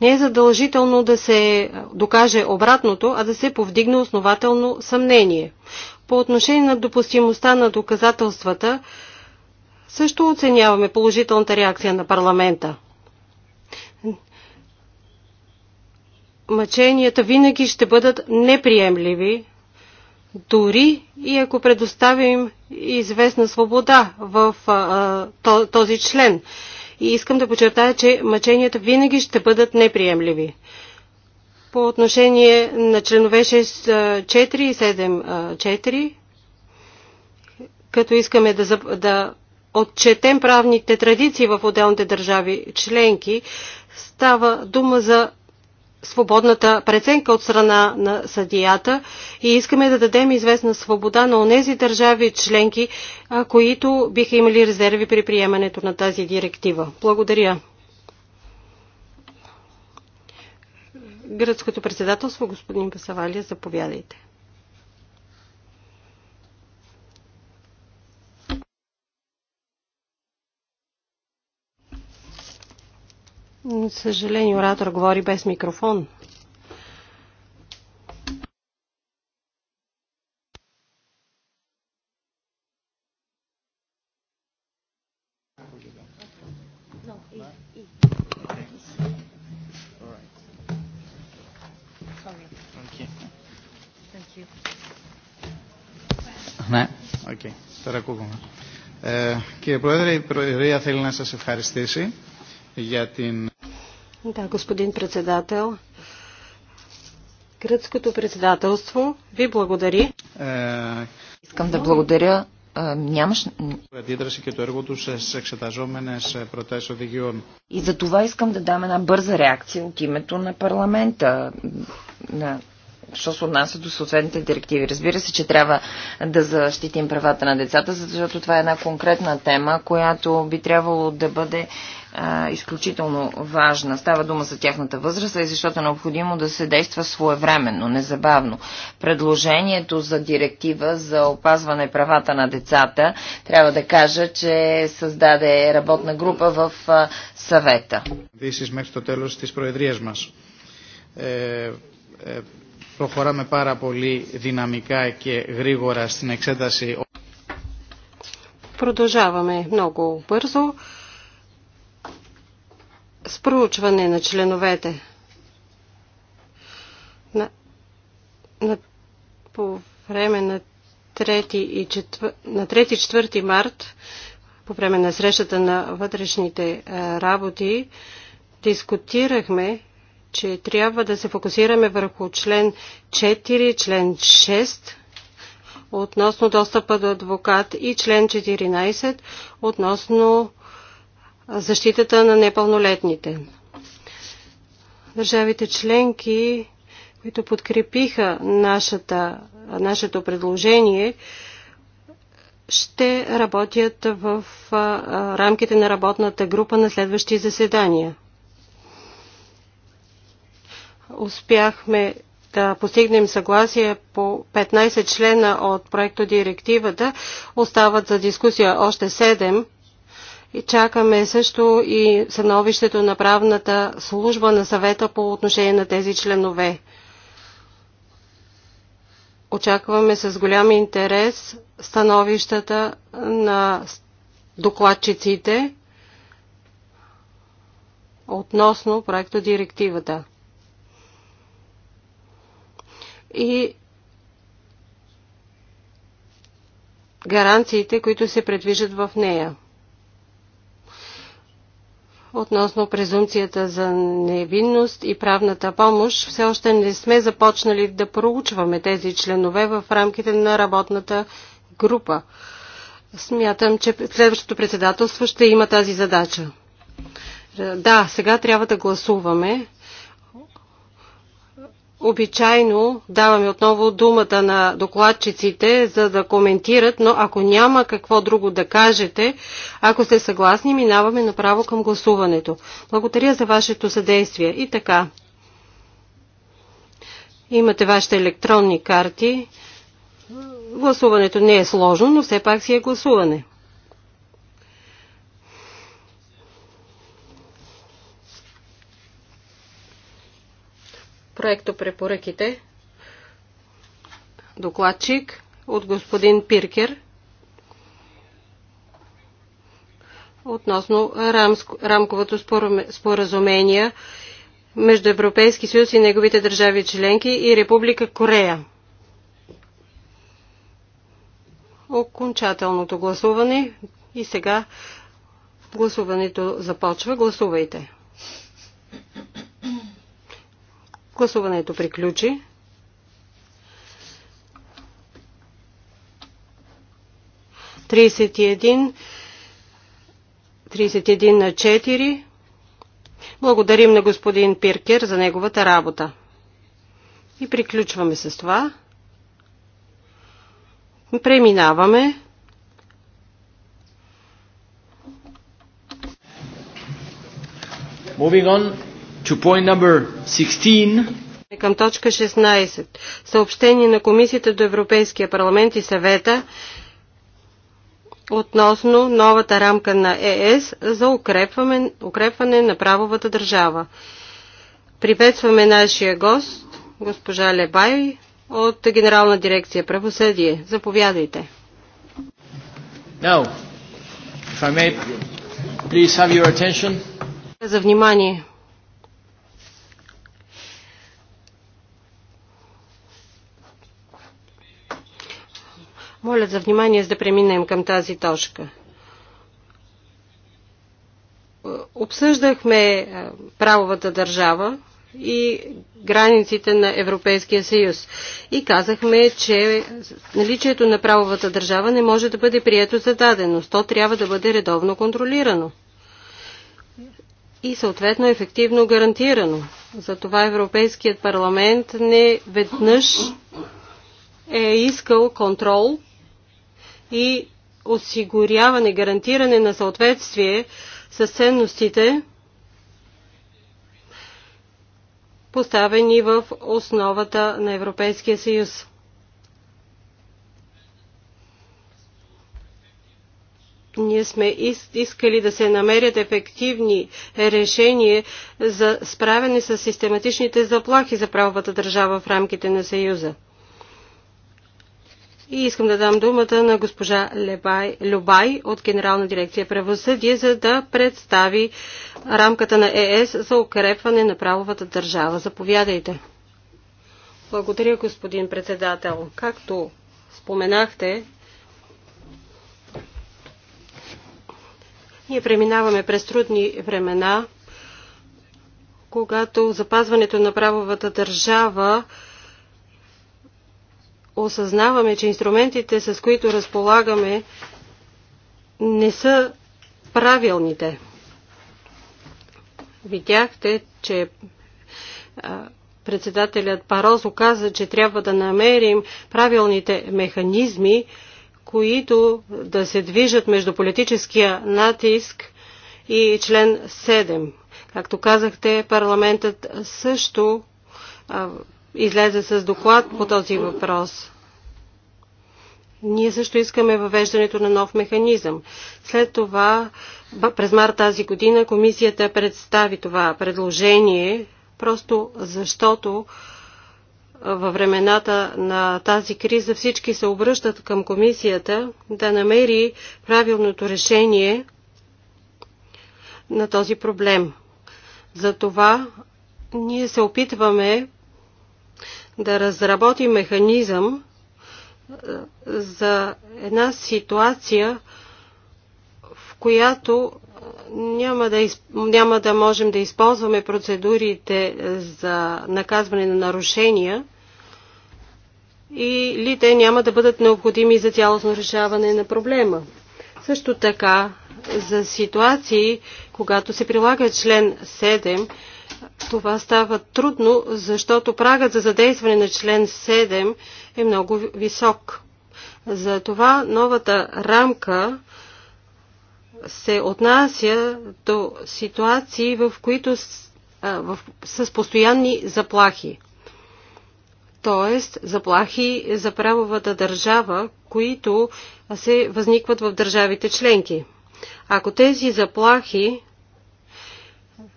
Speaker 2: не е задължително да се докаже обратното, а да се повдигне основателно съмнение. По отношение на допустимостта на доказателствата, също оценяваме положителната реакция на парламента мъченията винаги ще бъдат неприемливи, дори и ако предоставим известна свобода в а, този член. И искам да подчертая, че мъченията винаги ще бъдат неприемливи. По отношение на членове 6.4 и 7.4, като искаме да, да отчетем правните традиции в отделните държави членки, става дума за свободната преценка от страна на съдията и искаме да дадем известна свобода на онези държави членки, които биха имали резерви при приемането на тази директива. Благодаря. Гръцкото председателство, господин Пасавалия, заповядайте. Съжаление, оратор говори без микрофон.
Speaker 4: κύριε Πρόεδρε, η Προεδρία θέλει να σας ευχαριστήσει για την...
Speaker 2: Да, господин председател. Гръцкото председателство ви благодари.
Speaker 3: Е... Искам да благодаря. нямаш... И за това искам да дам една бърза реакция от името на парламента. На що се отнася до съответните директиви. Разбира се, че трябва да защитим правата на децата, защото това е една конкретна тема, която би трябвало да бъде а, изключително важна. Става дума за тяхната възраст, е, защото е необходимо да се действа своевременно, незабавно. Предложението за директива за опазване правата на децата трябва да кажа, че създаде работна група в а, съвета.
Speaker 4: Προχωράμε πάρα πολύ δυναμικά και γρήγορα στην εξέταση.
Speaker 2: Продължаваме много бързо с проучване на членовете. На, на, по време на 3 и 4, на 3 и 4 март, по време на срещата на вътрешните а, работи, дискутирахме, че трябва да се фокусираме върху член 4, член 6 относно достъпа до адвокат и член 14 относно защитата на непълнолетните. Държавите членки, които подкрепиха нашата, нашето предложение, ще работят в рамките на работната група на следващи заседания. Успяхме да постигнем съгласие по 15 члена от проекто директивата. Остават за дискусия още 7 и чакаме също и съновището на правната служба на съвета по отношение на тези членове. Очакваме с голям интерес становищата на докладчиците относно проекта директивата. И гаранциите, които се предвижат в нея относно презумцията за невинност и правната помощ. Все още не сме започнали да проучваме тези членове в рамките на работната група. Смятам, че следващото председателство ще има тази задача. Е, да, сега трябва да гласуваме. Обичайно даваме отново думата на докладчиците, за да коментират, но ако няма какво друго да кажете, ако сте съгласни, минаваме направо към гласуването. Благодаря за вашето съдействие. И така. Имате вашите електронни карти.
Speaker 4: Гласуването
Speaker 2: не е сложно, но все пак си е гласуване. проекто препоръките. Докладчик от господин Пиркер относно рамско, рамковото споразумение между Европейски съюз и неговите държави членки и Република Корея. Окончателното гласуване и сега гласуването започва. Гласувайте. Гласуването приключи. Тридесет и един. 31 на 4. Благодарим на господин Пиркер за неговата работа. И приключваме с това. Преминаваме.
Speaker 3: Moving on to point number 16.
Speaker 2: Към точка 16. Съобщение на Комисията до Европейския парламент и съвета относно новата рамка на ЕС за укрепване, укрепване на правовата държава. Приветстваме нашия гост, госпожа Лебай от Генерална дирекция правосъдие. Заповядайте.
Speaker 3: Now, if I
Speaker 4: may, please have your attention.
Speaker 2: За внимание. Моля за внимание, за да преминем към тази точка. Обсъждахме е, правовата държава и границите на Европейския съюз. И казахме, че наличието на правовата държава не може да бъде прието за даденост. То трябва да бъде редовно контролирано и съответно ефективно гарантирано. Затова Европейският парламент не веднъж е искал контрол и осигуряване, гарантиране на съответствие с ценностите, поставени в основата на Европейския съюз. Ние сме искали да се намерят ефективни решения за справяне с систематичните заплахи за правовата държава в рамките на Съюза. И искам да дам думата на госпожа Лебай, Любай от Генерална дирекция правосъдие, за да представи рамката на ЕС за укрепване на правовата държава. Заповядайте. Благодаря, господин председател. Както споменахте, ние преминаваме през трудни времена, когато запазването на правовата държава осъзнаваме, че инструментите, с които разполагаме, не са правилните. Видяхте, че председателят Парозо каза, че трябва да намерим правилните механизми, които да се движат между политическия натиск и член 7. Както казахте, парламентът също излезе с доклад по този въпрос. Ние също искаме въвеждането на нов механизъм. След това, през март тази година, комисията представи това предложение, просто защото във времената на тази криза всички се обръщат към комисията да намери правилното решение на този проблем. Затова ние се опитваме да разработи механизъм е, за една ситуация, в която няма да, из... няма да можем да използваме процедурите за наказване на нарушения или те няма да бъдат необходими за цялостно решаване на проблема. Също така, за ситуации, когато се прилага член 7, това става трудно, защото прагът за задействане на член 7 е много висок. Затова новата рамка се отнася до ситуации, в които с, а, в, с постоянни заплахи. Тоест, заплахи за правовата държава, които се възникват в държавите членки. Ако тези заплахи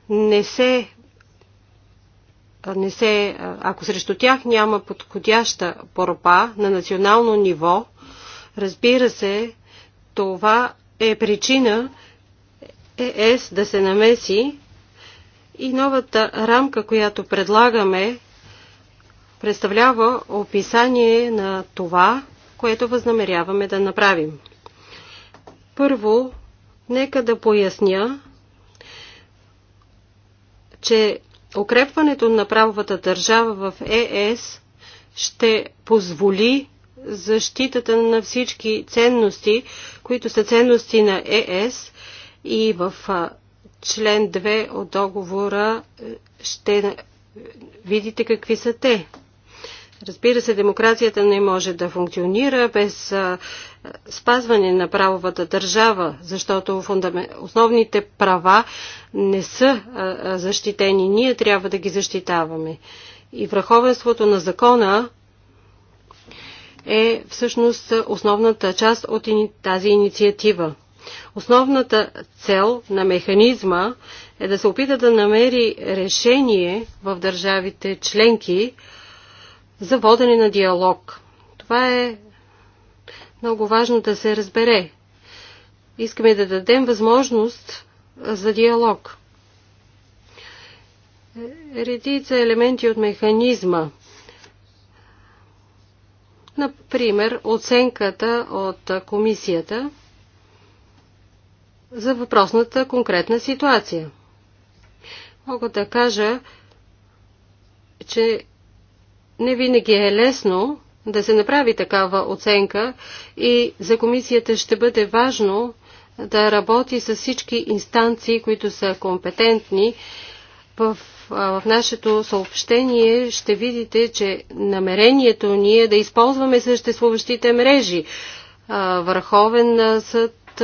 Speaker 2: не се не се, ако срещу тях няма подходяща поропа на национално ниво, разбира се, това е причина ЕС да се намеси и новата рамка, която предлагаме, представлява описание на това, което възнамеряваме да направим. Първо, нека да поясня, че Укрепването на правовата държава в ЕС ще позволи защитата на всички ценности, които са ценности на ЕС и в член 2 от договора е, ще видите какви са те. Разбира се, демокрацията не може да функционира без спазване на правовата държава, защото основните права не са защитени. Ние трябва да ги защитаваме. И върховенството на закона е всъщност основната част от тази инициатива. Основната цел на механизма е да се опита да намери решение в държавите членки за водене на диалог. Това е много важно да се разбере. Искаме да дадем възможност за диалог. Редица елементи от механизма. Например, оценката от комисията за въпросната конкретна ситуация. Мога да кажа, че не винаги е лесно да се направи такава оценка и за комисията ще бъде важно да работи с всички инстанции, които са компетентни. В, в нашето съобщение ще видите, че намерението ни е да използваме съществуващите мрежи. Върховен съд,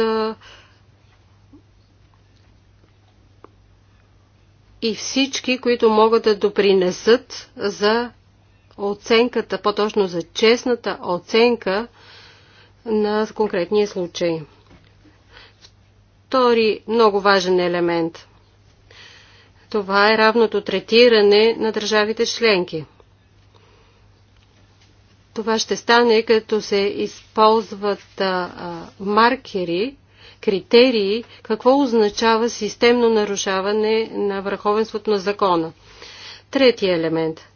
Speaker 2: и всички, които могат да допринесат за оценката, по-точно за честната оценка на конкретния случай. Втори много важен елемент. Това е равното третиране на държавите членки. Това ще стане като се използват а, маркери, критерии, какво означава системно нарушаване на върховенството на закона. Третия елемент –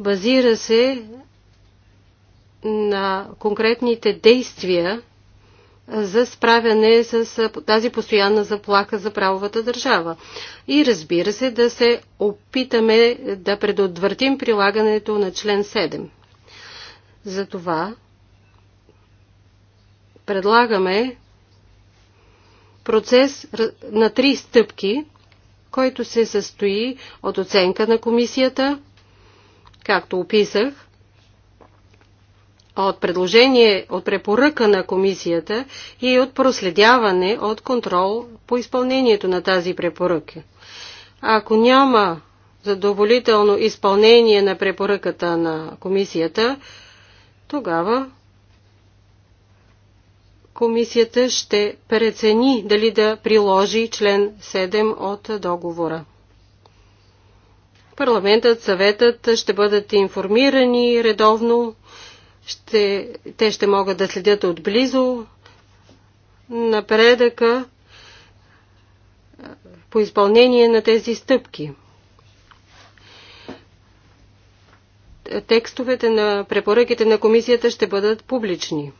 Speaker 2: базира се на конкретните действия за справяне с тази постоянна заплаха за правовата държава. И разбира се, да се опитаме да предотвратим прилагането на член 7. Затова предлагаме процес на три стъпки, който се състои от оценка на комисията, Както описах, от предложение, от препоръка на комисията и от проследяване от контрол по изпълнението на тази препоръка. Ако няма задоволително изпълнение на препоръката на комисията, тогава комисията ще прецени дали да приложи член 7 от договора. Парламентът, съветът ще бъдат информирани редовно, ще, те ще могат да следят отблизо напредъка по изпълнение на тези стъпки. Текстовете на препоръките на комисията ще бъдат публични.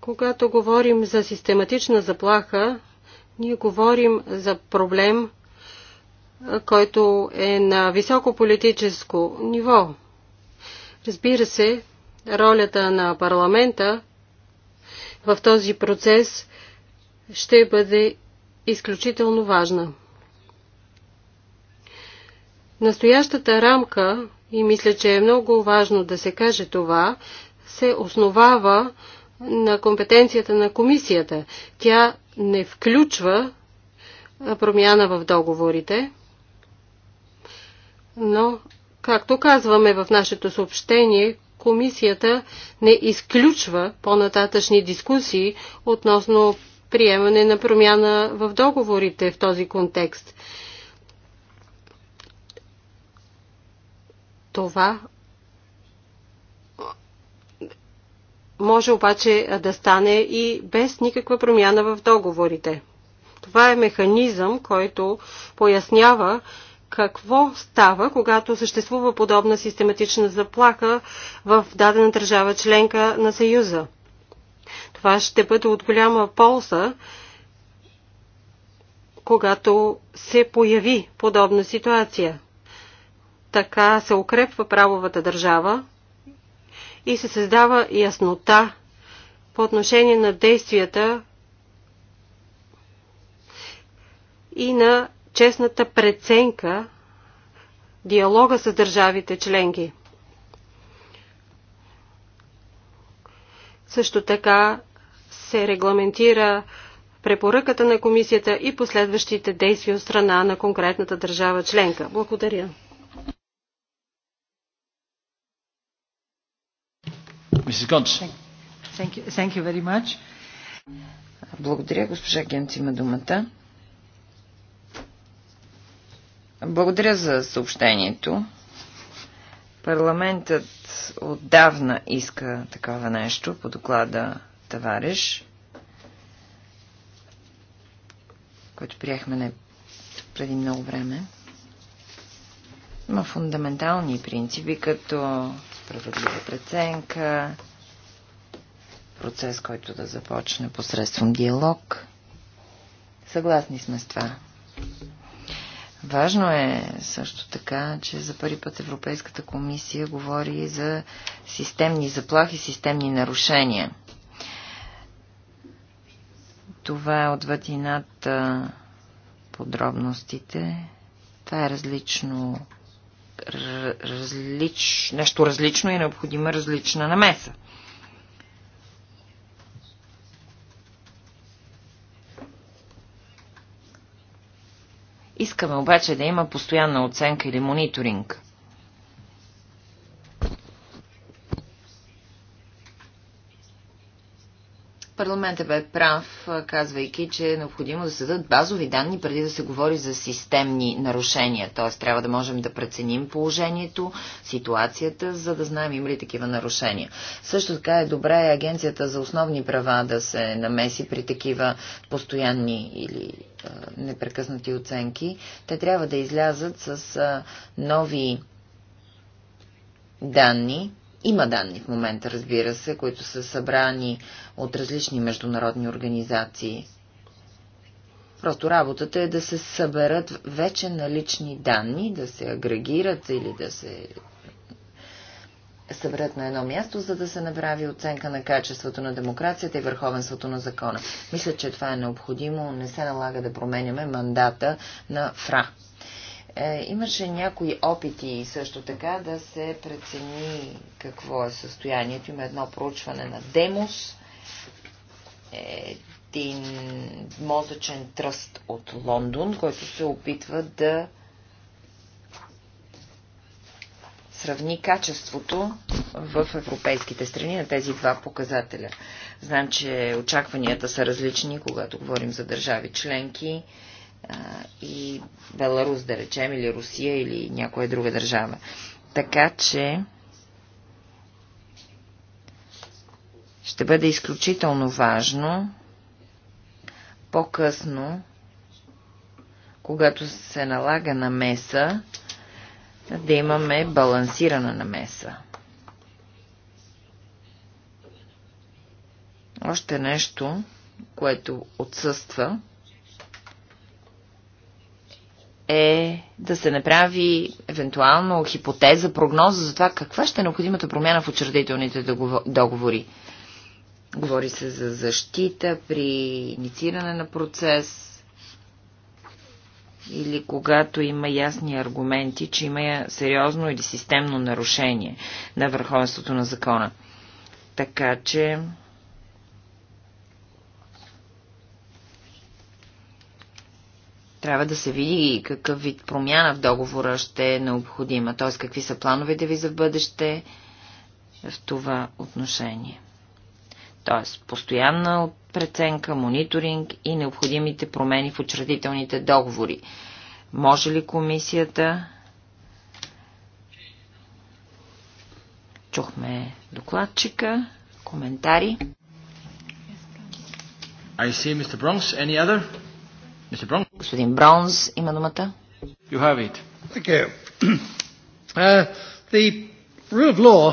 Speaker 2: Когато говорим за систематична заплаха, ние говорим за проблем – който е на високо политическо ниво. Разбира се, ролята на парламента в този процес ще бъде изключително важна. Настоящата рамка, и мисля, че е много важно да се каже това, се основава на компетенцията на комисията. Тя не включва промяна в договорите, но, както казваме в нашето съобщение, комисията не изключва по-нататъчни дискусии относно приемане на промяна в договорите в този контекст. Това може обаче да стане и без никаква промяна в договорите. Това е механизъм, който пояснява, какво става, когато съществува подобна систематична заплаха в дадена държава членка на Съюза. Това ще бъде от голяма полза, когато се появи подобна ситуация. Така се укрепва правовата държава и се създава яснота по отношение на действията и на честната преценка, диалога с държавите членки. Също така се регламентира препоръката на комисията и последващите действия от страна на конкретната държава членка. Благодаря.
Speaker 3: Благодаря, госпожа Генц има думата. Благодаря за съобщението. Парламентът отдавна иска такова нещо по доклада Товариш. който приехме не преди много време. Има фундаментални принципи, като справедлива преценка, процес, който да започне посредством диалог. Съгласни сме с това. Важно е също така, че за първи път Европейската комисия говори за системни заплахи, системни нарушения. Това е отвъд и над подробностите. Това е различно, различ, нещо различно и необходима различна намеса. Искаме обаче да има постоянна оценка или мониторинг. Парламентът бе прав, казвайки, че е необходимо да се дадат базови данни преди да се говори за системни нарушения. Т.е. трябва да можем да преценим положението, ситуацията, за да знаем има ли такива нарушения. Също така е добре Агенцията за основни права да се намеси при такива постоянни или непрекъснати оценки. Те трябва да излязат с нови данни. Има данни в момента, разбира се, които са събрани от различни международни организации. Просто работата е да се съберат вече налични данни, да се агрегират или да се съберат на едно място, за да се направи оценка на качеството на демокрацията и върховенството на закона. Мисля, че това е необходимо. Не се налага да променяме мандата на ФРА. Е, имаше някои опити също така да се прецени какво е състоянието. Има едно проучване на Демос, един мозъчен тръст от Лондон, който се опитва да сравни качеството в европейските страни на тези два показателя. Знам, че очакванията са различни, когато говорим за държави членки и Беларус, да речем, или Русия, или някоя друга държава. Така че ще бъде изключително важно по-късно, когато се налага на меса, да имаме балансирана намеса. Още нещо, което отсъства, е да се направи евентуално хипотеза, прогноза за това каква ще е необходимата промяна в учредителните договори. Говори се за защита при иницииране на процес, или когато има ясни аргументи, че има сериозно или системно нарушение на върховенството на закона. Така че трябва да се види какъв вид промяна в договора ще е необходима, т.е. какви са плановете ви за бъдеще в това отношение. Т.е. постоянна преценка, мониторинг и необходимите промени в учредителните договори. Може ли комисията? Чухме докладчика, коментари. I see Mr. Bronx. Any other? Mr. Bronx? Господин Бронс има думата. You have it. Thank you. Uh, the rule of law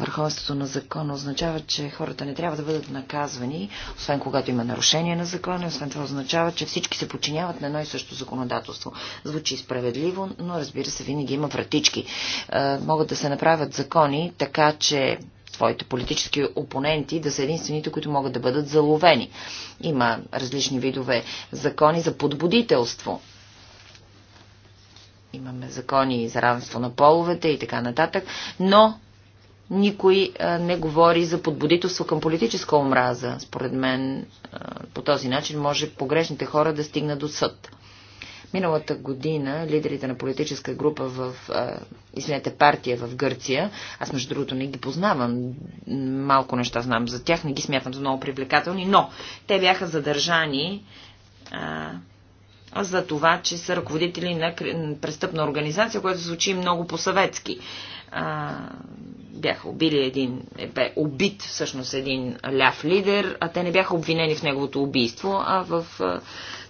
Speaker 3: върховенството на закона означава, че хората не трябва да бъдат наказвани, освен когато има нарушение на закона, освен това означава, че всички се подчиняват на едно и също законодателство. Звучи справедливо, но разбира се, винаги има вратички. Е, могат да се направят закони така, че твоите политически опоненти да са единствените, които могат да бъдат заловени. Има различни видове закони за подбудителство. Имаме закони за равенство на половете и така нататък, но никой не говори за подбудителство към политическа омраза. Според мен по този начин може погрешните хора да стигнат до съд. Миналата година лидерите на политическа група в, извинете, партия в Гърция, аз между другото не ги познавам, малко неща знам за тях, не ги смятам за много привлекателни, но те бяха задържани а, за това, че са ръководители на престъпна организация, което звучи много по-съветски бяха убили един, е, бе убит всъщност един ляв лидер, а те не бяха обвинени в неговото убийство, а в а,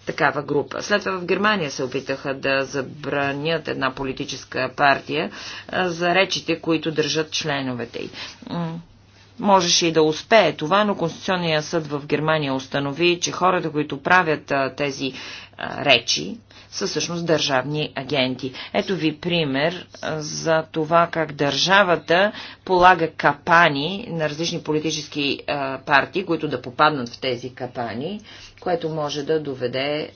Speaker 3: такава група. След това в Германия се опитаха да забранят една политическа партия а, за речите, които държат членовете й. Можеше и да успее това, но Конституционният съд в Германия установи, че хората, които правят а, тези а, речи, са всъщност държавни агенти. Ето ви пример за това как държавата полага капани на различни политически партии, които да попаднат в тези капани, което може да доведе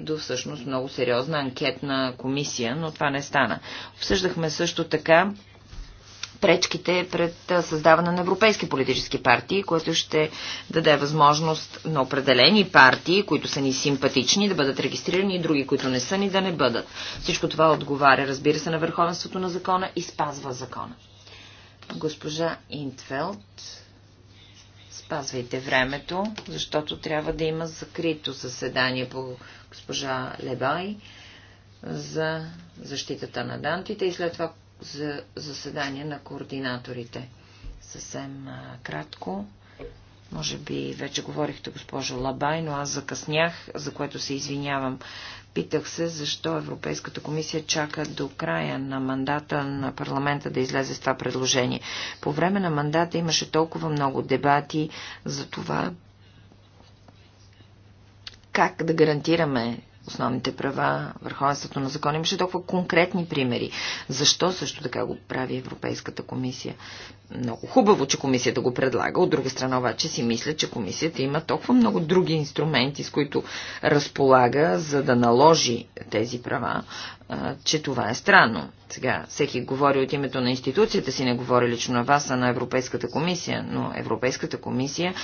Speaker 3: до всъщност много сериозна анкетна комисия, но това не стана. Обсъждахме също така пречките пред създаване на европейски политически партии, което ще даде възможност на определени партии, които са ни симпатични, да бъдат регистрирани и други, които не са ни, да не бъдат. Всичко това отговаря, разбира се, на върховенството на закона и спазва закона. Госпожа Интфелд, спазвайте времето, защото трябва да има закрито съседание по госпожа Лебай за защитата на дантите и след това за заседание на координаторите. Съвсем а, кратко. Може би вече говорихте, госпожо Лабай, но аз закъснях, за което се извинявам. Питах се, защо Европейската комисия чака до края на мандата на парламента да излезе с това предложение. По време на мандата имаше толкова много дебати за това, как да гарантираме основните права, върховенството на закона. Имаше толкова конкретни примери. Защо също така го прави Европейската комисия? много хубаво, че комисията го предлага. От друга страна обаче си мисля, че комисията има толкова много други инструменти, с които разполага, за да наложи тези права, че това е странно. Сега всеки говори от името на институцията си, не говори лично на вас, а на Европейската комисия, но Европейската комисия е,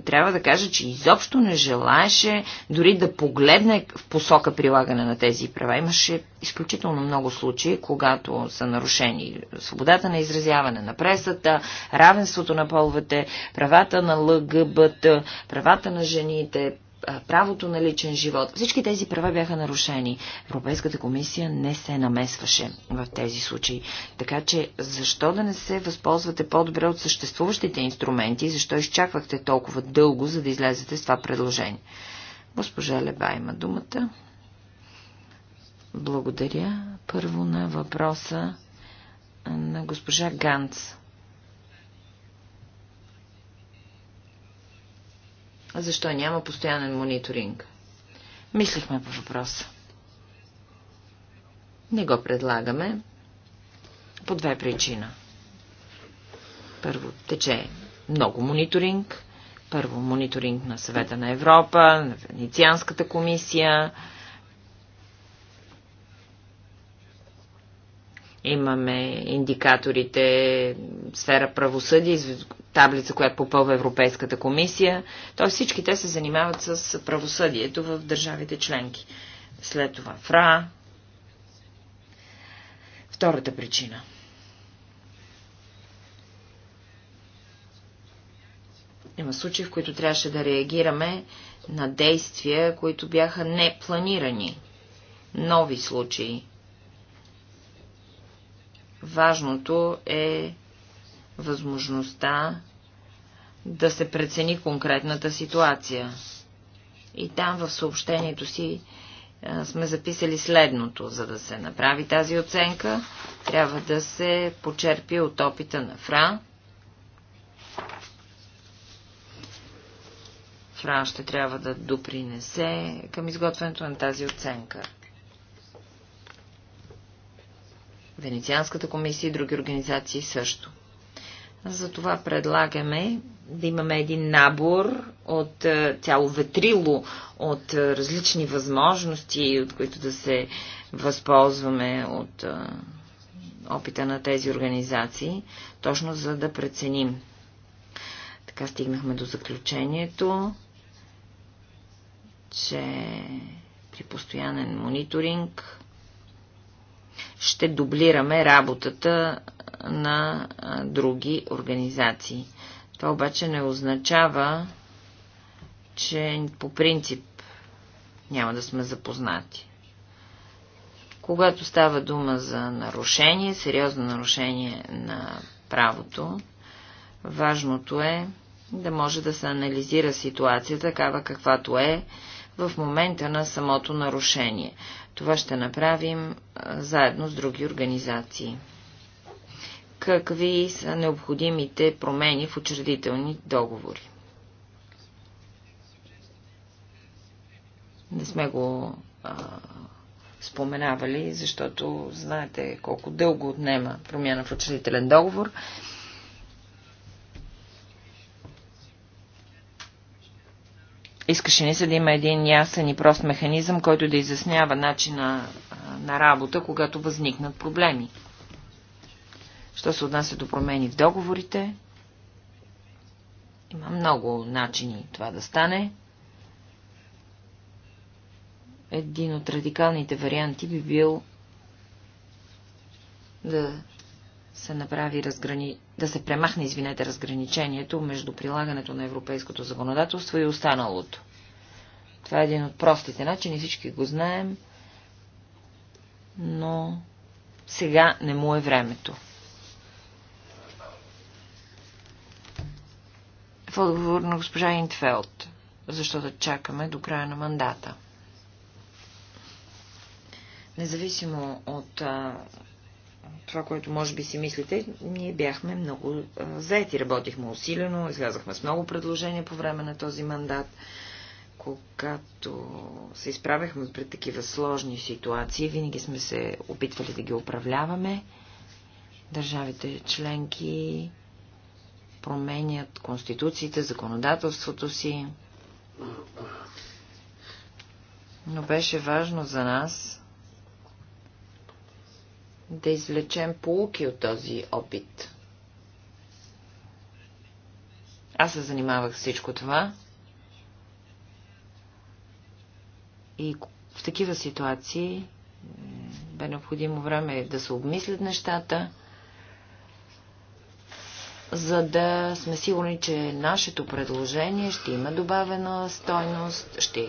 Speaker 3: трябва да каже, че изобщо не желаеше дори да погледне в посока прилагане на тези права. Имаше изключително много случаи, когато са нарушени свободата на изразяване, на пресата, равенството на половете, правата на ЛГБТ, правата на жените, правото на личен живот. Всички тези права бяха нарушени. Европейската комисия не се намесваше в тези случаи. Така че защо да не се възползвате по-добре от съществуващите инструменти? Защо изчаквахте толкова дълго, за да излезете с това предложение? Госпожа Леба има думата. Благодаря първо на въпроса на госпожа Ганц. Защо няма постоянен мониторинг? Мислихме по въпроса. Не го предлагаме по две причина. Първо, тече много мониторинг. Първо, мониторинг на съвета на Европа, на Венецианската комисия, Имаме индикаторите сфера правосъдие, таблица, която попълва Европейската комисия. Тоест всички те се занимават с правосъдието в държавите членки. След това ФРА. Втората причина. Има случаи, в които трябваше да реагираме на действия, които бяха непланирани. Нови случаи. Важното е възможността да се прецени конкретната ситуация. И там в съобщението си сме записали следното. За да се направи тази оценка, трябва да се почерпи от опита на ФРА. ФРА ще трябва да допринесе към изготвянето на тази оценка. Венецианската комисия и други организации също. Затова предлагаме да имаме един набор от е, цяло ветрило от е, различни възможности, от които да се възползваме от е, опита на тези организации, точно за да преценим. Така стигнахме до заключението, че при постоянен мониторинг ще дублираме работата на други организации. Това обаче не означава, че по принцип няма да сме запознати. Когато става дума за нарушение, сериозно нарушение на правото, важното е да може да се анализира ситуация такава каквато е в момента на самото нарушение. Това ще направим заедно с други организации. Какви са необходимите промени в учредителни договори? Не сме го а, споменавали, защото знаете колко дълго отнема промяна в учредителен договор. А, Искаше ни се да има един ясен и прост механизъм, който да изяснява начина на работа, когато възникнат проблеми. Що се отнася до промени в договорите, има много начини това да стане. Един от радикалните варианти би бил да се направи разграни да се премахне, извинете, разграничението между прилагането на европейското законодателство и останалото. Това е един от простите начини, всички го знаем, но сега не му е времето. В отговор на госпожа Интфелд, защото чакаме до края на мандата. Независимо от а, това, което може би си мислите, ние бяхме много заети, работихме усилено, излязахме с много предложения по време на този мандат. Когато се изправяхме пред такива сложни ситуации, винаги сме се опитвали да ги управляваме. Държавите членки променят конституциите, законодателството си. Но беше важно за нас да извлечем полуки от този опит. Аз се занимавах всичко това. И в такива ситуации бе необходимо време да се обмислят нещата, за да сме сигурни, че нашето предложение ще има добавена стойност, ще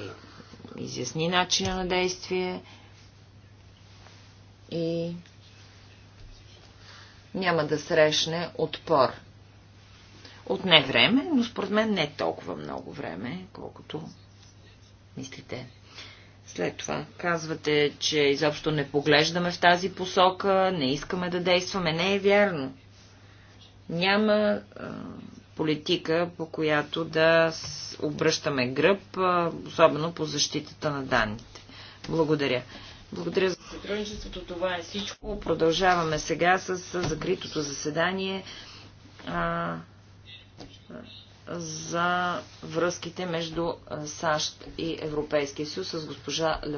Speaker 3: изясни начина на действие и няма да срещне отпор. Отне време, но според мен не толкова много време, колкото мислите. След това казвате, че изобщо не поглеждаме в тази посока, не искаме да действаме. Не е вярно. Няма а, политика, по която да обръщаме гръб, а, особено по защитата на данните. Благодаря. Благодаря за сътрудничеството. Това е всичко. Продължаваме сега с закритото заседание а, за връзките между САЩ и Европейския съюз с госпожа Лев.